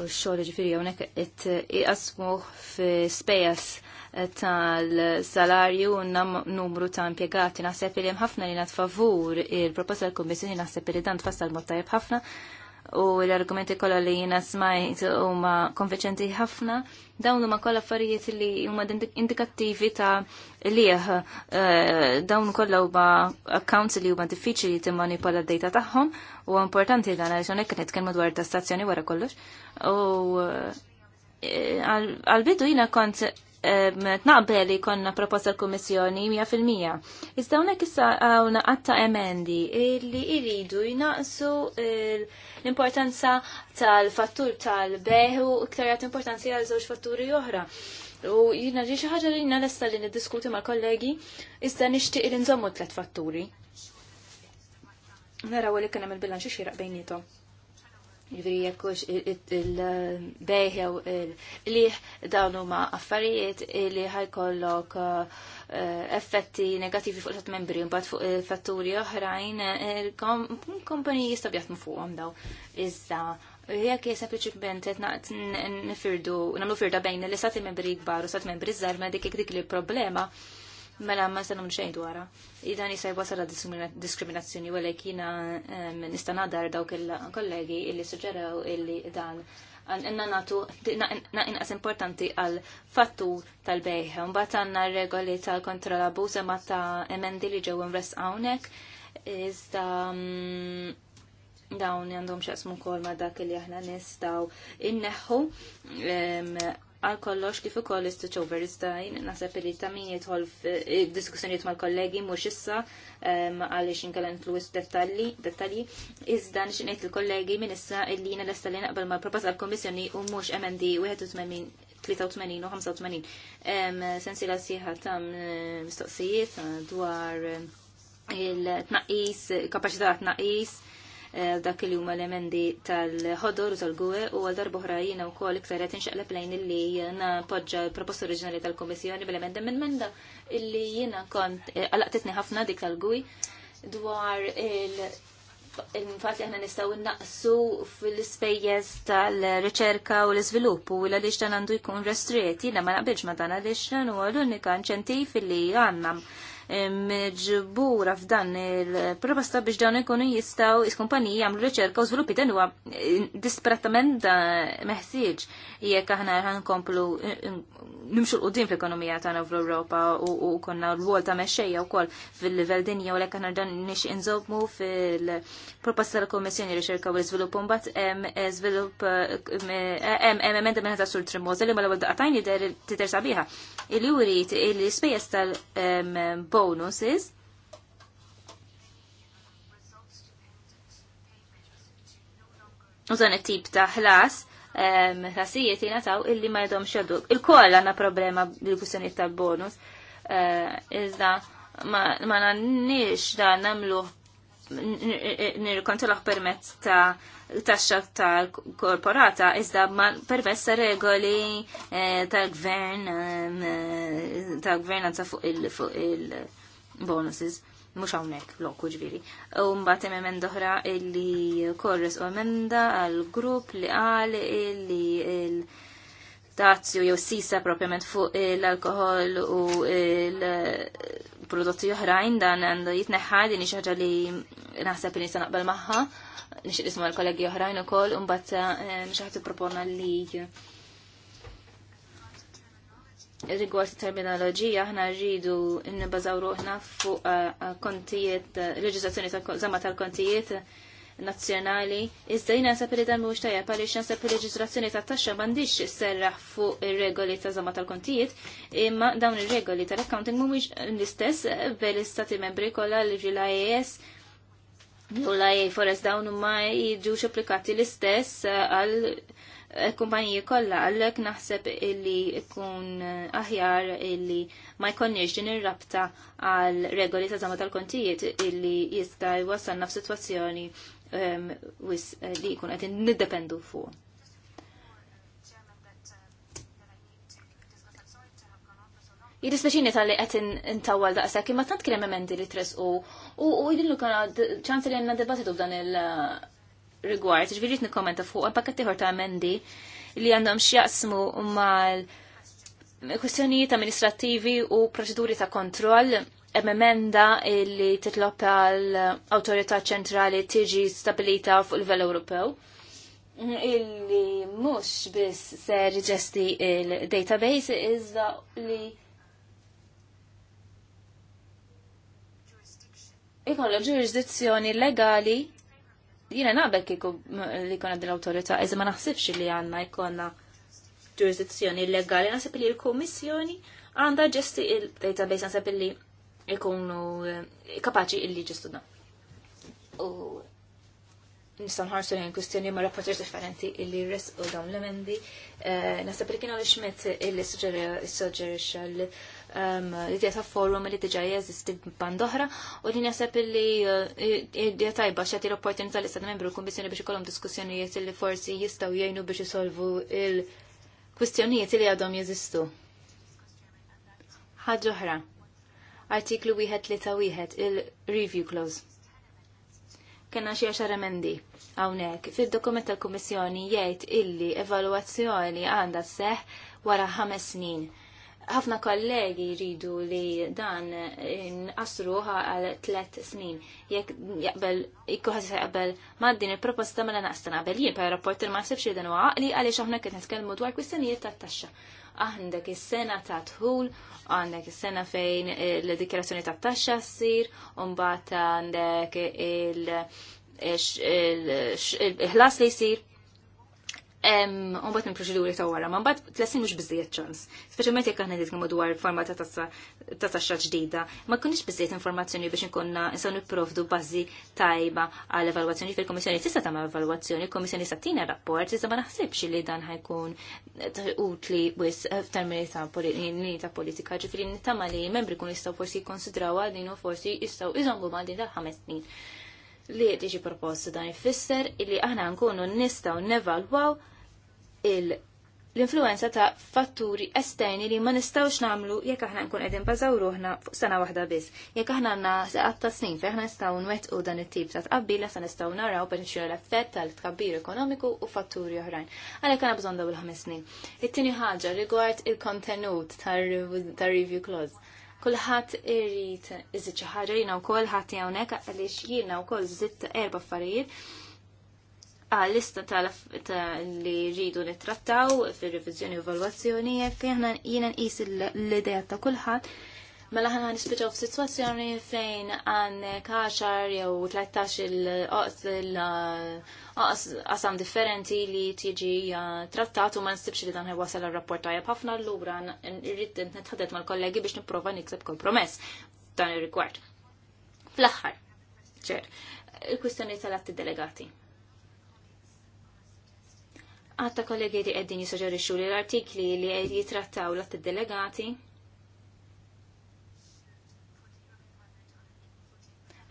U x-xogħol ġifieri hawnhekk qed iqasmu spejas tal-salarju u numru ta' impiegati naħseb li ħafna li favur il-proposta tal-Kommissjoni naħseb li dan tfassal mod tajjeb ħafna u l-argumenti kollha li jiena smajt huma konveċenti ħafna dawn huma kollha affarijiet li huma indikattivi ta' lieh dawn kollha huma accounts li huma diffiċli timmanipola d-dejta tagħhom u importanti dan għaliex hawnhekk nitkellmu dwar ta' stazzjoni wara kollox u eh, għal-bidu jina kont tnaqbel li konna proposta l komissjoni 100%. Iżda hawnhekk issa għawna għatta emendi li jridu jnaqsu l-importanza tal-fattur tal-beħu iktar jagħti importanza għal żewġ fatturi oħra. U jina ġi xi ħaġa li jina lesta li niddiskuti mal-kollegi, iżda nixtieq li nżommu tliet fatturi. għu li kien hemm il-bilanċ xieraq bejnietom. Ġviri jekkux il-bejħew il-liħ dawn huma affarijiet li ħajkollok eh, effetti negativi fuq tat membri mbagħad fuq il fatturi oħrajn il-kompaniji eh, jistgħu jaħdmu fuqhom daw. Iżda jekk sempliċement qed nifirdu nagħmlu firda bejn l-istati membri kbar u stat membri żgħar ma dik dik li problema mela ma se nagħmlu xejn dwarha. Idan jista' la diskriminazzjoni u għalek jina nista' nadar dawk il-kollegi illi suġġeraw illi dan Inna natu naqinqas importanti għal fattur tal-bejħ. Mbagħad għandna regoli tal-kontra l-abuż ma ta' emendi li ġew res hawnhekk. Iżda mm, dawn għandhom xaqsmu kol ma dak li aħna nistaw inneħħu għal kollox kif ukoll istuċ Overstein, naħseb li ta' min jidħol f'diskussjonijiet mal-kollegi mhux issa għaliex inkellem flus dettalji, dettalji, iżda nixi ngħid il-kollegi minn issa li jiena l li naqbel mal propas tal-Kommissjoni u mhux MND 81 83 u 85. Sensi la sieħa ta' mistoqsijiet dwar il-tnaqis, kapacità tnaqis, Eh, dak li huma l-emendi tal-ħodor u tal-gwe u għal darbohra u wkoll iktar qed inxaqleb lejn illi napoġġa l-proposta oriġinali tal-Kummissjoni bil-emenda minn menda illi jiena kont eh, għalaqtitni ħafna dik tal gwe dwar il- Infatti aħna nistgħu naqsu fil-ispejjeż tal-riċerka u l-iżvilupp u għaliex dan għandu jkun restrieti, jiena ma naqbilx ma dan għaliex dan huwa l-unika inċentiv li għannam meġbura f'dan il-proposta biex dawn ikunu jistaw is-kumpaniji jagħmlu riċerka u żviluppi dan huwa eh, disperatament meħsieġ jekk aħna nkomplu eh, eh, nimxu l-qudiem fl-ekonomija tagħna fl-Ewropa u konna l-wol ta' mexxejja wkoll fil-livell dinja u lek aħna dan nix inżobmu fil-proposta tal-Kommissjoni Riċerka u l-Iżvilupp mbagħad hemm żvilupp hemm sur Trimoza li ma l-ewwel daqatajn jidher titer sabiħa. Il-juri il-ispejjeż tal bonuses. U dan it-tip ta' ħlas ħlasijiet taw illi ma jdomx jaduk. Il-koll għanna problema bil kussjoniet tal-bonus. Eh, iżda ma nanniex da namluħ nirkontrolaħ permezz ta' taxxa tal-korporata iżda permezz ta' regoli eh, tal-gvern eh, ta' gvernanza fuq il-bonuses mux hawnhekk lokku ġviri. U mbagħad hemm oħra illi korres u emenda għal grupp li għal illi il dazju jew sisa propjament fuq l-alkohol u l prodotti oħrajn dan għandu jitneħħa din xaġa li naħseb li nista' naqbel magħha, nixtieq nisma' l-kollegi oħrajn ukoll u mbagħad eh, xi ħadd proponna li rigward terminoloġija aħna rridu nibbażaw ruħna fuq eh, kontijiet, leġiżlazzjoni eh, tal tal-kontijiet nazzjonali, iżda jina nasab li dan mhuwiex tajjeb għaliex nasab il-leġiżrazzjoni tat-taxxa m'għandix serraħ fuq ir-regoli ta' zama tal-kontijiet, imma dawn ir-regoli tal-accounting mhumiex l-istess bel istati membri kollha li l-IAS jew l-IA forest dawn huma jiġux applikati l-istess għal kumpaniji kollha għalhekk naħseb illi jkun aħjar illi ma jkollniex din ir-rabta għal regoli ta' zama tal-kontijiet illi jista' naf f'sitwazzjoni wis eh, li jkun qegħdin niddependu fuq. Jidispeċini tal-li għetin intawal daqsak, imma tant kien emendi li tres u u jidillu kan ċans li għanna debatitu f'dan il-rigward, eh, ġviri kommenta fuq, pakket tiħor ta' emendi li għandhom xjaqsmu mal kwestjoni ta' amministrativi u proċeduri ta' kontroll emenda li titlob għal autorità ċentrali tiġi stabilita fuq il-vel Ewropew illi mux biss se riġesti il-database iżda li ikollu ġurisdizzjoni legali jina naqbel kiku li konna din l-autorita, iżda ma naħsibx li għanna ikonna ġurisdizzjoni legali, naħseb li l-komissjoni għanda ġesti il-database, naħseb li ikunu eh, kapaċi illi ġistudna. U nistan ħarsu l kustjoni ma' rapporti differenti illi res u dawn l-emendi. Eh, Nasa li kienu li xmet illi suġġerixxa ehm, li t-jata forum li diġa jeżisti jazisti oħra u li nasab li eh, d-dieta tajba xati l-opportunità li stan membru l-kommissjoni biex ikollhom diskussjonijiet li forsi jistaw jgħinu biex isolvu il-kwistjonijiet li għadhom jeżistu. Ħaġa artiklu wieħed li ta' wieħed il-review clause. Kenna xi xar emendi hawnhekk. Fid-dokument tal-Kummissjoni jgħid illi evalwazzjoni għandha seħ wara ħames snin. Ħafna kollegi jridu li dan inqasru għal tlet snin. Jekk jaqbel ikkuħas jaqbel ma' din il-proposta mela naqstana. qabel jien pa' rapporter ma' sibx li dan u għaqli għaliex aħna kien nitkellmu dwar kwistjonijiet tat-taxxa għandek is-sena ta' tħul, għandek is-sena fejn l-dikjerazzjoni ta' taxxa ssir, u għandek il-ħlas li jsir bat minn proċeduri ta' wara, man bat tlesin mux bizziet ċans. Speċjalment jekk aħna nitkellmu dwar forma ta' taxxa ġdida, ma kunix bizziet informazzjoni biex nkunna nsaw nipprovdu bażi tajba għal evalwazzjoni fil-Komissjoni tista' tagħmel evalwazzjoni, evaluazzjoni, komissjoni sa tina rapport, iżda ma naħsibx li dan ħajkun utli bis f'termini ta' politika, ġifieri nittama li membri kun jistgħu forsi jikkonsidrawha din u forsi jistgħu iżommu ma' din tal-ħames snin li tiġi proposta proposti dan ifisser illi aħna nkunu nistgħu nevalwaw l-influenza ta' fatturi esterni li ma nistgħux nagħmlu jekk aħna nkun qegħdin bażaw ruħna fuq sena waħda biss. Jekk aħna għandna saqat ta' snin fejn aħna nistgħu nwettqu dan it-tip ta' tqabbila sa nistgħu naraw pereċċju l-effett tal-tkabbir ekonomiku u fatturi oħrajn. Għalhekk għandna bżonn dawl ħames snin. It-tieni ħaġa rigward il-kontenut tar-review clause Kulħadd irrid iżid xi ħaġa jiena wkoll ħadd hawnhekk għaliex jiena wkoll żitt erba' affarijiet għal lista tal li rridu nittrattaw fir revizjoni u evalwazzjoni jekk jiena nqis l-idea ta' kulħadd Mela ħana nispiċaw f-situazzjoni fejn għandek kaxar jew 13 il-qasam differenti li tiġi uh, trattat u ma nistibx li dan wasal għal-rapport għajab ħafna l-lura irrid nitħadet mal-kollegi biex nipprova nikseb kompromess dan ir rikward Fl-aħħar, ċer, il-kwistjoni tal-atti delegati għatta kollegi li għeddin jisuġerixu li l-artikli li jitrattaw l-att delegati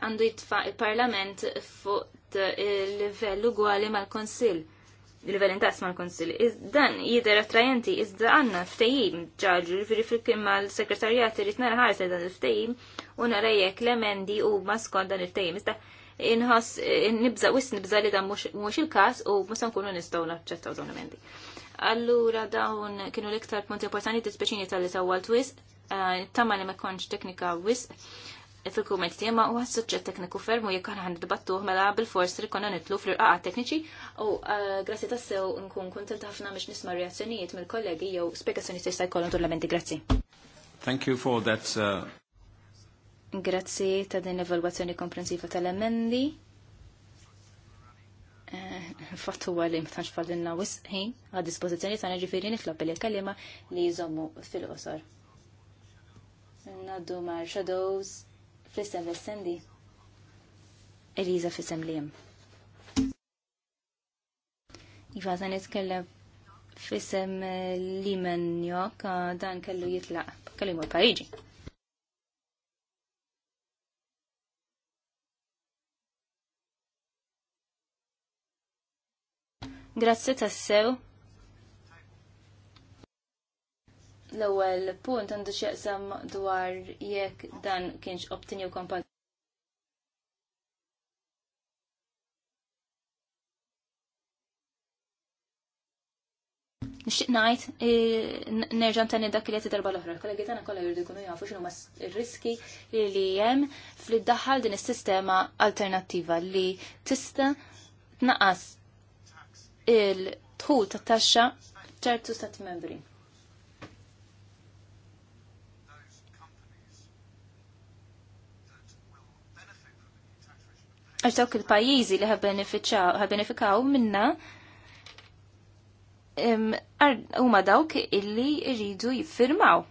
għandu jitfa il-Parlament fuq il-livell ugwali mal-Konsil. il level intas mal-Konsil. Dan jider attrajenti, iżda għanna ftejim ġaġu, ġifiri fil-kim mal-sekretarjat irrit nara ħarsa dan il-ftejim, u nara l-emendi u maskon dan il-ftejim. Iżda inħas, nibza, wis nibza li dan mux il-kas u musan kunu nistaw naċċettaw dawn emendi. Allura dawn kienu l-iktar punti importanti t-speċini tal-li tawal twis, eh, tamma li ma konċ teknika wisq fil-kumment tiema u għas suċċet tekniku fermu jekk aħna ħandibattuh mela bil-fors li konna nitlu fl-irqaqat tekniċi u eh, grazzi tassew nkun kuntent ħafna biex nisma' reazzjonijiet mill-kollegi jew spjegazzjoni tista' jkollhom turlamenti grazzi.
Thank you for that. Uh,
grazzi ta' din evalwazzjoni komprensiva tal-emendi. Eh, Fattu għalli mtax fallinna wisħin għad-dispozizjoni ta' ġifiri nitlob il-kalima li jżommu fil-qosor. Naddu mar shadows Fissem l Eliza fissem liem. Iva, zan nitkellem fissem eh, li jok, ah, dan kellu jitlaq, kellu jimur Parigi. Grazie tassew L-ewwel punt għandu x'jaqsam dwar jekk dan kienx obtinju kompatibbli. Nixtieq ngħid eh, nerġa' tani dak li qed darba l-oħra. Kollegi tagħna kollha jridu jkunu jafu x'inhuma r-riski li hemm fl iddaħħal din is-sistema alternattiva li tista' tnaqqas il-dħul tat-taxxa ċertu stat membri għax dawk il-pajjiżi li ħabbenefikaw minna huma dawk illi jridu jiffirmaw.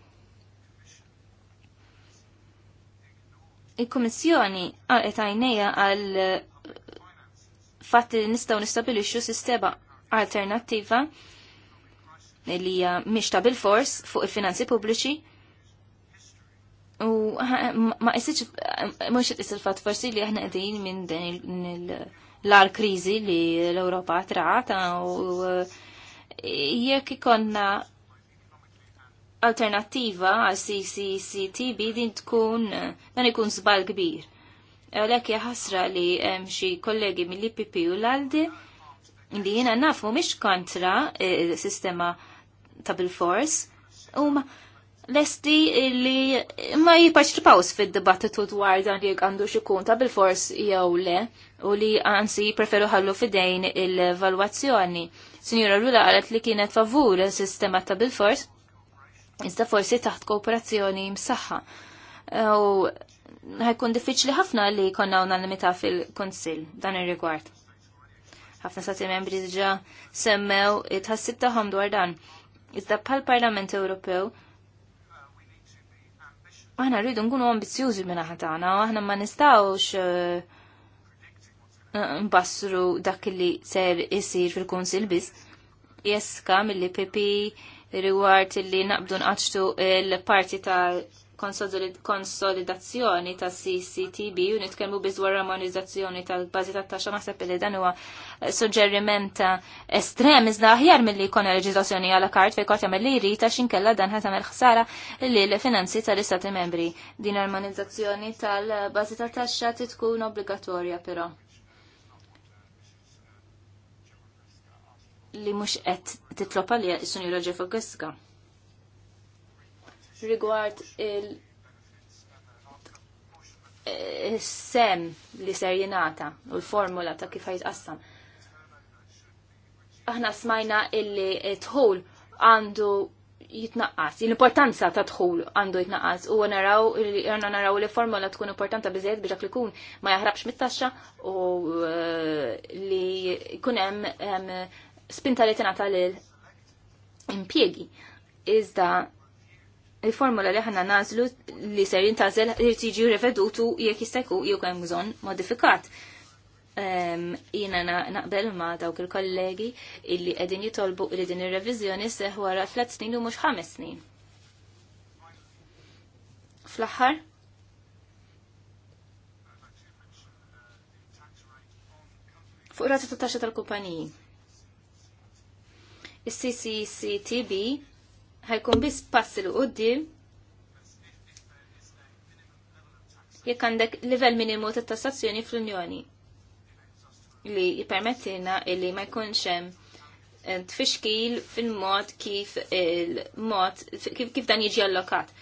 Il-Kummissjoni għalqet għajnejja għal eh, fatt li nistgħu nistabilixxu sistema alternattiva li hija mhix ta' bil-fors fuq il-finanzi pubbliċi U ma jisitx, mux jisir fat forsi li aħna għedin minn din l-ar krizi li l-Europa trata u jekk ikonna alternativa għal CCCTB din tkun dan ikun zbal kbir. Għalek jaħasra li xi kollegi mill-IPP u l-Aldi li jina nafu mish kontra eh, sistema ta' bil-fors u ma' lesti li ma jipaċċipawx fid-dibattitu dwar dan li għandu xikun ta' bil-fors jew le u li għansi preferu ħallu fidejn il-valwazzjoni. Signora Rula għalet li kienet favur sistema ta' bil-fors, iżda forsi taħt kooperazzjoni msaħħa. U ħajkun diffiċli ħafna li konna unanimità fil-Konsil dan ir-rigward. Ħafna sati membri diġa semmew it-ħassib taħom dwar dan. Iżda bħal Parlament Ewropew aħna rridu nkunu ambizjużi minn ħatana, aħna ma nistawx eh, eh, nbassru dak li ser isir fil-Kunsil biss. Jeska mill-PP rigward li naqbdu nqaċtu l-parti ta' konsolidazzjoni ta' CCTB u nitkellmu biż dwar armonizzazzjoni tal-bażi tat-taxxa naħseb li dan huwa eh, suġġeriment estrem iżda aħjar milli jkollna leġiżlazzjoni għal kart fejn kort jagħmel li jrid għax inkella dan ħadd tagħmel ħsara lill finanzi tal-istati membri. Din armonizzazzjoni tal-bażi tat-taxxa tkun obbligatorja però. li mhux qed titlob li jsun sunjura fuq Keska rigward il- eh, sem li ser jenata u l-formula ta' kif jitqassam. Aħna smajna illi tħul għandu jitnaqqas, l-importanza ta' tħul għandu jitnaqqas u naraw, għanna naraw li formula tkun importanta bizzejt biex li kun ma jahrabx mit-taxxa u eh, li kun hemm spinta li tingħata l-impiegi. Iżda il-formula li ħanna nazlu li ser jintażel irid jiġi revedutu jekk jista' jkun hemm bżonn modifikat. Jiena naqbel ma dawk il-kollegi illi qegħdin jitolbu li din ir-reviżjoni seħ wara tliet snin u mhux ħames snin. Fl-aħħar, fuq rata ta' taxxa tal-kumpaniji. Is-CCCTB ħajkun biss passi li qoddim jekk għandek livell minimu ta' tassazzjoni fl-Unjoni li jipermettina li ma jkunx hemm eh, tfixkil fil-mod kif il-mod kif, dan jiġi allokat.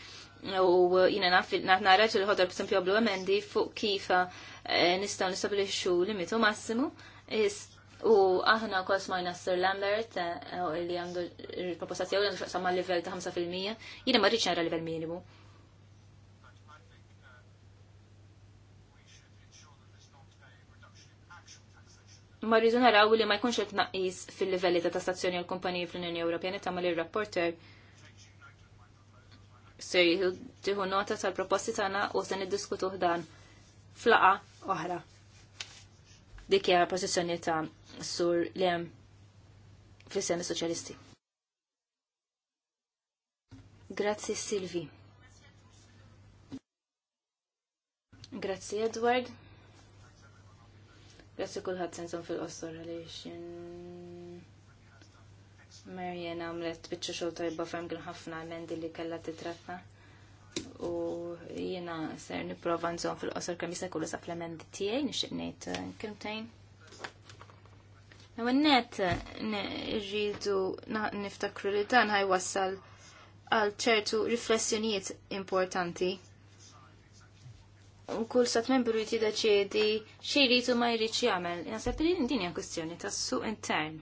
U jina naf nara li ħodar per emendi fuq kif eh, nistgħu nistabilixxu limitu massimu. U aħna kol smajna Sir Lambert eh, eh, li għandu il-proposta tiegħu għandu xaqsam ma' livell ta' 5%. Jiena ma rridx nara livell minimu. Ma rridu naraw li ma jkunx qed tnaqqis fil-livelli ta' tassazzjoni għal kumpaniji fl-Unjoni Ewropea ma li rapporter se tiħu nota tal-proposti tagħna u se niddiskutuh dan flaqa oħra dik hija pożizzjoni ta' sur Lem fis-semi soċjalisti. Grazzi Silvi. Grazie Edward. Grazzi kulħadd sensom fil-qosor għaliex Marjen għamlet bieċa xol jibba fem għin ħafna emendi li kalla titratta. U jena ser niprofa nżom fil-qosor kemm jista' jkollu sa fl-emendi tiegħi nixtieq ngħid uh, kelmtejn. Għannet irridu niftakru li dan wassal għal ċertu riflessjonijiet importanti. U kull sat membru jtidaċedi xie jritu ma jrid jagħmel. Naħseb li din hija kustjoni tas-suq intern.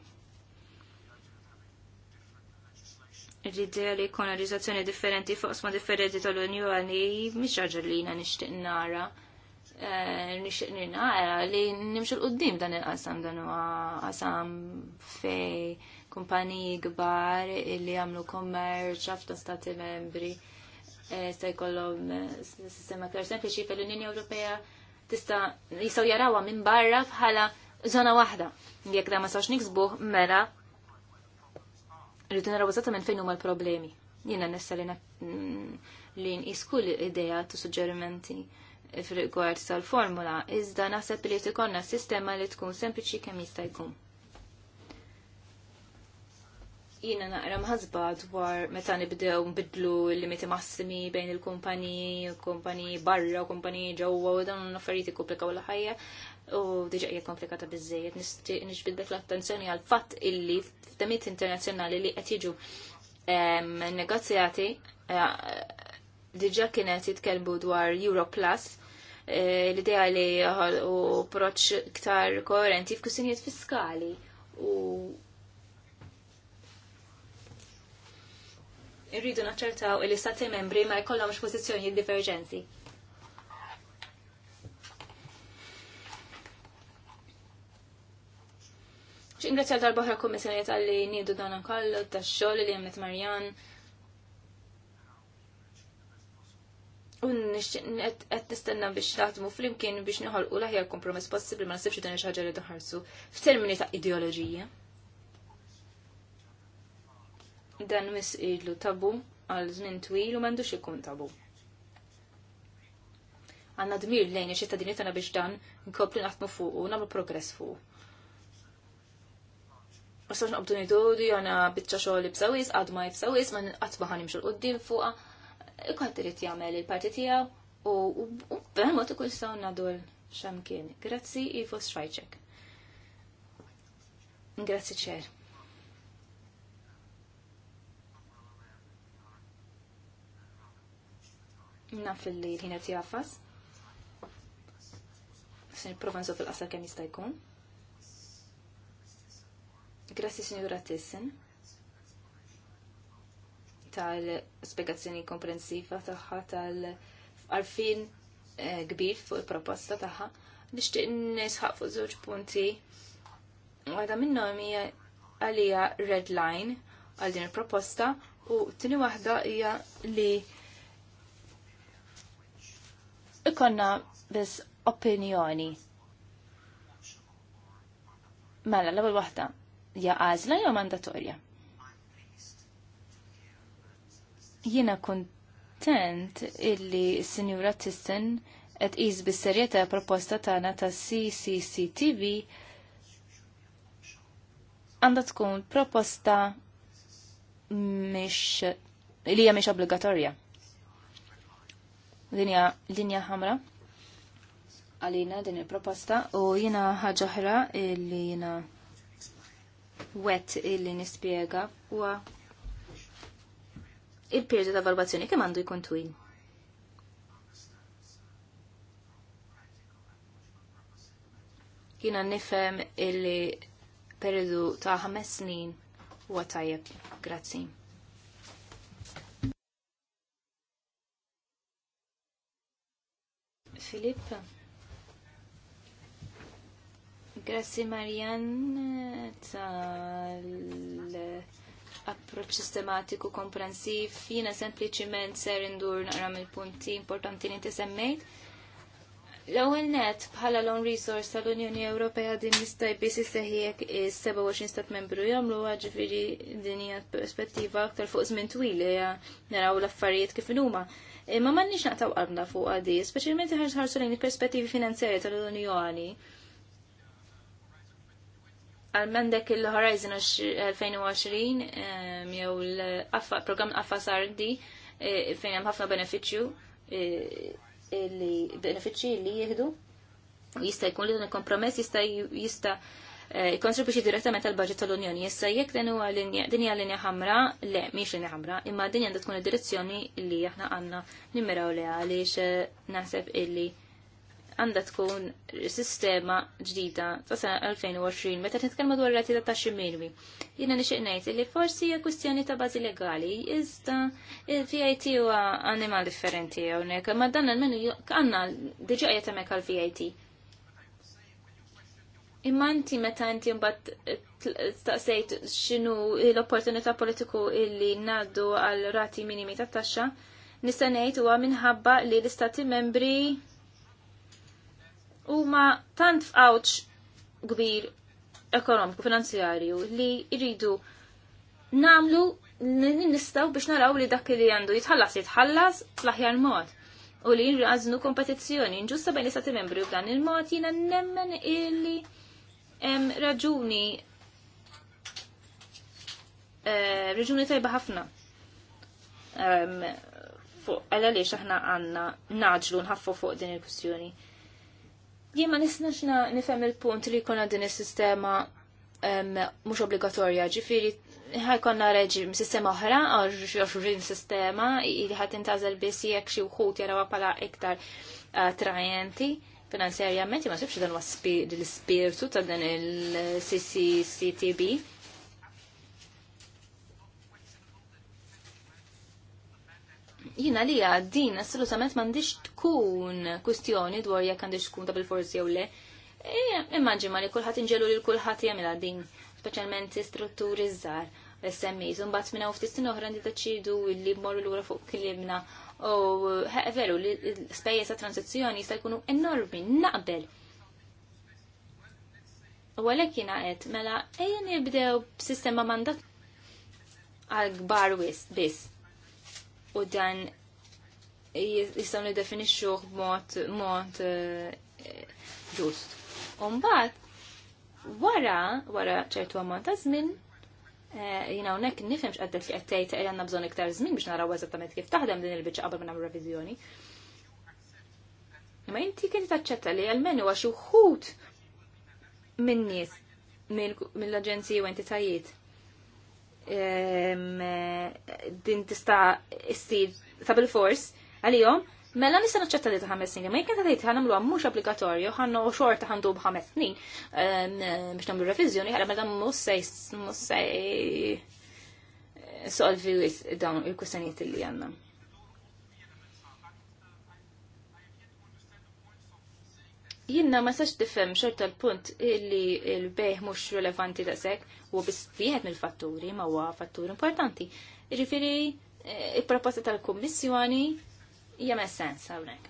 Rridja li jkun organizzazzjoni differenti fuq sma differenti tal-Unjoni mhix ħaġa li nixtieq nara. Eh, nixtieq nara eh, li nimxu l-qoddim dan il-qasam dan u qasam fej kumpaniji gbar li għamlu kommerċ għafta stati membri eh, se jkollhom sistema klar sempliċi l unjoni Ewropea tista' jisaw jarawha minn barra bħala żona waħda. Jekk da ma sawx niksbuh mela rridu naraw minn fejn huma l-problemi. Jiena nessa li mm, li kull idea tu suġġerimenti fil-rigward tal-formula, iżda naħseb li tikonna sistema li tkun sempliċi kemm jista' jkun. Jiena naqra mħazba dwar meta nibdew nbidlu l-limiti massimi bejn il-kumpaniji, kumpaniji barra, kumpaniji ġewwa u dan affarijiet ikkomplikaw l-ħajja u diġa hija komplikata biżejjed. Nixbidlek l-attenzjoni għal fatt illi f'temiet internazzjonali li qed jiġu negozjati eh, diġa kienet jitkellmu dwar Europlus Eh, l-idea li u proċ iktar koerenti f'kussinijiet fiskali u irridu naċċertaw il istati membri ma jkollhomx pożizzjonijiet diverġenti. Xingrazzja darba ħra tal li nidu dan kollu, tax-xogħol li għamlet Marjan qed nistenna biex naħdmu flimkien biex nħolqu l-aħjar kompromess possibbli ma nsibx din ħaġa li daħarsu f'termini ta' ideoloġija. Dan mis tabu għal żmien twil u m'għandux ikun tabu. Għandna dmir lejn iċ-ċittadini tagħna biex dan nkopli naħdmu fuq u nagħmlu progress fuq. Ma sarx naqbdu nidu għana bitċa xoħli b'sawis, għadma ma sawis, ma nqatma ħanimxu l-qoddim fuqa ikont irid jagħmel il-parti tiegħu u b'dan mod ikun saw nadur x'amkien. Grazzi Ivo Strajček. Grazzi ċer. Naf li l ħina qed jafas. Se nipprova nsof il-qasar kem jista' jkun. Grazzi signora Tissen tal-spiegazzjoni komprensiva tagħha tal-arfin eh, kbir fuq il-proposta tagħha. Nixtieq nisħaq fuq żewġ punti. Għada minnhom hija għalija red line għal din il-proposta u tini waħda hija li ikonna biss opinjoni. Mela, l-ewwel waħda hija għażla jew mandatorja. Jiena kontent illi s-Sinjura Tisten qed qis bis-serjetà proposta tagħna ta' CCCTV għandha tkun proposta mhix li hija mhix obbligatorja. Linja linja ħamra għalina din il-proposta u jiena ħaġa oħra li jiena wet illi nispjega huwa il-periodu ta' valwazzjoni kemm għandu jkun twil. Jiena nifhem illi periodu ta' ħames snin huwa tajjeb. Grazzi. Filippa. Grazzi Marianne tal approċ sistematiku komprensiv, jina sempliciment ser indur naqra mill-punti importanti li semmejt. L-ewwel net bħala l resource tal-Unjoni Ewropea din jista' jbis isseħħiek is-27 stat membru jagħmlu ġifieri din hija perspettiva aktar fuq żmien twil li naraw l-affarijiet kif huma. Imma m'għandniex naqtaw qalbna fuq għadi, speċjalment ħarsu lejn il-perspettivi finanzjarji tal-Unjoni għal-mendek il-Horizon 2020 jew l-program Affas Sardi, e, fejn hemm ħafna benefiċċju e, e, li benefiċċji li jieħdu jista' jkun li dan il-kompromess jista' jista' kontribuċi direttament għal budget tal-Unjoni. Jista' jekk dan huwa linja din hija linja ħamra, le mhix linja ħamra, imma din għandha tkun id-direzzjoni li aħna għandna nimmiraw leha għaliex naħseb illi għandha tkun sistema ġdida ta' sena 2020 meta titkellmu dwar rati ta' taxxi Jina Jiena nixtieq ngħid li forsi hija kwistjoni ta' bażi legali iżda il-VAT huwa animal differenti hawnhekk, ma dan il-menu għandna diġà qiegħed hemmhekk għall-VAT. Imma inti meta inti mbagħad staqsejt x'inhu l-opportunità politiku illi ngħaddu għal rati minimi tat-taxxa, nista' ngħid huwa minħabba li l-istati membri huma tant f'għawċ kbir ekonomiku finanzjarju li jridu namlu nistaw biex naraw li dak li għandu jitħallas jitħallas fl-aħjar mod u li jirgħaznu kompetizzjoni inġusta bejn istati membri u dan il-mod jina nemmen illi raġuni eh, raġuni tajba ħafna fuq li xaħna għanna naġlu nħaffu fuq din il kussjoni Jien ma nisnax nifhem il-punt li jkollna din is-sistema mhux obbligatorja, ġifieri ħajkonna reġim sistema oħra, għax joxrin sistema, li ħat intazel biss jekk xi wħud jaraw bħala iktar eh, trajenti finanzjarjament, ma sibx dan l spirtu ta' dan il-CCCTB jina li din assolutament mandiġ tkun kustjoni dwar jekk għandix tkun ta' bil-forsi jew le. E, ma li kullħat inġelu li kullħat jagħmilha din, speċjalment strutturi żgħar semmi un bat minna uftis tin oħra taċidu li morru l għura fuq kilimna u veru li spejja ta' transizjoni jista' jkunu enormi, naqbel. U għalhekk jina għed, mela ejja nibdew b'sistema mandat għal kbar biss u dan jistgħu niddefinixxuh b'mod mod eh, ġust. U mbagħad wara wara ċertu ammont ta' żmien eh, jina unnek nifhem x'qaddet li qed tgħid li għandna bżonn iktar żmien biex naraw eżattament kif taħdem din il-biċċa qabel minn reviżjoni. Ma inti kien taċċetta li għalmen huwa xi wħud minn nies mill-aġenziji u entitajiet din tista' issir ta' bil-fors għalihom, mela nista' naċċetta li ta' ħames snin, ma jekk inti tgħid ħanamluha mhux applikatorju, ħannu xorta ħandu b'ħames snin biex nagħmlu reviżjoni, ħala mela mhux se mhux se eh, solvi dawn il-kwistjonijiet li għandna. Jinna ma sax tifhem xorta l-punt illi l beħ mhux relevanti sekk u biss wieħed mill-fatturi ma huwa fatturi importanti. Ġifiri, eh, il-proposta tal-Kummissjoni jagħmel sens hawnhekk.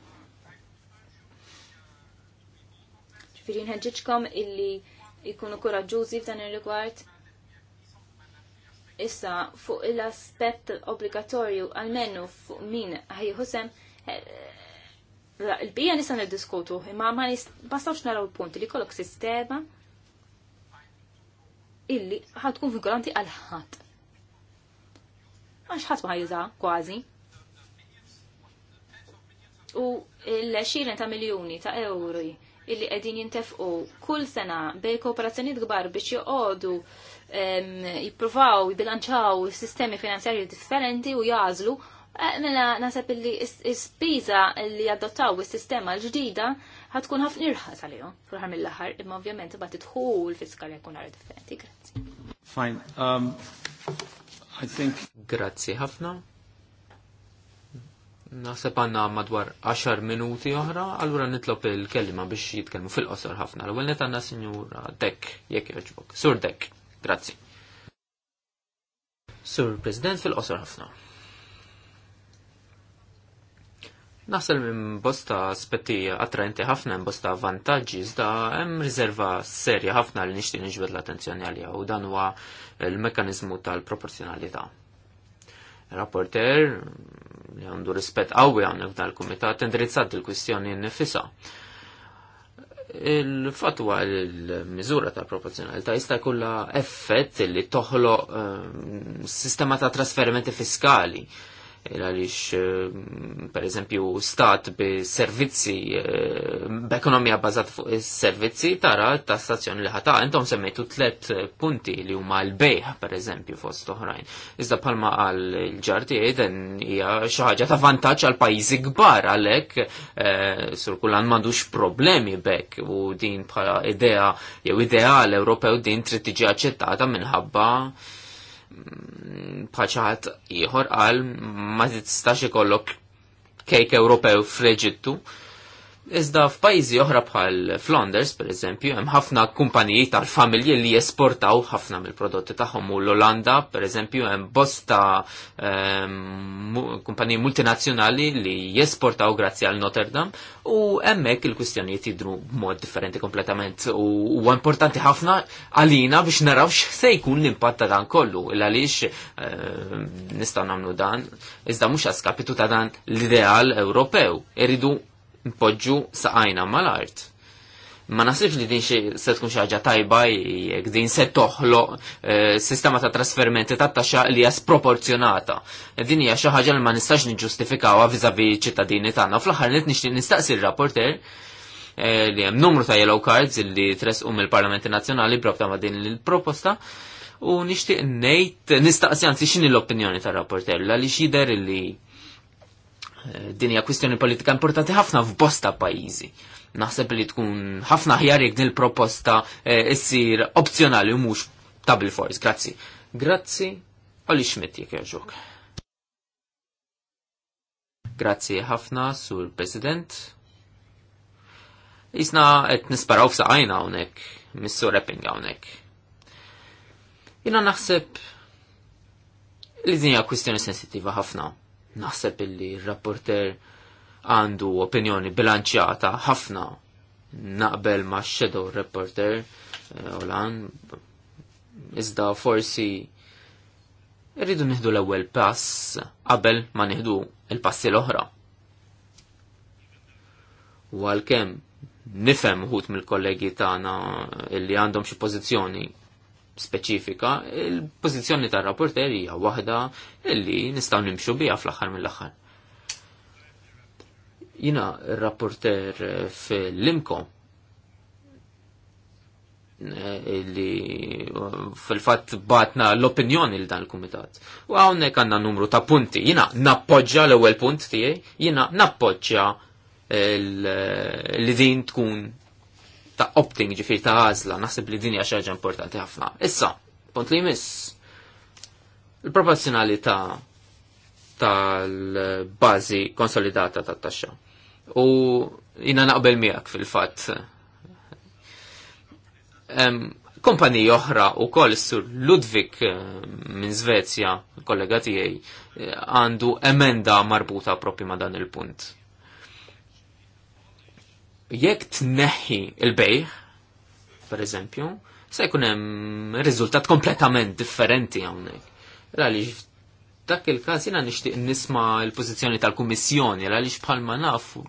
Ġifieri nħedġiċkom illi jkunu koraġġużi f'dan ir-rigward. Issa fuq l-aspett obbligatorju għalmenu fuq min ħajħusem eh, il-bija nisa niddiskutu, imma ma nistawx naraw il-punti li kollok sistema illi ħatkun vinkolanti għal ħadd. Għax ħadd ma ħajjuża kważi. U l-20 ta' miljuni ta' euro illi qegħdin jintefqu kull sena bej kooperazzjoniet kbar biex joqogħdu jippruvaw jibilanċaw sistemi finanzjarji differenti u jazlu. Eh, mela nasab illi ispiża li adottaw is-sistema l-ġdida ħatkun ħafna irħas għalihom fl-ħar mill-aħħar, imma ovvjament ba idħul fiskal jkun ara differenti. Grazzi.
Fine. Um, I think. Grazzi ħafna. Naħseb għandna madwar 10 minuti oħra, allura nitlob il kelma biex jitkellmu fil-qosor ħafna. L-ewwel net għandna sinjura Dek, jekk jogħġbok. Sur Dek, grazzi. Sur President fil-qosor ħafna. Nasal minn bosta aspetti attraenti ħafna minn bosta vantaġġi, iżda hemm riserva serja ħafna li nixtieq niġbed l-attenzjoni għalija u dan huwa l-mekkaniżmu tal-proporzjonalità. Rapporter li għandu rispett qawwi hawnhekk f'dan il-kumitat indirizzat il-kwistjoni nifisa. Il-fatwa l mizura tal proporzjonalità jista' kulla effett li toħloq ehm, sistema ta' trasferimenti fiskali għaliex eh, per eżempju stat bi servizzi eh, b'ekonomija bazat fuq servizzi tara ta' stazzjoni li ħata intom semmejtu tlet eh, punti li huma l-bejħ per eżempju fost oħrajn. Iżda palma għal ġarti dan hija xi ħaġa ta' vantaġġ għal pajjiżi kbar għalhekk sur kullan m'għandux problemi bekk u din bħala idea jew ideal Ewropew din trid tiġi aċċettata minħabba bħaċaħat ieħor għal ma tistax ikollok kejk Ewropew fl-Eġittu Iżda f'pajjiżi oħra bħal Flanders, per eżempju, hemm ħafna kumpaniji tal-familji li jesportaw ħafna mill-prodotti tagħhom u l-Olanda, per eżempju, hemm bosta ehm, kumpaniji multinazzjonali li jesportaw grazzi għal Notterdam u hemmhekk il-kwistjonijiet jidru b'mod differenti kompletament u huwa importanti ħafna għalina biex naraw x'se jkun l-impatt ta' dan kollu il għaliex ehm, nistgħu nagħmlu dan iżda mhux għaskapitu ta' dan l-ideal Ewropew. Iridu npoġġu saqajna mal-art. Ma nasibx li din se tkun xi ħaġa tajba jekk din se toħloq eh, sistema ta' trasferimenti ta' taxxa li hija sproporzjonata. Din hija xi ħaġa li ma nistax niġġustifikawha viżavi ċittadini tagħna. Fl-aħħar nit nixtieq nistaqsi l rapporter eh, li hemm numru ta' yellow cards li tresqu mill-Parlamenti Nazzjonali brabta ma' din il-proposta u nixtieq ngħid nistaqsi anzi x'inhi l-opinjoni tar-rapporter għaliex jidher li Din hija kwistjoni politika importanti ħafna f'bosta pajjiżi. Naħseb li tkun ħafna ħjar jekk din il-proposta eh, issir opzjonali u mhux tabli force. Grazzi. Grazzi. Oli Schmidt jekk jogħġbok. Grazzi ħafna sur President. Isna qed nisparaw f'saqajna hawnhekk, missu Repping hawnhekk. Jiena naħseb li din hija kwistjoni sensittiva ħafna. Naħseb illi r-rapporter għandu opinjoni bilanċjata ħafna naqbel ma' shadow reporter eh, lan iżda forsi rridu nieħdu l-ewwel pass qabel ma nieħdu il-passi l-oħra. U għalkemm nifhem uħut mill-kollegi tagħna illi għandhom xi pożizzjoni speċifika, il-pozizjoni tar rapporter hija waħda li nistgħu nimxu biha fl-aħħar mill-aħħar. Jina rapporter eh, fil limkom eh, li eh, fil-fat batna l-opinjoni l dan l komitat U għawnek għanna numru ta' punti. Jina nappoġġa l ewwel punt tijaj, jina nappoġġa li din tkun ta' opting ġifir ta' għazla, naħseb li dinja xaġa importanti ħafna. Issa, punt li jmiss, il-proporzjonalità tal-bazi konsolidata tat taxxa U jina naqbel miegħek fil-fatt. kompani oħra u koll sur Ludwig eh, minn Svezja, kollega tiegħi, eh, għandu emenda marbuta propri ma' dan il-punt jekk tneħħi il-bejħ, per eżempju, se jkun hemm riżultat kompletament differenti hawnhekk. Għaliex dak il-każ jiena nixtieq nisma' l-pożizzjoni tal-Kummissjoni għaliex bħalma nafu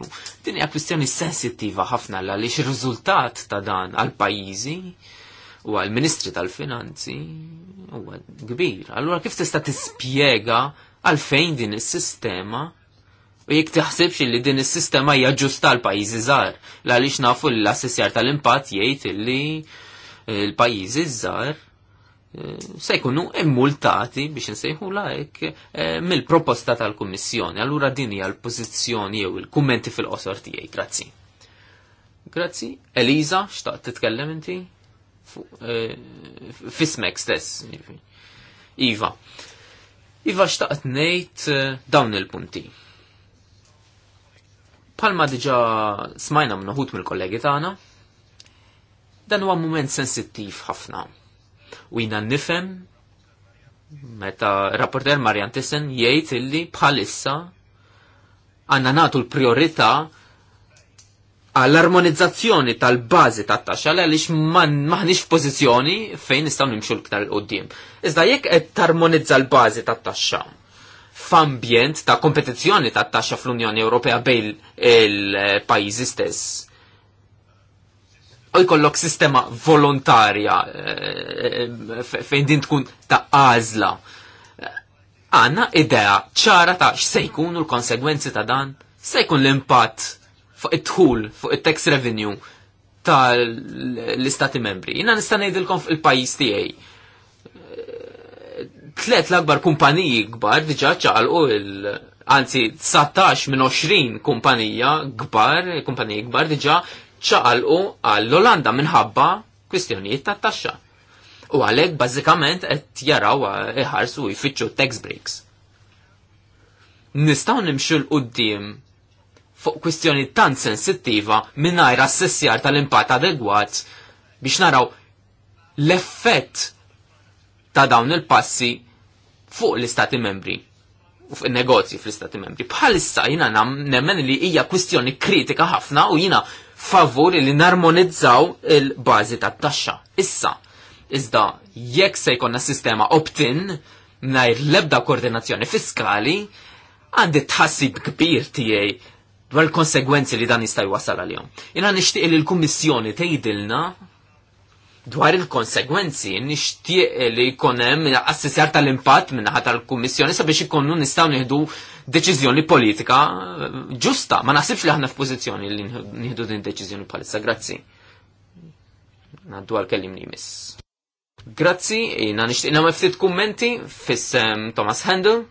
din hija kwistjoni sensittiva ħafna għaliex ir-riżultat ta' dan għall-pajjiżi u għall-Ministri tal-Finanzi huwa kbir. Allura kif tista' tispjega għalfejn din is-sistema U jek taħsibx li din is-sistema hija ġusta l pajjiżi żgħar, għaliex nafu l assessjar tal-impatt jgħid li l-pajjiżi żgħar eh, se jkunu immultati biex nsejħu lajk eh, mill-proposta tal-Kummissjoni. Allura din hija l-pożizzjoni jew il-kummenti fil-qosor tiegħi. Grazzi. Grazzi. Eliza, xtaqt titkellem inti? Eh, fismek stess. Iva. Iva xtaqt ngħid dawn il-punti Palma diġa smajna mnuħut mill-kollegi tagħna, dan huwa moment sensittiv ħafna. U jina nifem, meta rapporter Marjan Tissen jgħid illi bħalissa għandna nagħtu l-priorità għall-armonizzazzjoni tal-bażi tat-taxxa għaliex maħniex f'pożizzjoni fejn nistgħu nimxu l-iktar il qudiem Iżda jekk qed tarmonizza l-bażi tat-taxxa f'ambjent ta' kompetizzjoni ta' taxxa fl-Unjoni Ewropea bejn il-pajjiżi stess. U jkollok sistema volontarja eh, fejn din tkun ta' għażla. Għanna idea ċara ta' x'se jkunu l-konsegwenzi ta' dan, se jkun l-impatt fuq it-tħul, fuq it-tax revenue tal-istati membri. Jina nista' ngħidilkom fil-pajjiż tiegħi tlet l-akbar kumpaniji kbar diġa ċaqalqu il- anzi 19 minn 20 kumpanija kbar, kumpaniji kbar diġa ċaqalqu għall-Olanda minħabba kwistjonijiet ta' taxxa. U għalek bazzikament qed jaraw iħarsu jfittxu tax breaks. Nistgħu nimxu l-qudiem fuq kwistjoni tant sensittiva mingħajr assessjar tal-impatt adegwat biex naraw l-effett ta' dawn il-passi fuq l-istati membri u fuq negozji fl-istati membri. Bħalissa jina nemmen li hija kwistjoni kritika ħafna u jina favur li narmonizzaw il-bazi ta' taxxa. Issa, iżda jekk se jkonna sistema opt-in najr lebda koordinazzjoni fiskali, għandi tħassib kbir tiegħi dwar l-konsegwenzi li dan jista' jwasal għal-jom. Jina nixtieq li l-Kummissjoni tgħidilna Dwar il-konsegwenzi, nixtieq li jkun hemm assessjar tal-impatt minnaħat tal-Kummissjoni sabiex ikunu nistgħu nieħdu deċiżjoni politika eh, ġusta. Ma naħsibx li aħna f'pożizzjoni li nieħdu din deċiżjoni bħalissa. Grazzi. Naddu għal kellim li Grazzi, jina nixtieq nagħmel ftit kummenti fis-sem Thomas Handel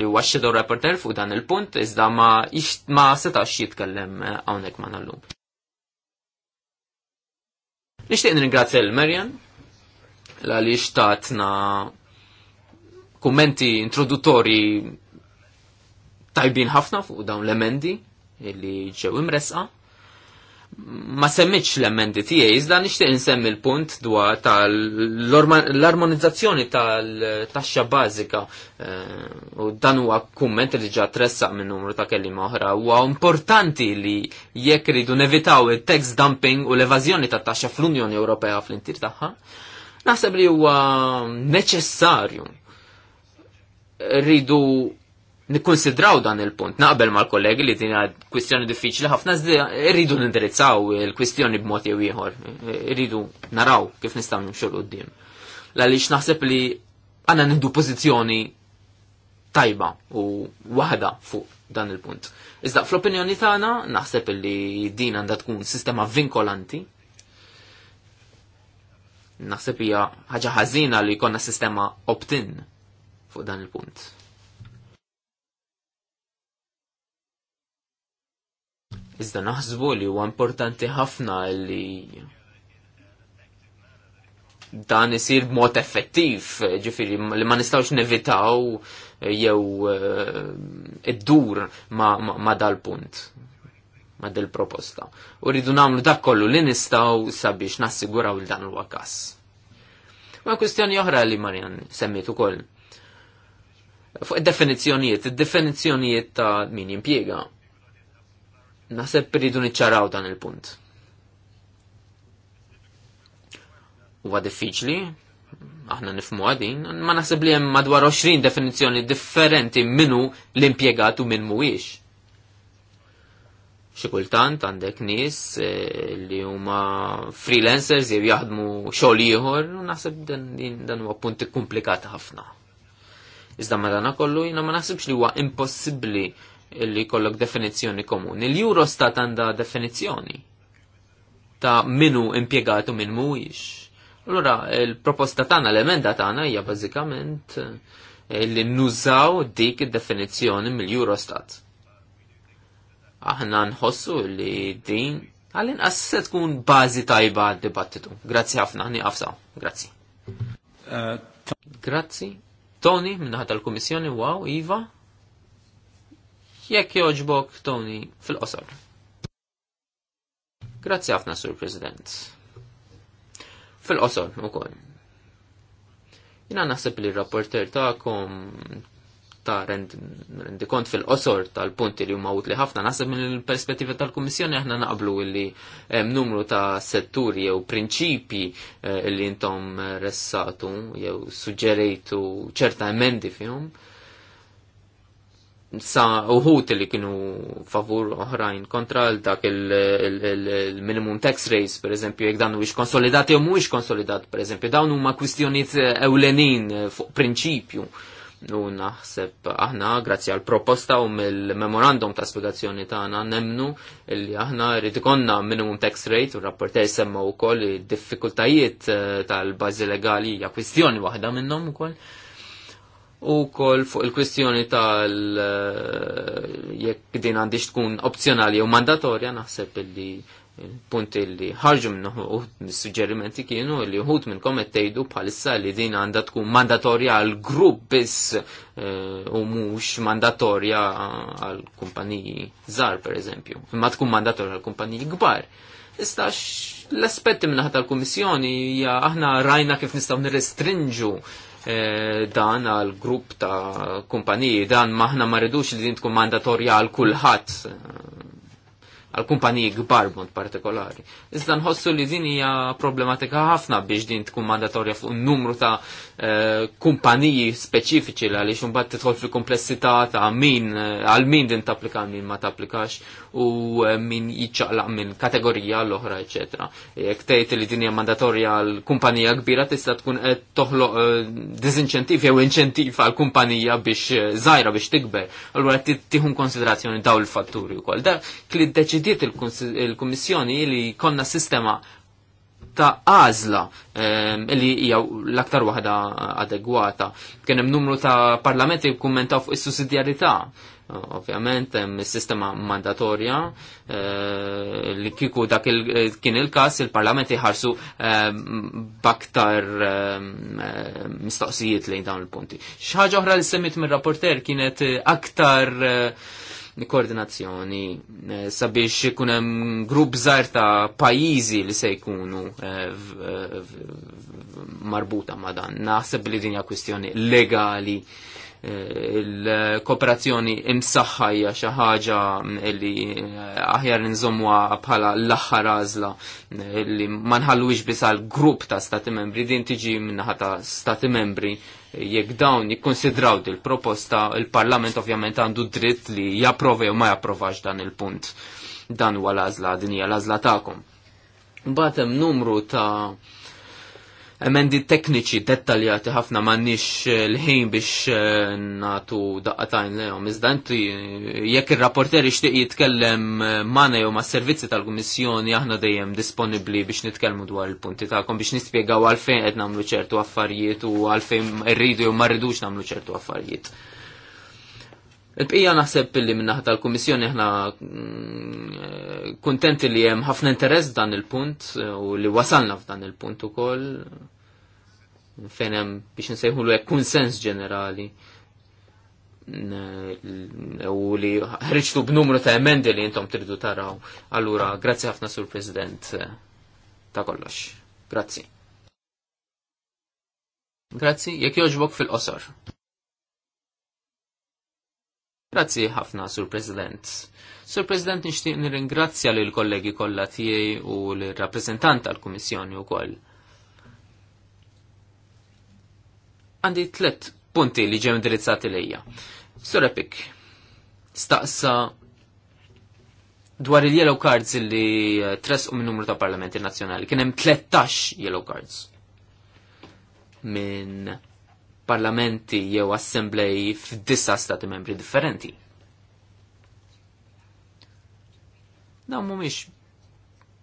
li huwa xedo reporter fuq dan il-punt iżda ma ma setax jitkellem eh, hawnhekk ma nallum. Nishtiq ringrazzja l-Marjan la li xtatna kummenti introduttori tajbin ħafna fuq dawn l-emendi illi ġew imresqa ma semmitx l-emmendi tiegħi, iżda nixtieq insemmi l-punt dwar tal-armonizzazzjoni tal-taxxa bażika eh, u dan huwa kumment li ġa tressaq minn numru ta' kelliem oħra. Huwa importanti li jekk iridu nevitaw it-tax dumping u l-evażjoni tat-taxxa fl-Unjoni Ewropea fl-intir tagħha, naħseb li huwa neċessarju rridu nikkonsidraw dan il-punt. Naqbel mal-kollegi li tina kwistjoni diffiċli ħafna rridu irridu nindirizzaw il-kwistjoni b'mod jew ieħor. rridu naraw kif nistgħu nimxu l-qudiem. Għaliex naħseb li għandna nieħdu pożizzjoni tajba u waħda fuq dan il-punt. Iżda fl-opinjoni tagħna naħseb li din għandha tkun sistema vinkolanti. Naħseb hija ħaġa ħażina li jkollna sistema opt-in fuq dan il-punt Iżda naħsbu li huwa importanti ħafna li dan isir b'mod effettiv, ġifiri, li ma nistawx nevitaw eh, jew eh, id-dur ma, ma, ma dal-punt, ma dal-proposta. U rridu namlu dak kollu li nistaw sabiex nassiguraw li dan l-wakas. Ma kwestjoni oħra li Marjan semmiet ukoll. Fuq id-definizzjonijiet, id-definizzjonijiet ta' min impjega. Naħseb rridu niċċaraw dan il-punt. Huwa diffiċli, aħna nifmu għadin, ma naseb li hemm madwar 20 definizzjoni differenti minnu l-impjegat u minn mhuwiex. Xi kultant għandek nies eh, li huma freelancers jew jaħdmu xogħol ieħor u naħseb dan huwa punti komplikati ħafna. Iżda madana kollu ma naħsibx li huwa impossibbli illi kollok definizzjoni komuni. Il-Eurostat għanda definizzjoni ta' minu impiegatu minn mhuwiex. Allora, il-proposta tagħna l-emenda tagħna hija bażikament eh, li nużaw dik id-definizzjoni mill-Eurostat. Aħna nħossu li din għallin se tkun bażi tajba għad-dibattitu. Grazzi ħafna, għafsa. Grazzi. Eh, Grazzi. Tony, minnaħat tal-Komissjoni, wow, Iva. Jekk joġbok, Tony, fil-qosor. Grazzi ħafna, Sur President. Fil-qosor, u koll. Jina naħseb li rapporter ta'kom ta' rendi kont fil-qosor tal-punti li huma li ħafna naħseb minn il-perspettiva tal-Kummissjoni aħna naqblu li numru ta' setturi jew prinċipi eh, li intom ressatu jew suġġerejtu ċerta emendi fihom sa uħut li kienu favur oħrajn kontra l- dak il-minimum tax rates, per eżempju, jek dan konsolidat jew mhuwiex konsolidat, per eżempju, dawn huma kwistjonijiet ewlenin eh, fuq prinċipju. U naħseb aħna, grazzi għal proposta u mill-memorandum ta' spiegazzjoni tagħna nemnu li aħna rrid ikonna minimum tax rate u rapporter semma wkoll id-diffikultajiet eh, tal-bażi legali hija kwistjoni waħda minnhom ukoll u kol fuq il-kwistjoni tal eh, jekk din għandix tkun opzjonali u mandatorja naħseb li punti li ħarġu minn u suġġerimenti kienu li uħut minn komet tejdu bħalissa li din għanda tkun mandatorja għal grupp biss eh, u mux mandatorja għal kumpaniji zar per eżempju. Ma tkun mandatorja għal kumpaniji gbar. Istax l-aspetti minnaħat tal-Komissjoni hija aħna rajna kif nistgħu nirrestrinġu Eh, dan għal grupp ta' kumpaniji, dan maħna ma rridux li din tkun mandatorja għal kulħadd eh, għal kumpaniji kbar mod partikolari. Iżda nħossu li din hija problematika ħafna biex din tkun mandatorja fuq numru ta' Eh, kumpaniji speċifiċi li għaliex imbagħad tidħol fil-komplessità ta' min eh, għal min din tapplika min ma tapplikax u eh, min jiċċaqlaq minn kategorija l-oħra eċetera. Jekk tgħid li din hija mandatorja għal kumpanija kbira tista' tkun qed toħloq diżinċentiv jew inċentiv għal kumpanija biex żgħira biex tikber. Allura qed konsiderazzjoni daw il-fatturi wkoll. Dak li ddeċidiet il-Kummissjoni li konna sistema ta' għażla ehm, li hija l-aktar waħda adegwata. Kien hemm numru ta' parlamenti kummentaw fuq is-sussidjarità. Ovvjament hemm is-sistema mandatorja eh, li kieku dak kien il-każ il-parlamenti ħarsu ehm, baktar ehm, eh, mistoqsijiet lejn dawn il-punti. Xi ħaġa oħra li semmit mir-rapporter kienet aktar uh, koordinazzjoni eh, sabiex ikun hemm grupp żgħar ta' pajjiżi li se jkunu eh, marbuta ma' dan. Naħseb li dinja kwistjoni legali eh, il-kooperazzjoni imsaħħajja xi ħaġa li aħjar nżommuha bħala l-aħħar għażla li ma nħallux biss għal grupp ta' stati membri din tiġi minnaħa ta' stati membri jekk dawn jikkonsidraw il proposta il-Parlament ovvjament għandu dritt li japprova jew ma japprovax dan il-punt. Dan huwa l-għażla din hija l-għażla tagħkom. Mbagħad hemm numru ta' emendi tekniċi dettaljati ħafna m'għandniex eh, l-ħin biex eh, nagħtu daqqatajn lehom. Iżda inti eh, jekk ir rapporteri xtiq jitkellem mana jew mas-servizzi tal-Kummissjoni aħna dejjem disponibbli biex nitkellmu dwar il-punti tagħkom biex nispjegaw għalfejn qed nagħmlu ċertu affarijiet u għalfejn irridu jew ma rridux nagħmlu ċertu affarijiet. Il-bqija naħseb li minnaħ tal-Kummissjoni ħna mm, kontenti li hemm ħafna interess dan il-punt u li wasalna f'dan il-punt ukoll fejn hemm biex nsejħulu l konsens ġenerali u li ħriġtu b'numru ta' emendi li intom tridu taraw. Allura, grazzi ħafna sur President ta' kollox. Grazzi. Grazzi, jekk joġbok fil-qosor. Grazzi ħafna sur President. Sur President nixtieq nirringrazzja l kollegi kollha tiegħi u l-rappreżentant tal-Kummissjoni wkoll. għandi tlet punti li ġew indirizzati lejja. Sorepik, staqsa dwar il-yellow cards li eh, tresqu minn numru ta' parlamenti nazzjonali. Kien hemm 13 yellow cards minn parlamenti jew assemblej f'disa stati membri differenti. Da mhumiex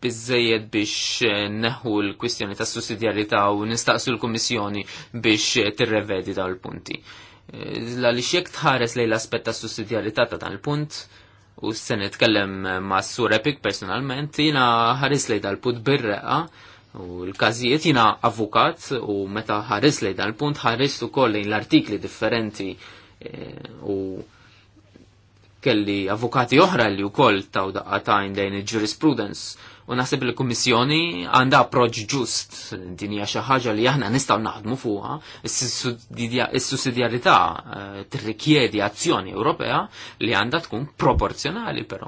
bizzejed biex eh, neħu l-kwistjoni ta' sussidjarità u nistaqsu l-Kummissjoni biex eh, tirrevedi dawn il-punti. Eh, li xiek tħares lejn l-aspett ta' sussidjarità ta' dan il-punt, u se nitkellem ma' Sur Epik personalment, jina ħares lejn dal-punt birreqa u l-każijiet jina avukat u meta ħares lejn dal-punt ħares ukoll lejn l-artikli differenti e, u kelli avukati oħra li wkoll u daqqa ta' lejn il-jurisprudence U naħseb il kummissjoni għandha approċ ġust din hija xi ħaġa li aħna nistgħu naħdmu fuqha. is sussidjarità eh, tirrikjedi azzjoni Ewropea li għandha tkun proporzjonali però.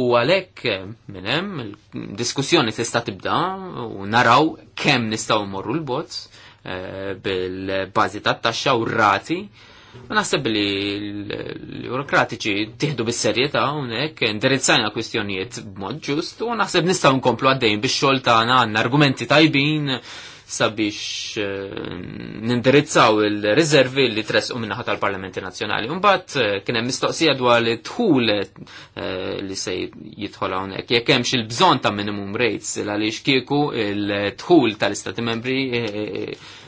U għalhekk eh, minn hemm diskussjoni tista' tibda u naraw kemm nistgħu mmorru l-bozz eh, bil-bażi tat-taxxa u r-rati Ma naħseb li l-burokratiċi tiħdu bis-serjetà hawnhekk indirizzajna kwistjonijiet b'mod ġust u naħseb nistgħu nkomplu għaddejn bix-xogħol tagħna għandna argumenti tajbin sabiex eh, nindirizzaw il-rizervi li tresqu minnaħat tal-Parlamenti Nazzjonali. Mbagħad eh, kien hemm mistoqsija dwar li tħul eh, li se jidħol hawnhekk. Jekk hemmx il-bżonn ta' minimum rates għaliex kieku il-tħul tal-Istati Membri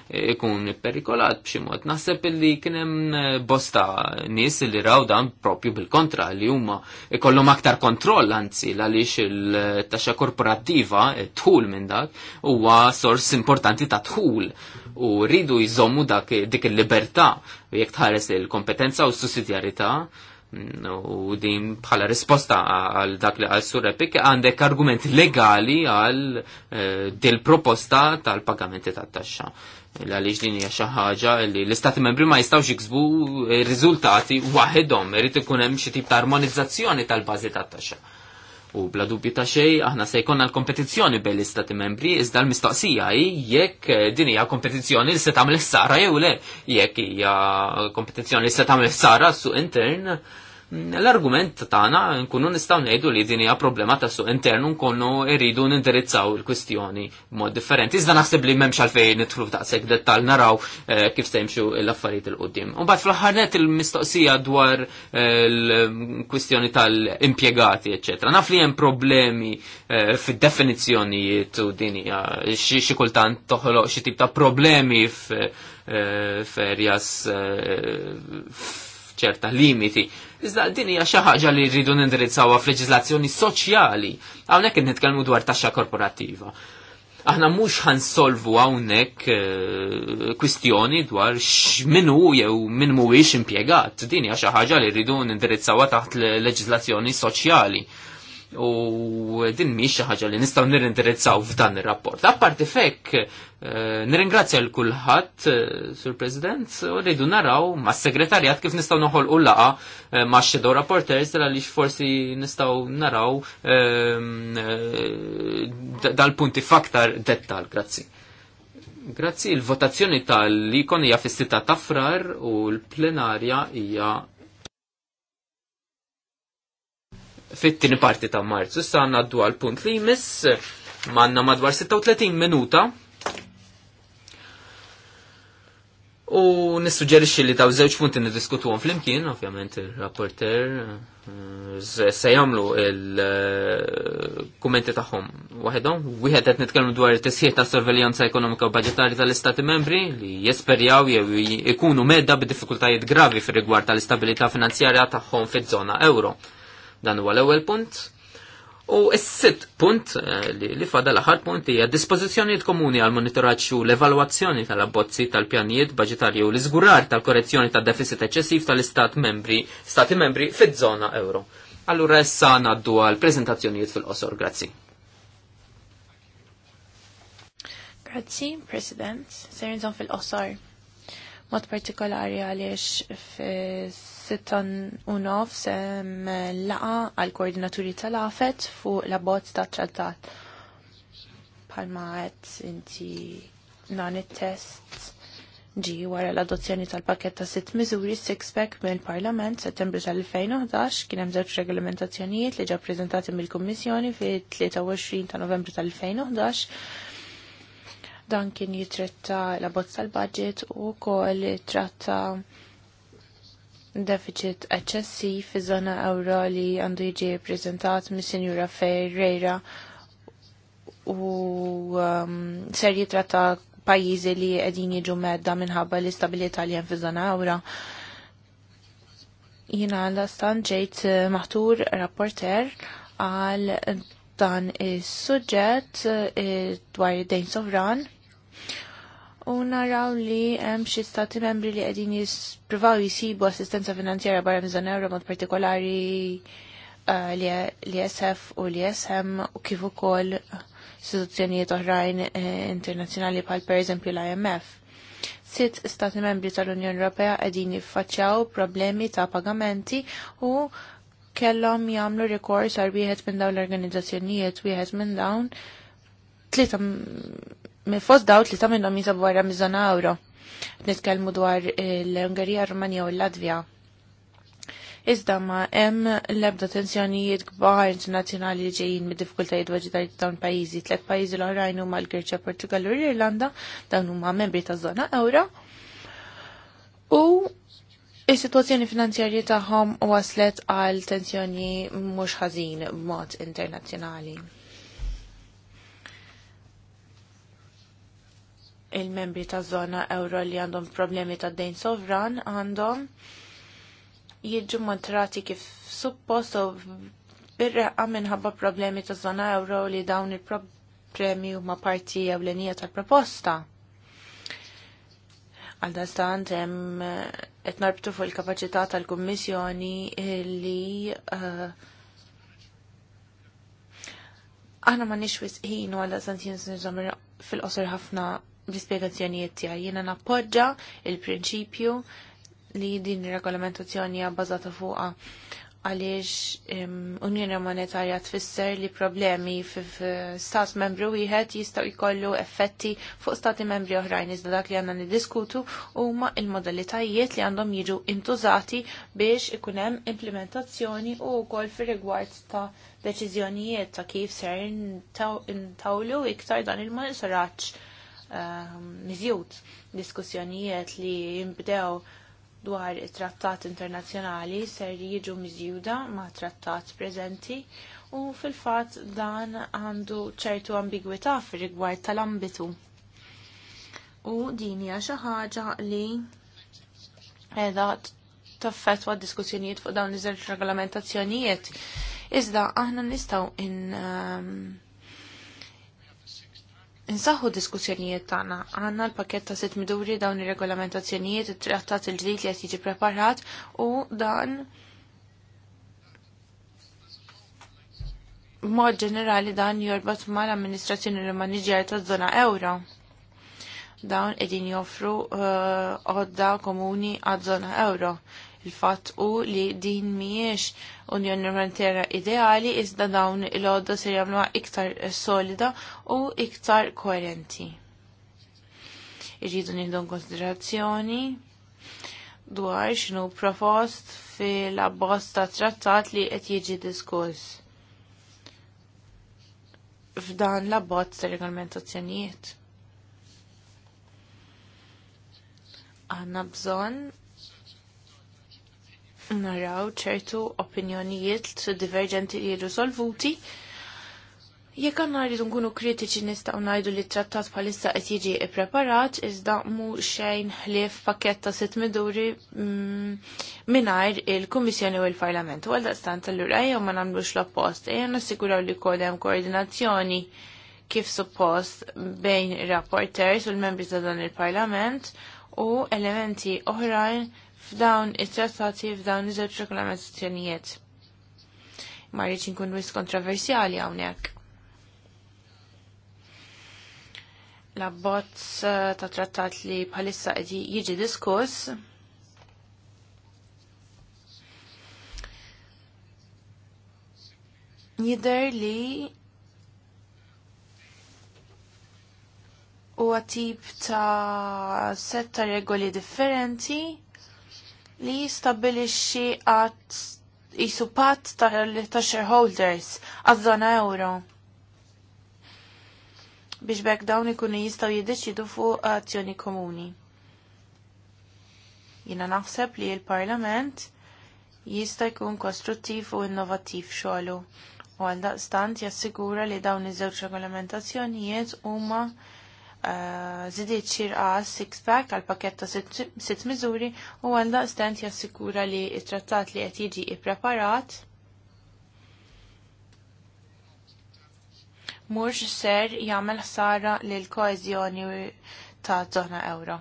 ikun perikolat b'xi mod. Naħseb illi kien hemm eh, bosta nies li raw dan propju bil-kontra li huma ikollhom aktar kontroll anzi għaliex il-taxxa korporattiva tħul minn dak huwa sors importanti ta' tħul u rridu jżommu dak dik il-libertà jekk tħares il-kompetenza u s-sussidjarità u din bħala risposta għal dak li għal surrepik għandek argument legali għal eh, del proposta tal-pagamenti tat-taxxa. Għaliex din hija xi ħaġa li l-istati membri ma jistgħux jiksbu eh, riżultati waħedhom, irid ikun hemm xi tip ta' armonizzazzjoni tal-bażi tat-taxxa. U bla dubju ta' xej, aħna se jkollna l-kompetizzjoni bejn l-istati membri, iżda l-mistoqsija hi jekk eh, din hija kompetizzjoni li se tagħmel sara jew le, jekk hija kompetizzjoni li se tagħmel sara suq intern, L-argument tagħna nkunu nistgħu ngħidu li din hija problema ta' suq internu nkunu rridu nindirizzaw il-kwistjoni b'mod differenti. Iżda naħseb li m'hemmx għalfejn ta' sekk dettal naraw eh, kif se jimxu l-affarijiet il qudiem U bat fl ħarnet il-mistoqsija dwar eh, l-kwistjoni tal-impjegati, eċetera. Naf li hemm problemi eh, fid-definizzjonijiet u din hija xi kultant toħloq xi tip ta' problemi f'erjas ċerta limiti. Iżda din hija xi ħaġa li rridu nindirizzawha f'leġiżlazzjoni soċjali. Hawnhekk qed nitkellmu dwar taxxa korporattiva. Aħna mhux ħansolvu hawnhekk eh, kwistjoni dwar hu jew min mhuwiex impjegat. Din hija xi ħaġa li rridu nindirizzawha taħt leġiżlazzjoni soċjali u din mhix xi ħaġa li nistgħu nirrindirizzaw f'dan ir-rapport. Apparti fekk eh, nirringrazzja l kulħadd eh, sur President u rridu naraw mas-segretarjat kif nistgħu noħolqu laqa eh, ma' xedow rapporters għaliex forsi nistgħu naraw dal-punti faktar dettal. Grazzi. Grazzi, il-votazzjoni tal-ikon hija fis-sita ta' frar u l-plenarja hija fit-tieni parti ta' Marzu. Issa għandna għaddu għal punt li jmiss manna madwar 36 minuta. U nissuġġerixxi li daw żewġ punti niddiskutuhom flimkien, ovvjament ir-rapporter eh, se jagħmlu il-kummenti tagħhom waħedhom. Wieħed qed nitkellmu dwar it-tisħiħ ta' sorveljanza ekonomika u budġetarji tal-Istati membri li jesperjaw jew ikunu medda b'diffikultajiet gravi fir-rigward tal-istabilità finanzjarja tagħhom fiż-żona euro. Dan huwa l-ewwel punt. U s-sitt punt eh, li, li fada l-aħħar punt hija dispożizzjonijiet komuni għal monitoraġġ u l-evalwazzjoni tal-abbozzi tal-pjanijiet budġetarji u l-iżgurar tal-korrezzjoni tad deficit eċċessiv tal-istat membri, stati membri fiż-żona euro. Allura issa ngħaddu għal preżentazzjonijiet fil-qosor, grazzi.
Grazzi, President, ser fil-qosor mod partikolari għaliex fis sittan unof sem laqa għal koordinaturi tal-afet fuq la bozz ta' trattat. Palma għet inti dan it-test ġi wara l-adozzjoni tal-pakket ta' sitt miżuri six-pack mill-Parlament settembru tal-2011 kien hemm żewġ regolamentazzjonijiet li ġa ppreżentati mill-Kummissjoni fit-23 ta' Novembru tal-2011 dan kien jitretta la bozz tal-budget u kol tratta deficit eċessi fi żona euro li għandu jiġi prezentat mis sinjura Ferreira u um, ser jitratta pajjiżi li qegħdin jiġu medda minħabba l-istabilità li hemm fi żona euro. Jiena għal ġejt eh, maħtur rapporter għal dan is-suġġett eh, dwar id-dejn sovran u naraw li hemm xi stati membri li qegħdin jispruvaw jisibu assistenza finanzjera barra miżon euro mod partikolari uh, li e, e SF u li e SM u kif ukoll istituzzjonijiet oħrajn eh, internazzjonali bħal pereżempju l-IMF. Sitt stati membri tal-Unjoni Ewropea qegħdin jiffaċċjaw problemi ta' pagamenti u kellhom jagħmlu rikors għal wieħed minn dawn l-organizzazzjonijiet wieħed minn dawn tlieta minn fost dawt li ta' minnhom jinsabu barra miż Nitkellmu dwar l-Ungerija, Rumanija u l-Latvija. Iżda ma hemm l-ebda tensjonijiet kbar internazzjonali li ġejjin mid-diffikultajiet waġitarji dawn pajjiżi. Tliet pajjiżi l-oħrajn huma l-Greċja, Portugal u l-Irlanda, dawn huma membri taż-żona euro. U Is-sitwazzjoni finanzjarji tagħhom waslet għal tensjoni mhux ħażin b'mod internazzjonali. il-membri ta' zona euro li għandhom problemi ta' dejn sovran għandhom jiġu montrati kif suppost u birreqqa minħabba problemi ta' zona euro li dawn il-problemi huma parti ewlenija tal-proposta. Għaldastant hemm eh, qed narbtu fuq il-kapaċità tal-Kummissjoni li eh, għana ma nix wisħin u għalla santin fil qosir ħafna l-ispiegazzjonijiet tiegħi. Jiena nappoġġa il-prinċipju li din ir-regolamentazzjoni hija bbażata fuqha għaliex Unjoni Monetarja tfisser li problemi f'stat membru wieħed jistgħu jkollu effetti fuq stati membri oħrajn iżda dak li għandna niddiskutu huma il-modalitajiet li għandhom jiġu intużati biex ikun hemm implementazzjoni u wkoll fir-rigward ta' deċiżjonijiet ta' kif ser intawlu iktar dan il-monitoraġġ Um, miżjud diskussjonijiet li jimbdew dwar it-trattat internazzjonali ser jiġu miżjuda ma' trattat preżenti u fil-fatt dan għandu ċertu ambigwità fir-rigward tal-ambitu. U din hija xi ħaġa li qiegħda taffetwa diskussjonijiet fuq dawn iż-żewġ regolamentazzjonijiet. Iżda aħna nistgħu in um, Insaħħu diskussjonijiet tagħna. Għandna l-pakket ta' sitt miduri dawn ir-regolamentazzjonijiet it-trattat il-ġdid li qed jiġi preparat u dan b'mod ġenerali dan jorbot mal-amministrazzjoni l-maniġjar taż-żona ewro. Dawn qegħdin joffru eh, għodda komuni għaż-żona ewro. Il-fatt u li din miex Unjoni Monetarja ideali iżda dawn il-għodda ser jagħmluha iktar solida u iktar koerenti. Irridu nieħdu konsiderazzjoni dwar x'inhu propost fil-abbozz ta' trattat li qed jiġi diskuss f'dan l-abbozz ta' regolamentazzjonijiet. Għanna bżonn naraw ċertu opinjonijiet divergenti irrisolvuti. Jekk għandna rridu nkunu kritiċi nistgħu ngħidu li trattat bħalissa qed jiġi ippreparat iżda mu xejn ħlief pakket ta' sitt miduri mm, mingħajr il-Kummissjoni u l-Parlament. U għaldaqstant allura ejja ma nagħmlux l-oppost, ejja nassiguraw li kod hemm koordinazzjoni kif suppost bejn rapporters u l-membri ta' dan il-Parlament u elementi oħrajn f'dawn it-trattati f'dawn iż-żewġ regolamentazzjonijiet. Ma rridx inkun wis kontroversjali hawnhekk. L-abbozz eh, ta' trattat li bħalissa qed jiġi diskuss jider li u għatib ta' setta regoli differenti li jistabilixxi għat jisu ta' shareholders għaż-żona euro biex bekk dawn ikunu jistaw jiddeċidu fuq azzjoni komuni. Jina naħseb li il-Parlament jista jkun kostruttiv u innovattiv xogħlu u għal daqstant jassigura li dawn iż-żewġ regolamentazzjonijiet huma zidiet eh, xirqa six-pack għal paketta ta' sitt miżuri u għanda stent jassikura li it-trattat li qed jiġi ippreparat mhux ser jagħmel ħsara lil koeżjoni ta' żona euro.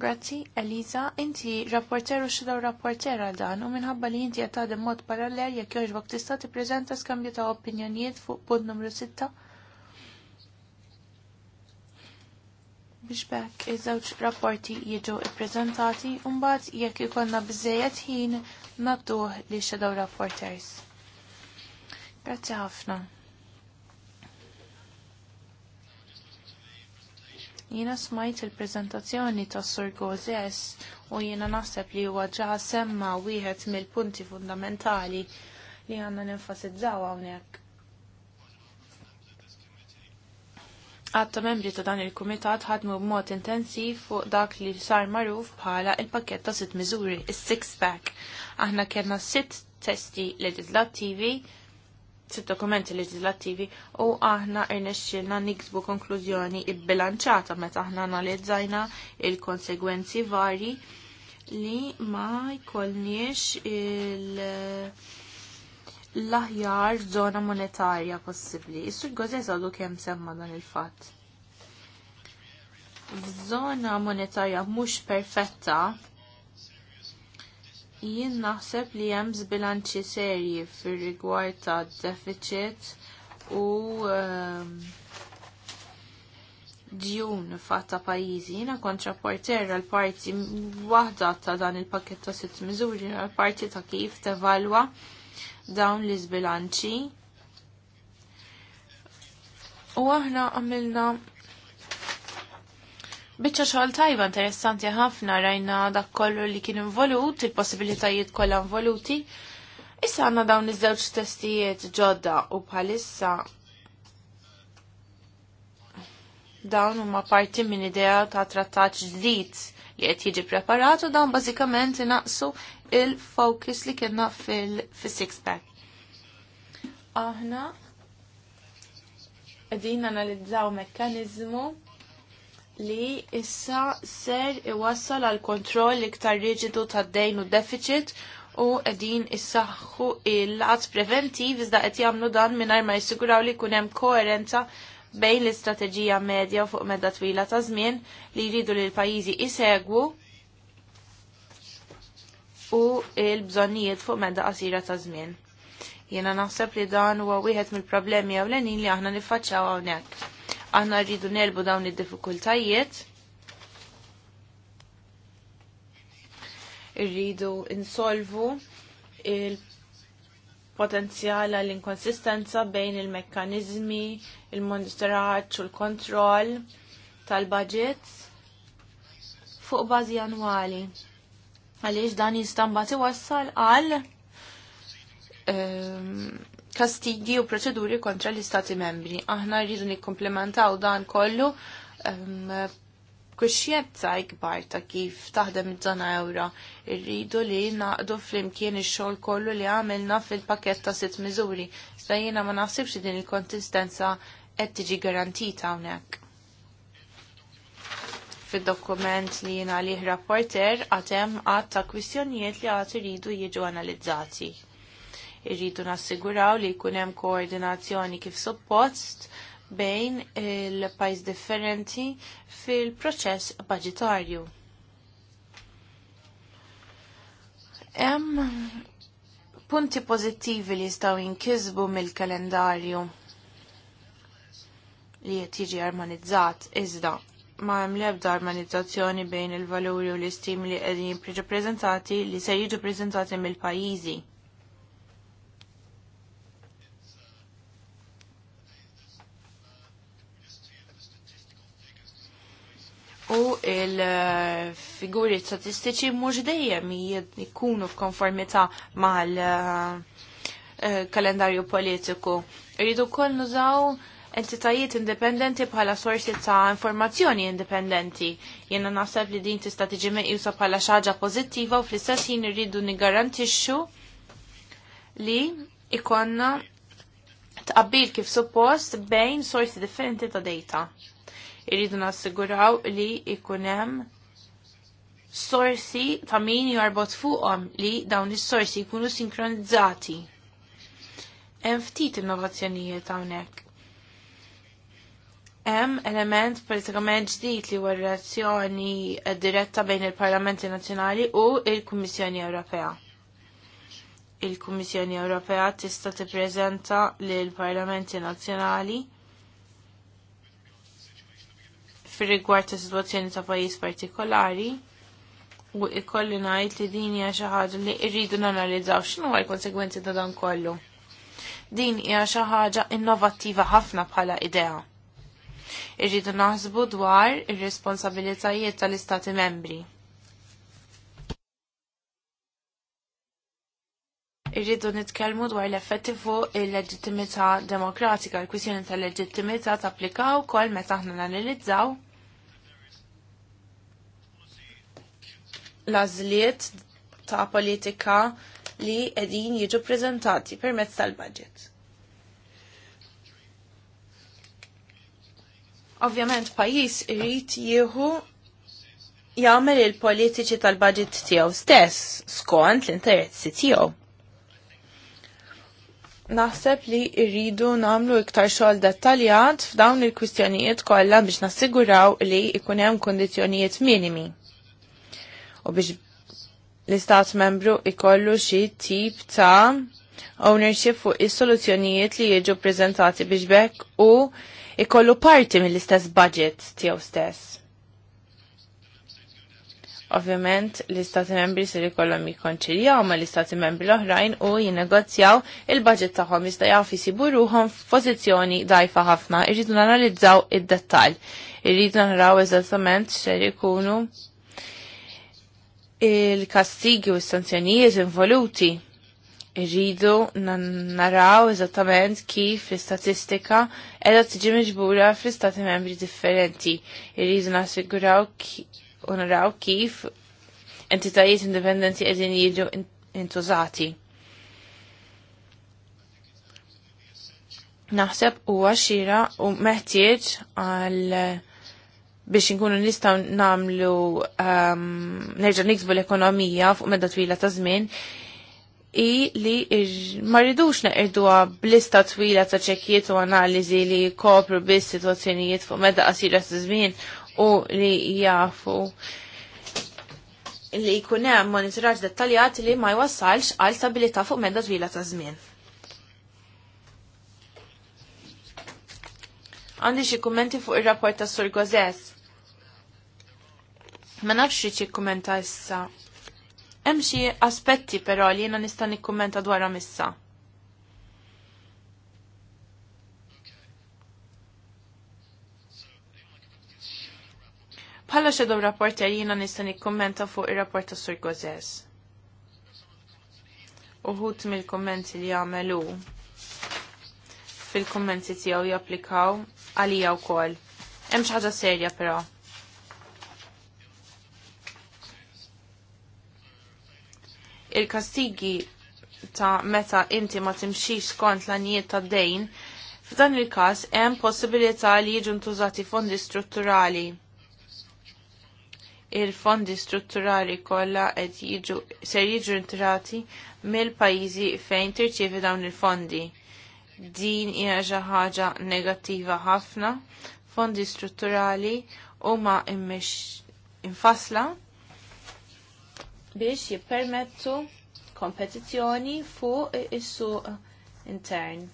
Grazzi, Eliza, inti rapporter u xidaw rapporter għal dan u minħabba li inti għatad mod parallel jekk joġbok tista' tippreżenta skambju ta' opinjonijiet fuq punt numru 6 biex bekk iż-żewġ rapporti jiġu ippreżentati u mbagħad jekk ikollna biżejjed ħin nadduh li shadow rapporters. Grazzi ħafna. Jiena smajt il-preżentazzjoni ta' Sur Gozes u jiena naħseb li huwa ġa semma wieħed mill-punti fundamentali li għandna nenfasizzaw hawnhekk. Għatta membri ta' dan il-Kumitat ħadmu b'mod intensiv fuq dak li sar maruf bħala il-pakket ta' sitt miżuri, is-six pack. Aħna kellna sitt testi leġislattivi, sitt dokumenti legislativi, u aħna irnexxilna niksbu konklużjoni ibbilanċata meta aħna analizzajna il-konsegwenzi vari li ma jkollniex il- l-aħjar zona monetarja possibbli. Issu sur Gozez għadu kemm semma dan il-fatt. F'żona monetarja mhux perfetta jien naħseb li hemm zbilanċi serji fir-rigward ta' deficit u um, djun fatta pajizi, jina Porterra l parti wahda ta' dan il-pakket ta' sitt miżuri l parti ta' kif tevalwa dawn l iżbilanċi U aħna għamilna bieċa xogħol tajba interessanti ħafna rajna dak kollu li kien involut, il-possibilitajiet kollha involuti. Issa għandna dawn iż-żewġ testijiet ġodda u bħalissa dawn huma parti minn idea ta' trattat ġdid li qed jiġi preparat u dawn bażikament inaqsu il-focus li kienna fil-six pack. Aħna għedin analizzaw mekkanizmu li issa ser iwassal għal kontroll iktar riġidu tad dejn u deficit u għedin issaħħu il-għat preventiv iżda qed jagħmlu dan mingħajr ma jsiguraw li jkun hemm koerenza bejn l-istrateġija medja fuq medda twila ta' żmien li jridu li l-pajjiżi isegwu u il-bżonnijiet fuq medda qasira ta' żmien. Jiena naħseb li dan huwa wieħed mill-problemi ewlenin li aħna niffaċċaw hawnhekk. Aħna rridu nelbu dawn id-diffikultajiet irridu insolvu il potenzjal għall inkonsistenza bejn il-mekkanizmi, il-monitoraġġ u l-kontroll tal-budget fuq bażi annwali għaliex dan jistambati wassal għal ehm, kastigi u proċeduri kontra l-istati membri. Aħna rridu nikkomplementaw dan kollu ehm, kuxjenza ikbar ta' kif taħdem id dana ewra. rridu li naqdu flimkien ix-xogħol kollu li għamilna fil-pakett ta' sitt miżuri. Sta jena ma naħsibx din il-konsistenza qed tiġi garantita hawnhekk fil-dokument li jina li rapporter għatem għad ta' kwistjonijiet li għad iridu jiġu analizzati. Irridu nassiguraw li kunem koordinazzjoni kif suppost bejn il pajs differenti fil-proċess budgetarju. Hemm punti pozittivi li jistgħu jinkisbu mill-kalendarju li qed jiġi armonizzat iżda ma hemm l-ebda armonizzazzjoni bejn il-valuri u l-istimi li qegħdin jiġu preżentati li se jiġu preżentati mill-pajjiżi. U il-figuri statistiċi mhux dejjem jkunu f'konformità mal-kalendarju eh, eh, politiku. Irridu koll nużaw entitajiet indipendenti bħala sorsi ta' informazzjoni indipendenti. Jena naħseb li din tista' tiġi meqjusa bħala xaġa pożittiva u fl-istess ħin irridu nigarantixxu li ikonna tqabbil kif suppost bejn sorsi differenti ta' data. Irridu nassiguraw li ikun hemm sorsi ta' min jarbot fuqhom li dawn is-sorsi jkunu sinkronizzati. Hemm ftit innovazzjonijiet hawnhekk Hemm element politikament ġdid li huwa relazzjoni diretta bejn il-Parlamenti Nazzjonali u il-Kummissjoni Ewropea. Il-Kummissjoni Ewropea tista' tippreżenta lil Parlamenti Nazzjonali fir-rigward ta' sitwazzjoni ta' pajjiż partikolari u ikolli ngħid li din hija xi ħaġa li rridu nanalizzaw x'inhu l-konsegwenzi ta' dan kollu. Din hija xi ħaġa innovattiva ħafna bħala idea. Irridu naħsbu dwar ir-responsabilitajiet tal-Istati membri. Irridu nitkellmu dwar l-effetti fuq il-leġittimità demokratika, l-kwissjoni tal-leġittimità tapplikaw kol meta aħna nanalizzaw l-azliet ta' politika li edin jiġu prezentati permezz tal-budget. Ovvjament pajjiż irid jieħu jagħmel il-politiċi tal-budget tiegħu stess skont l-interessi tiegħu. Naħseb li rridu nagħmlu iktar xogħol dettaljat f'dawn il-kwistjonijiet kollha biex nassiguraw li jkun hemm kundizzjonijiet minimi. U biex l-istat membru ikollu xi tip ta' ownership fuq is-soluzzjonijiet li jiġu prezentati biex bekk u ikollu parti mill-istess budget tiegħu stess. Ovvjament, l-istati membri se jkollhom jikkonċiljaw ma l-istati membri l-oħrajn u jinnegozjaw il-budget tagħhom jista' jaf isibu ruhom f'pożizzjoni dajfa ħafna, irridu nanalizzaw id-dettall. Irridu naraw eżattament xer ikunu il-kastigi u s-sanzjonijiet involuti Irridu naraw eżattament kif l-istatistika edha tiġi miġbura fl-istati membri differenti. Irridu nassiguraw u naraw kif entitajiet indipendenti edin jiġu intużati. naħseb u għaxira u meħtieġ għal biex nkunu nistaw namlu um, nerġa' niksbu l-ekonomija fuq medda twila ta' żmien, i li ma rridux neqirduha blista twila ta' ċekkiet u analiżi li kopru biss situazzjonijiet fuq meta qasira ta' żmien u li jafu li jkun hemm monitoraġġ dettaljat li ma jwassalx għal stabilità fuq medda twila ta' żmien. Għandi xi kummenti fuq ir-rapport ta' Sur Gozes. Ma nafx xi kummenta issa Hemm xi aspetti però li jiena nista' nikkummenta dwarhom issa. Bħala xedow rapporter jiena nista' nikkummenta fuq ir-rapport ta' Sur Gozes. Uħut mill-kummenti li għamelu fil-kummenti tiegħu japplikaw għalija wkoll. Hemm xi ħaġa serja però. il-kastigi ta' meta inti ma timxix skont l-anijiet ta' dejn, f'dan il-każ hemm possibilità li jiġu ntużati fondi strutturali. Il-fondi strutturali kollha qed jiġu ser jiġu intrati mill-pajjiżi fejn tirċievi dawn il-fondi. Din hija xi ħaġa negattiva ħafna. Fondi strutturali huma immix infasla biex jippermettu kompetizzjoni fuq is-suq intern.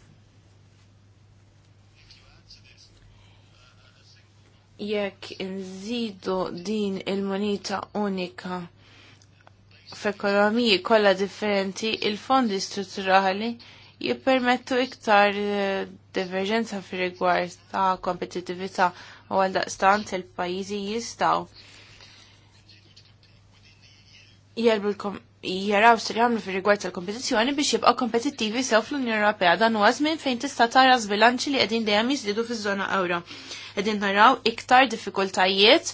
Jekk nżidu din il-moneta unika f'ekonomiji kollha differenti, il-fondi strutturali jippermettu iktar eh, diverġenza fir rigward ta' kompetitività u għaldaqstant il-pajjiżi jistgħu jelbu jaraw ser jagħmlu fir rigward tal-kompetizzjoni biex jibqa' kompetittivi sew fl-Unjoni Ewropea dan huwa żmien fejn tista' tara żbilanċi li qegħdin dejjem jiżdiedu fiż-żona ewro. Qegħdin naraw iktar diffikultajiet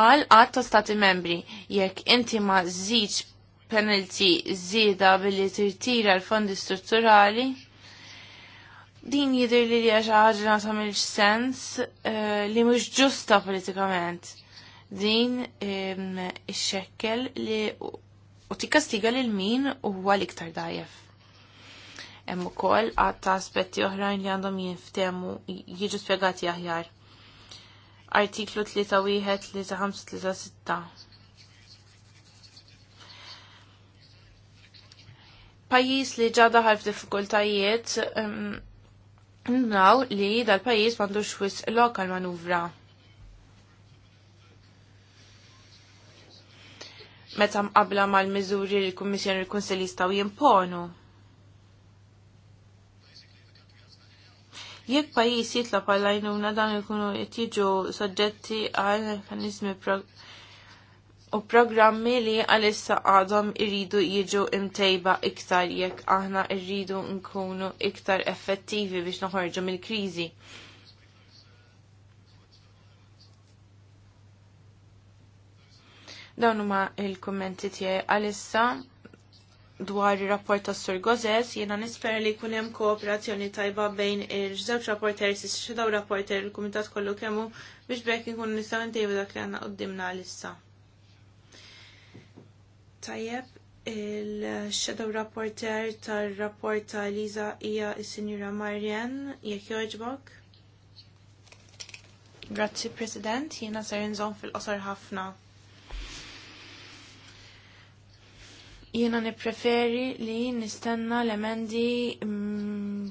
għal qatt ta' stati membri. Jekk inti ma żidx penalti żieda billi tirtira l-fondi strutturali, din jidher li li xi ħaġa ma sens eh, li mhux ġusta politikament din ix-xekkel li u tikkastiga lil min huwa l-iktar dajjef. Hemm ukoll għadta aspetti oħrajn li għandhom jinftemu jiġu spjegati aħjar. Artiklu 31-35-36 Pajjiż li ġada ħarf diffikultajiet naw li dal-pajjiż m'għandux wisq lokal manuvra meta mqabla mal-miżuri li l-Kummissjoni l-Kunsell jistgħu jimponu. Jekk pajjiż jitlob għal għajnuna dan ikunu qed jiġu soġġetti għal mekanizmi u programmi li għalissa għadhom irridu jiġu imtejba iktar jekk aħna irridu nkunu iktar effettivi biex noħorġu mill-kriżi. Dawn huma il-kummenti tiegħi għalissa dwar ir-rapport tas Sur Gozes, jiena nispera li jkun hemm kooperazzjoni tajba bejn iż-żewġ rapporters is daw rapporter il-kumitat kollu kemmu biex bekk inkun nistgħu ntejbu dak li għandna qudiemna għalissa. Tajjeb, il-shadow rapporter tar-rapport ta' Liza hija s-Sinjura Marjen, jekk joġbok. Grazzi President, jiena ser fil-qosor ħafna Jiena nippreferi li nistenna l-emendi mm,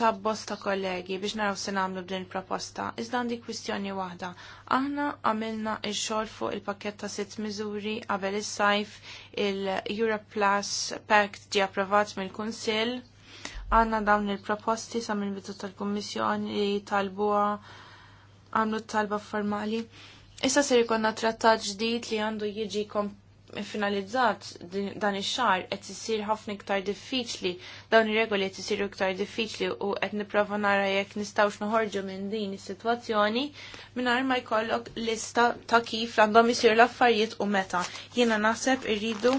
ta' bosta kollegi biex naraw se nagħmlu b'din il-proposta. Iżda għandi kwistjoni waħda. Aħna għamilna il-xol fuq il-pakket ta' sitt miżuri qabel is-sajf il-Europe Plus Pact ġie approvat mill-Kunsill. Għanna dawn il-proposti sa' mill bitu tal-Kummissjoni li talbuha għamlu talba formali. Issa se jkollna trattat ġdid li għandu jiġi kom finalizzat dan ix-xar qed isir ħafna iktar diffiċli, dawn ir-regoli qed isiru iktar diffiċli u qed nipprova nara jekk nistgħux noħorġu minn din is-sitwazzjoni mingħajr ma jkollok lista ta' kif għandhom isir l-affarijiet u meta. Jiena naħseb irridu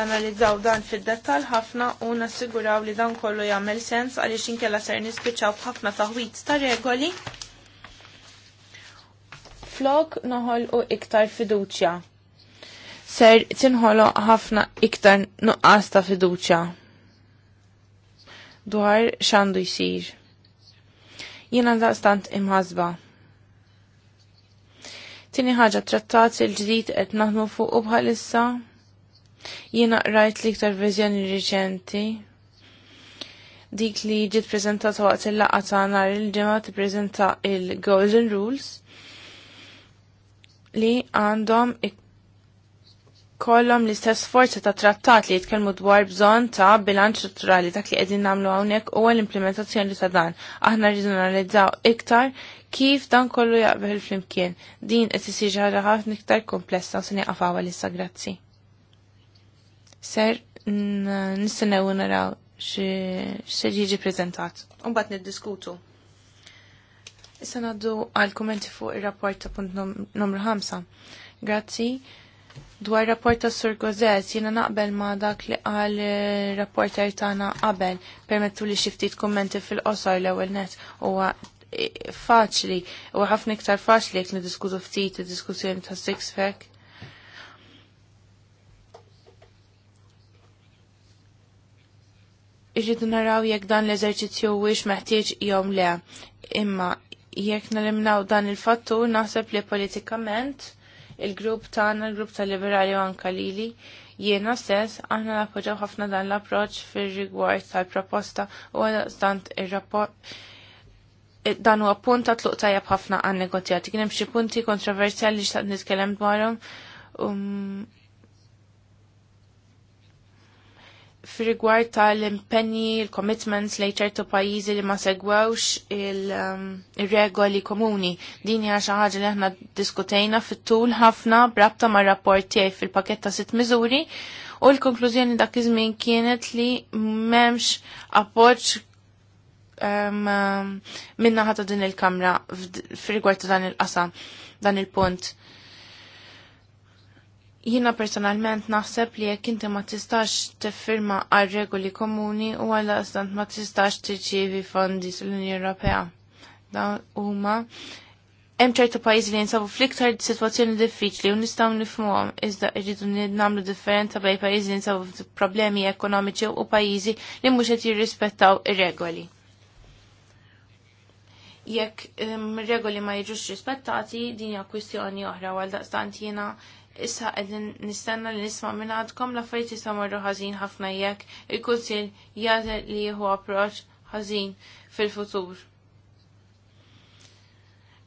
nanalizzaw dan fid-dettal ħafna u nassiguraw li dan kollu jagħmel sens għaliex inkella ser nispiċċaw b'ħafna taħwit ta' regoli flok noħol u iktar fiduċja ser tinħolo ħafna iktar nuqqas ta' fiduċja dwar xandu jisir. da' stant imħazba. Tini ħaġa trattat il-ġdid qed naħdmu fuq bħalissa. Jina rajt liktar vizjoni riċenti. Dik li ġiet preżentata waqt il-laqgħa ta' nhar il-ġimgħa tippreżenta il-Golden Rules li għandhom kollom l-istess forza ta' trattat li jitkellmu dwar bżon ta' bilanċ strutturali dak li qegħdin nagħmlu hawnhekk huwa l-implementazzjoni ta' dan. Aħna rridu analizzaw iktar kif dan kollu jaqbeħ flimkien. Din qed isir ħaġa ħafna iktar komplessa se nieqafawha issa grazzi. Ser nistennew naraw x'ser jiġi preżentat. U mbagħad niddiskutu. Issa ngħaddu għal kommenti fuq ir-rapport ta' punt numru 5. Grazzi Dwar rapport ta' Sur Gozes, jina naqbel ma' dak li għal rapporter tana qabel, permettu li xiftit kommenti fil-qosor l ewwel net u e, faċli, u ħafna ktar faċli jek diskutu ftit id-diskussjoni ta' Six Fek. Irridu naraw jekk dan l-eżerċizzju wix meħtieġ jom le, imma jekk nalimnaw dan il-fattur naħseb li politikament il-grupp tagħna, il-grupp tal-Liberali u anka lili, jiena stess aħna nappoġġaw ħafna dan l-approċċ fir-rigward tal-proposta u għadastant ir-rapport eh, dan huwa punt ta' tluq tajjeb ħafna għan negozjati. Kien hemm xi punti kontroversjali li xtaqt nitkellem dwarhom um, fir-rigward tal-impenni, il-commitments lejn ċertu pajjiżi li ma segwewx il-regoli um, komuni. Din hija xi ħaġa li aħna diskutejna fit-tul ħafna brabta mar rapport tiegħi fil paketta ta' sitt miżuri u l-konklużjoni dak iż-żmien kienet li m'hemmx appoġġ um, um, minna ħata din il-kamra fir-rigward ta' dan il-qasam, dan il-punt. Jina personalment naħseb li jekk inti ma tistax tiffirma għal regoli komuni u għal astant ma tistax tirċievi fondi sull unjoni Ewropea. Da huma hemm ċertu pajjiżi li jinsabu fl-iktar sitwazzjoni diffiċli u nistgħu nifhmuhom iżda rridu nagħmlu differenza bej pajjiżi li jinsabu problemi ekonomiċi u pajjiżi li mhux qed jirrispettaw ir-regoli. Jekk ehm, regoli ma jiġux rispettati din hija kwistjoni oħra għal daqstant jiena issa qegħdin nistenna li nisma' minn għadkom l-affarijiet jista' marru ħażin ħafna jekk il-kunsil jagħti li jieħu approċċ ħażin fil-futur.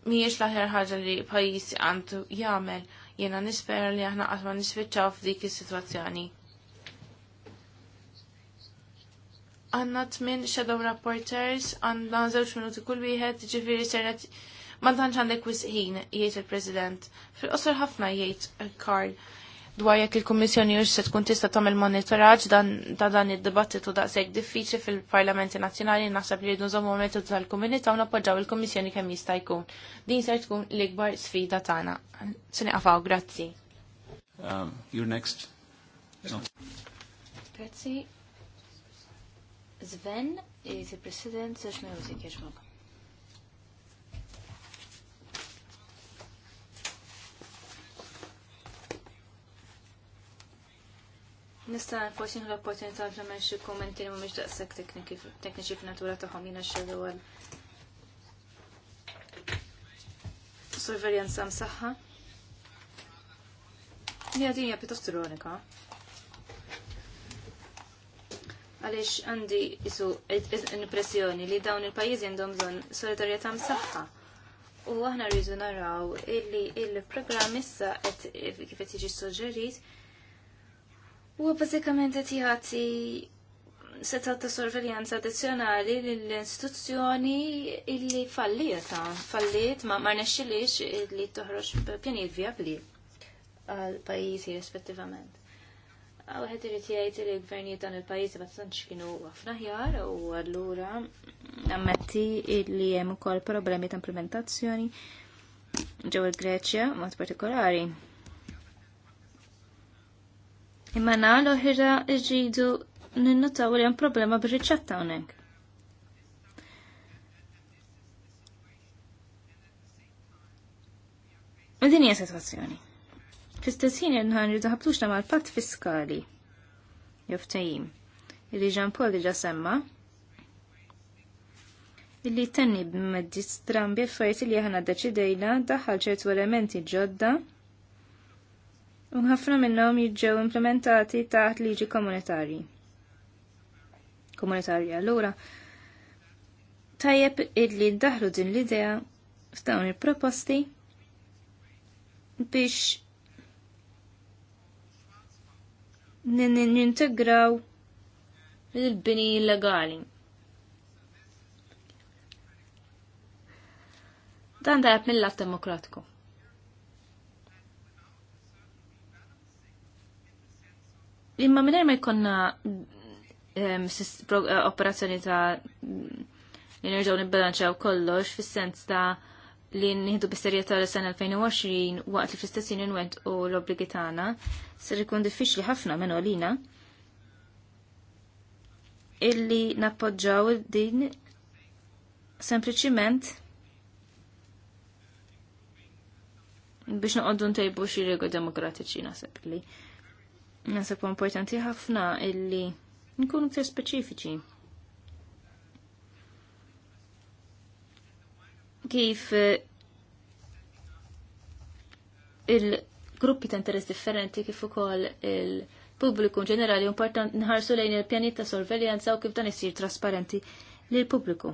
Mhijiex l ħagġa ħaġa li pajjiż għandu jagħmel jiena nispera li aħna qatt ma f'dik is-sitwazzjoni. Għanna t-min shadow rapporters, għanna zewġ minuti kull wieħed, ġifiri serret Ma tantx għandek wisħin, jgħid il-President. Fil-qosor ħafna jgħid Karl dwar jekk il-Kummissjoni jux se tkun tista' tagħmel monitoraġġ ta' dan id-dibattitu daqshekk diffiċli fil-Parlamenti Nazzjonali naħseb li jridu nżommu metodu tal-komunità u nappoġġaw il kommissjoni kemm jista' jkun. Din se tkun l-ikbar sfida tagħna. Se niqafaw, grazzi.
Um, you're next.
Grazzi.
Sven, il-President
Sash Music, jaxmok.
Nista' forsi nħu l-opportunità li nagħmel xi kummenti li mhumiex daqshekk tekniċi f'natura tagħhom jiena xellu għal sorveljanza msaħħa. Hija din hija pjuttost ironika. Għaliex għandi isu impressjoni li dawn il-pajjiżi għandhom bżonn solidarjetà msaħħa. U aħna rridu naraw illi il-programm issa qed kif qed jiġi suġġerit U bazzikament qed jagħti setat ta' sorveljanza addizzjonali lill-istituzzjoni illi fallieta, falliet ma ma nexxilix li toħroġ pjanijiet vjabli għal pajjiżi rispettivament. Għawħed irrit jgħid li l-gvernijiet dan il-pajjiżi ma tantx kienu ħafna ħjar u allura ammetti li hemm ukoll problemi ta' implementazzjoni ġew il-Greċja mod partikolari. Imma naħal oħra iġidu ninnotaw li hemm problema bir-riċetta hawnhekk. U din hija sitwazzjoni. Fl-istess ħin nħan ħablux ta' mal-patt fiskali jew ftehim illi Ġan Paul diġà semma illi tenni b'meddi strambi affarijiet li aħna ddeċidejna daħħal ċertu elementi ġodda unħafna ħafna minnhom implementati taħt liġi komunitarji. Komunitarji allura tajjeb idli daħlu din l-idea f'dawn il-proposti biex integraw il-bini illegali. Dan da mill-lat demokratiku. Imma minn ma jkonna eh, operazzjoni ta' li nerġaw nibbalanċaw kollox fis-sens ta' li nħidu bis-serjetà l sena 2020 waqt li fl-istessin inwent u l-obbligi tagħna ser ikun diffiċli ħafna minn lina illi nappoġġaw din sempliciment biex noqogħdu ntejbu xi regoli demokratiċi naħseb li. Nasab importanti ħafna illi nkunu ktar speċifiċi. Kif eh, il-gruppi ta' interess differenti kif ukoll il-pubbliku ġenerali importanti nħarsu lejn il-pjanit ta' sorveljanza u kif dan isir trasparenti lil pubbliku.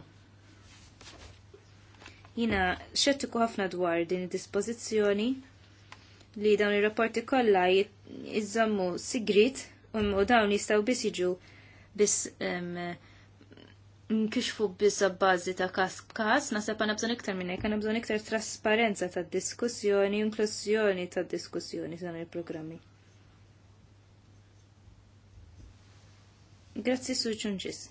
Jina xettiku ħafna dwar din id-dispożizzjoni li dawn ir-rapporti kollha iżommu sigrit um, u dawn jistaw biss jiġu biss nkixfu biss bażi ta' kas kas, nasab għana bżon iktar minn hekk, għana bżon iktar trasparenza ta' diskussjoni, inklusjoni ta' diskussjoni dan il-programmi. Grazzi su ċunġis.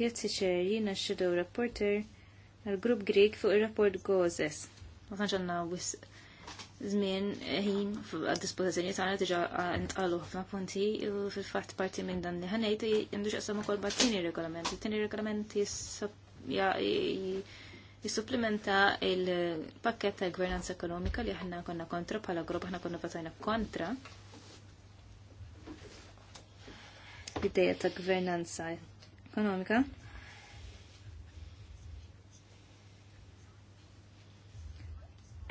Grazie ċer, nasċedow reporter. rapporter il-grupp Greek fuq il rapport Gozes. Ma tantx għandna wis żmien eh, ħin għad-dispożizzjoni tagħna diġà ah, ntqalu ħafna punti u fil fat parti minn dan li ħanejt jendux eh, għasamu kol bat tini regolament. Il-tieni regolament jissupplementa il-pakket ta' gvernanza ekonomika li aħna konna kontra pala grupp aħna konna votajna kontra l-ideja ta' gvernanza ekonomika.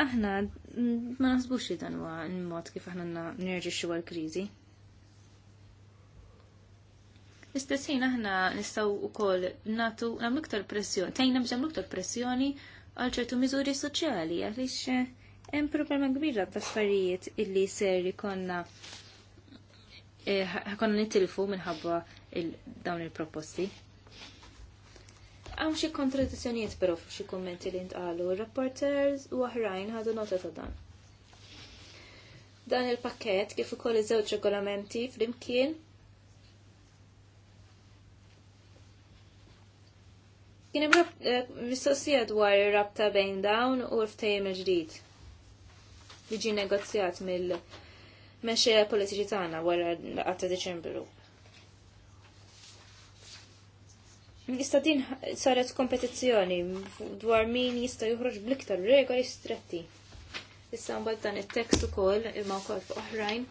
aħna ma naħsbux li dan huwa mod kif aħna nirġixxu għall-kriżi. Istess ħin aħna nistgħu wkoll nagħtu nagħmlu iktar pressjoni, tejna biex nagħmlu iktar pressjoni għal ċertu miżuri soċjali għaliex eh, hemm problema kbira b'affarijiet illi ser ikonna eh, ħakonna nitilfu minħabba dawn il-proposti. Għam xie pero però xie kommenti li ntqalu, reporters u oħrajn ħadu nota ta' dan. Dan il-pakket kif ukoll iż-żewġ regolamenti flimkien Kien hemm eh, mistoqsija dwar ir-rabta bejn dawn u l-ftehim il-ġdid li ġie negozjat mill-mexxejja politiċi tagħna wara qatta Deċembru. Issa din saret kompetizzjoni dwar min jista' joħroġ bliktar regoli stretti. Issa mbagħad dan it-tekst ukoll imma wkoll fuq oħrajn.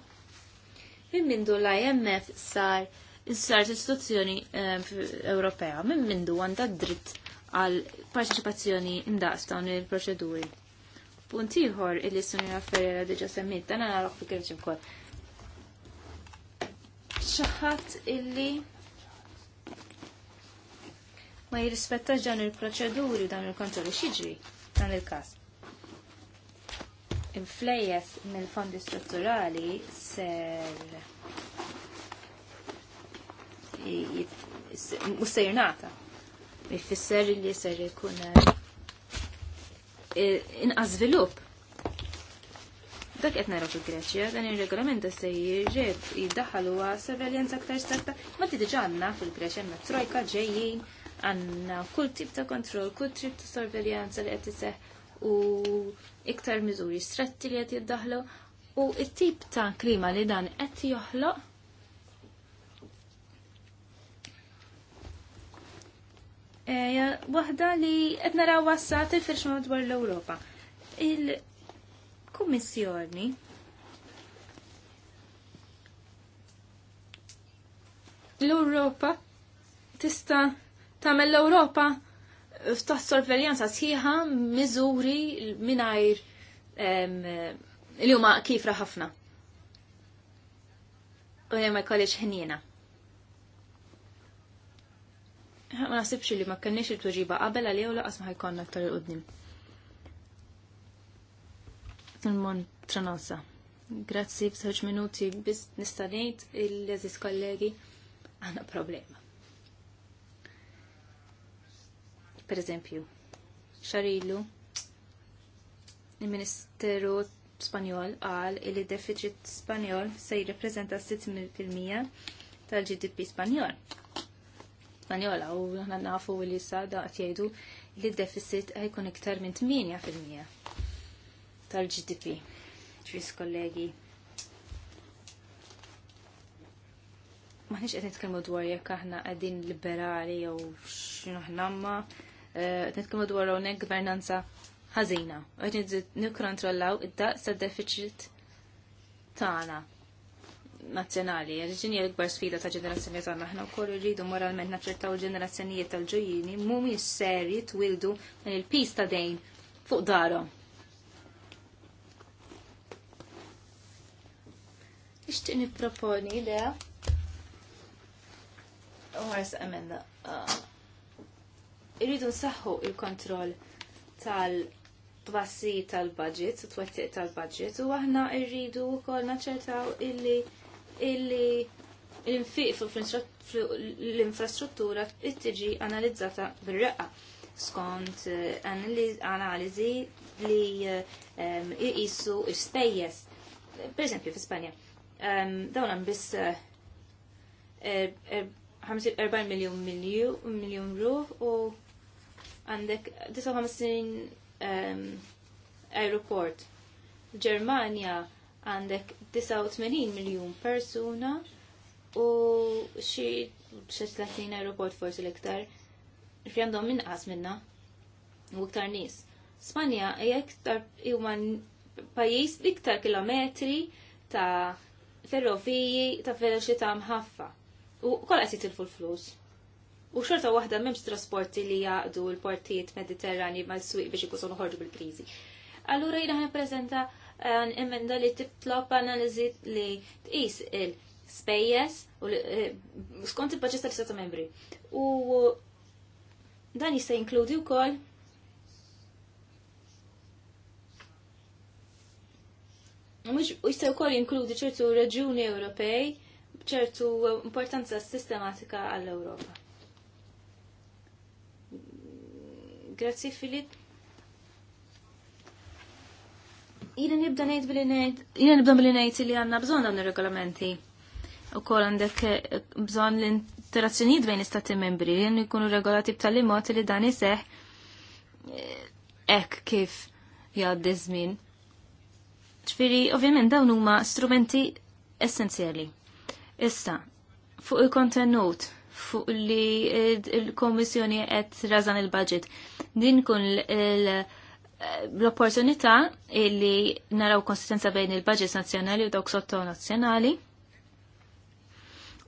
Min mindu l-IMF sar sar istituzzjoni ehm, Ewropea, min mindu għandha dritt għal parteċipazzjoni indaqs dawn il-proċeduri. Punt ieħor illi sunira Ferrera diġa semmit, dan għal fi Greċi wkoll. Xi ħadd illi ma jirrispettax dan il-proċeduri dan il-kontrolli xiġri dan il-każ. Inflejjes mill-fondi strutturali ser mussejr nata. Jfisser li ser ikun eh, inqas svilupp. Dak qed naraw fil-Greċja, dan ir-regolament se jirrib jiddaħħal huwa surveljanza aktar stretta. Ma diġà għandna fil-Greċja għandna trojka ġejjin għanna kull tip ta' kontroll, kull tip ta' sorveljanza li qed iseħħ u iktar miżuri stretti li qed jiddaħlu u il tip ta' klima li dan qed joħloq Eja, wahda li qed naraw wassat il-firx madwar l-Ewropa. Il-Kummissjoni l-Ewropa tista' tamel l-Ewropa ta' sorveljanza sħiħa miżuri mingħajr li huma kifra ħafna. U ma jkollix ħinjena. Ma nasibx li ma kellniex il-tweġiba qabel għal jew laqas ma ħajkonna aktar il-qudniem. Il-mon tranosa. Grazzi, f'żewġ minuti biss nista' ngħid il-leżis kollegi għandna problema. Per eżempju, xarilu, il-Ministeru Spanjol għal il deficit Spanjol se jirrepreżenta 6% tal-GDP Spanjol. Spanjola u aħna nafu li sa da għatjajdu jgħidu li d-deficit għajkun iktar minn 8% tal-GDP. Ċvis kollegi. Maħniex qed nitkellmu dwar jekk aħna qegħdin liberali jew x'inhu ħnamma nitkellmu dwar hawnhekk gvernanza ħażina. Qed nikkontrollaw id-daqs tad-deficit tagħna nazzjonali, ġini l-ikbar sfida ta' ġenerazzjoni tagħna u wkoll irridu moralment naċċertaw ġenerazzjonijiet tal-ġejjini mhumiex ser jitwildu minn il-pis ta' dejn fuq darhom. Ixtieq nipproponi idea. in the, emenda ah irridu nsaħħu il-kontroll tal-tbassi tal-budget, t-twettiq tal-budget, u aħna irridu wkoll naċċertaw illi illi l-infiq l infrastruttura tiġi analizzata bir-reqqa skont eh, analizi li jqisu eh, spejjeż. Per esempio, fi Spanja, dawn hemm biss 40 miljon miljon ruf u għandek 59 ehm, aeroport. Ġermania għandek 89 miljon persuna u xi 30 aeroport forsi l-iktar fi għandhom minqas minna u iktar nies. Spanja hija iktar huma pajjiż iktar kilometri ta' ferroviji ta' veloċità mħaffa. U kollha qed il l-flus. U xorta waħda memx trasporti li jaqdu l-portijiet mediterrani mal suq biex ikusun uħorġu bil-krizi. Allura jina ħan prezenta eh, emenda li titlob analizi li tqis il-spejjes u eh, skont il-paċista li stata membri. U dan jista' jinkludi wkoll Mux jista' wkoll jinkludi ċertu reġjuni Ewropej b'ċertu importanza sistematika għall-Ewropa. Grazzi Filip. Jina nibda ngħid billi ngħid, jina nibda billi ngħid li għandna bżonn dawn ir-regolamenti. kol għandek eh, bżonn l-interazzjonijiet bejn istati membri jien ikunu regolati b'tali mod li dan iseħ hekk eh, kif jgħaddi żmien. Ġifieri ovvjament dawn huma strumenti essenzjali. Issa, fuq il-kontenut fuq li il-Komissjoni qed razan il-budget. Din kun l-opportunità li naraw konsistenza bejn il-budget nazzjonali u dawk sotto nazzjonali.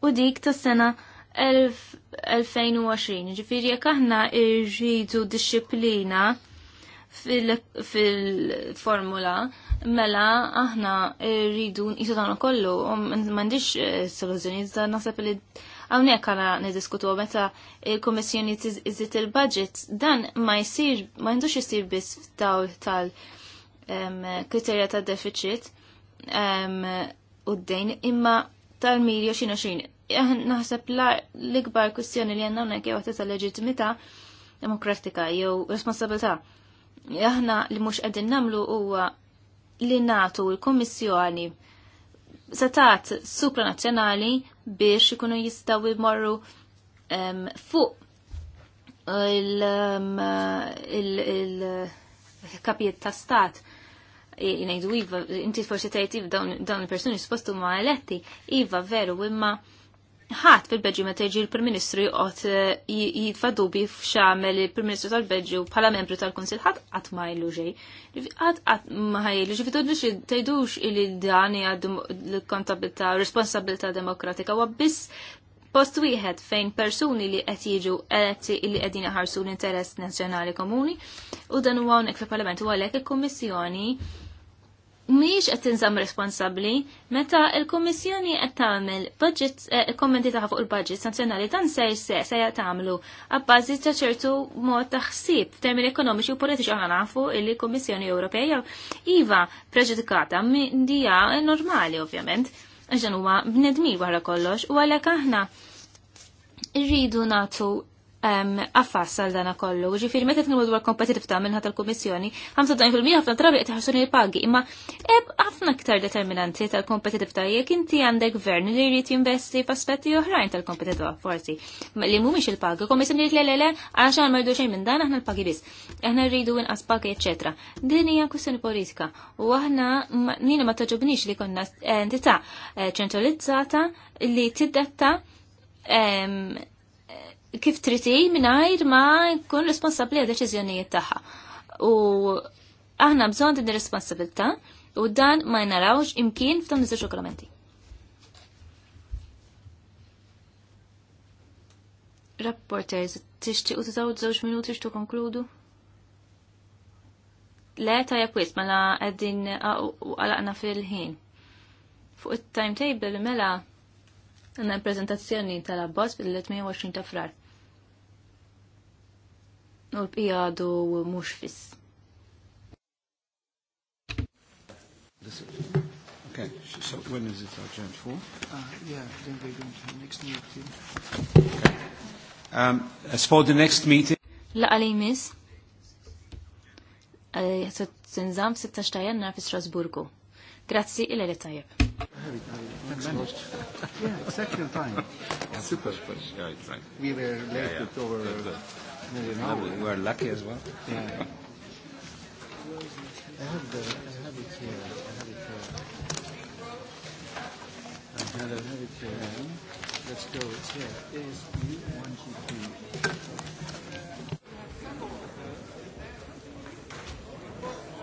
U dik tas sena 2020, ġifiri jek aħna irridu disciplina fil-formula, mela aħna rridu nqisu dan kollu, m'għandix eh, soluzjoni, iżda naħseb li Hawnhekk għana nediskutu meta il-Kummissjoni tiżid il-budget dan ma jsir ma jindux isir biss f'dawl tal-kriterja ta' deficit u d-dejn imma tal-milja xina xin. Eh, naħseb l-ikbar kustjoni li għanna unnek jew ta' leġitimita demokratika jew responsabilità. Aħna li mhux qegħdin namlu huwa li natu l-Kummissjoni setat supranazzjonali biex ikunu jistaw jmorru um, fuq il kapiet ta' stat jnejdu iva, inti forsi tajt iva dawn il-personi spostu ma' eletti, iva veru imma ħadd fil-Belġju meta jiġi l-Prim-Ministru joqgħod eh, jitfa' dubi f'xagħmel il-Prim-Ministru tal-Belġju bħala membru tal-Kunsill ħadd qatt ma jgħidu xejn. Qatt qatt ma ħajlu xi fitodux tgħidux li dan hija l-kontabilità responsabilità demokratika huwa biss post wieħed fejn persuni li qed jiġu eletti li qegħdin jaħarsu l-interess nazzjonali komuni u dan huwa hawnhekk fil-Parlament u għalhekk il-Kummissjoni mhijiex qed tinżamm responsabbli meta l-Kummissjoni qed tagħmel budget eh, kommenti tagħha fuq il-budget nazzjonali tan se se se tagħmlu abbażi ta' ċertu mod ta' ħsieb f'termini ekonomiċi u politiċi aħna nafu li l-Kummissjoni Ewropea iva preġudikata minn dija normali ovvjament għaxan huwa bnedmi wara kollox u għalhekk aħna rridu nagħtu affassal dana kollu. Ġifiri, meta t-nimu dwar kompetitivta minnħat tal-Komissjoni, 95% ħafna drabi qed iħassuni l-pagi, imma eb ħafna ktar determinanti tal-kompetitivta jekk inti għandek gvern li jrid jinvesti f'aspetti oħrajn tal-kompetitivta forsi. Li mhumiex il-pagi, komissjoni li le le għax għal rridu xejn minn dan aħna l-pagi biss. Aħna rridu inqas pagi, eċetera. Din hija kwistjoni politika. U aħna nina ma toġobnix li konna entità eh, ċentralizzata li tiddetta kif triti mingħajr ma jkun responsabbli għad deċiżjonijiet tagħha. U aħna bżonn din ir-responsabilità u dan ma jnarawx imkien f'dan iż-żewġ regolamenti. Rapporters, tixtiequ titaw żewġ minuti xtu konkludu? Le ma la' għeddin qegħdin għalaqna fil-ħin. Fuq it-timetable mela għandna prezentazzjoni tal-abbozz bil-28 ta' frar u l pijadu mux fiss.
Okay, so when is it agenda for? Uh, ah,
yeah, then we're going to the next meeting. Okay.
Um, as for the next meeting...
La għalimis, eh, Sinżam 16 ta' jannar fi Strasburgu. Grazzi il li tajab.
Yeah, second time. Super, We were late over lucky as well. I have the, I have it here. I have it here. I have it here. Let's go. It's here. It is U1GP.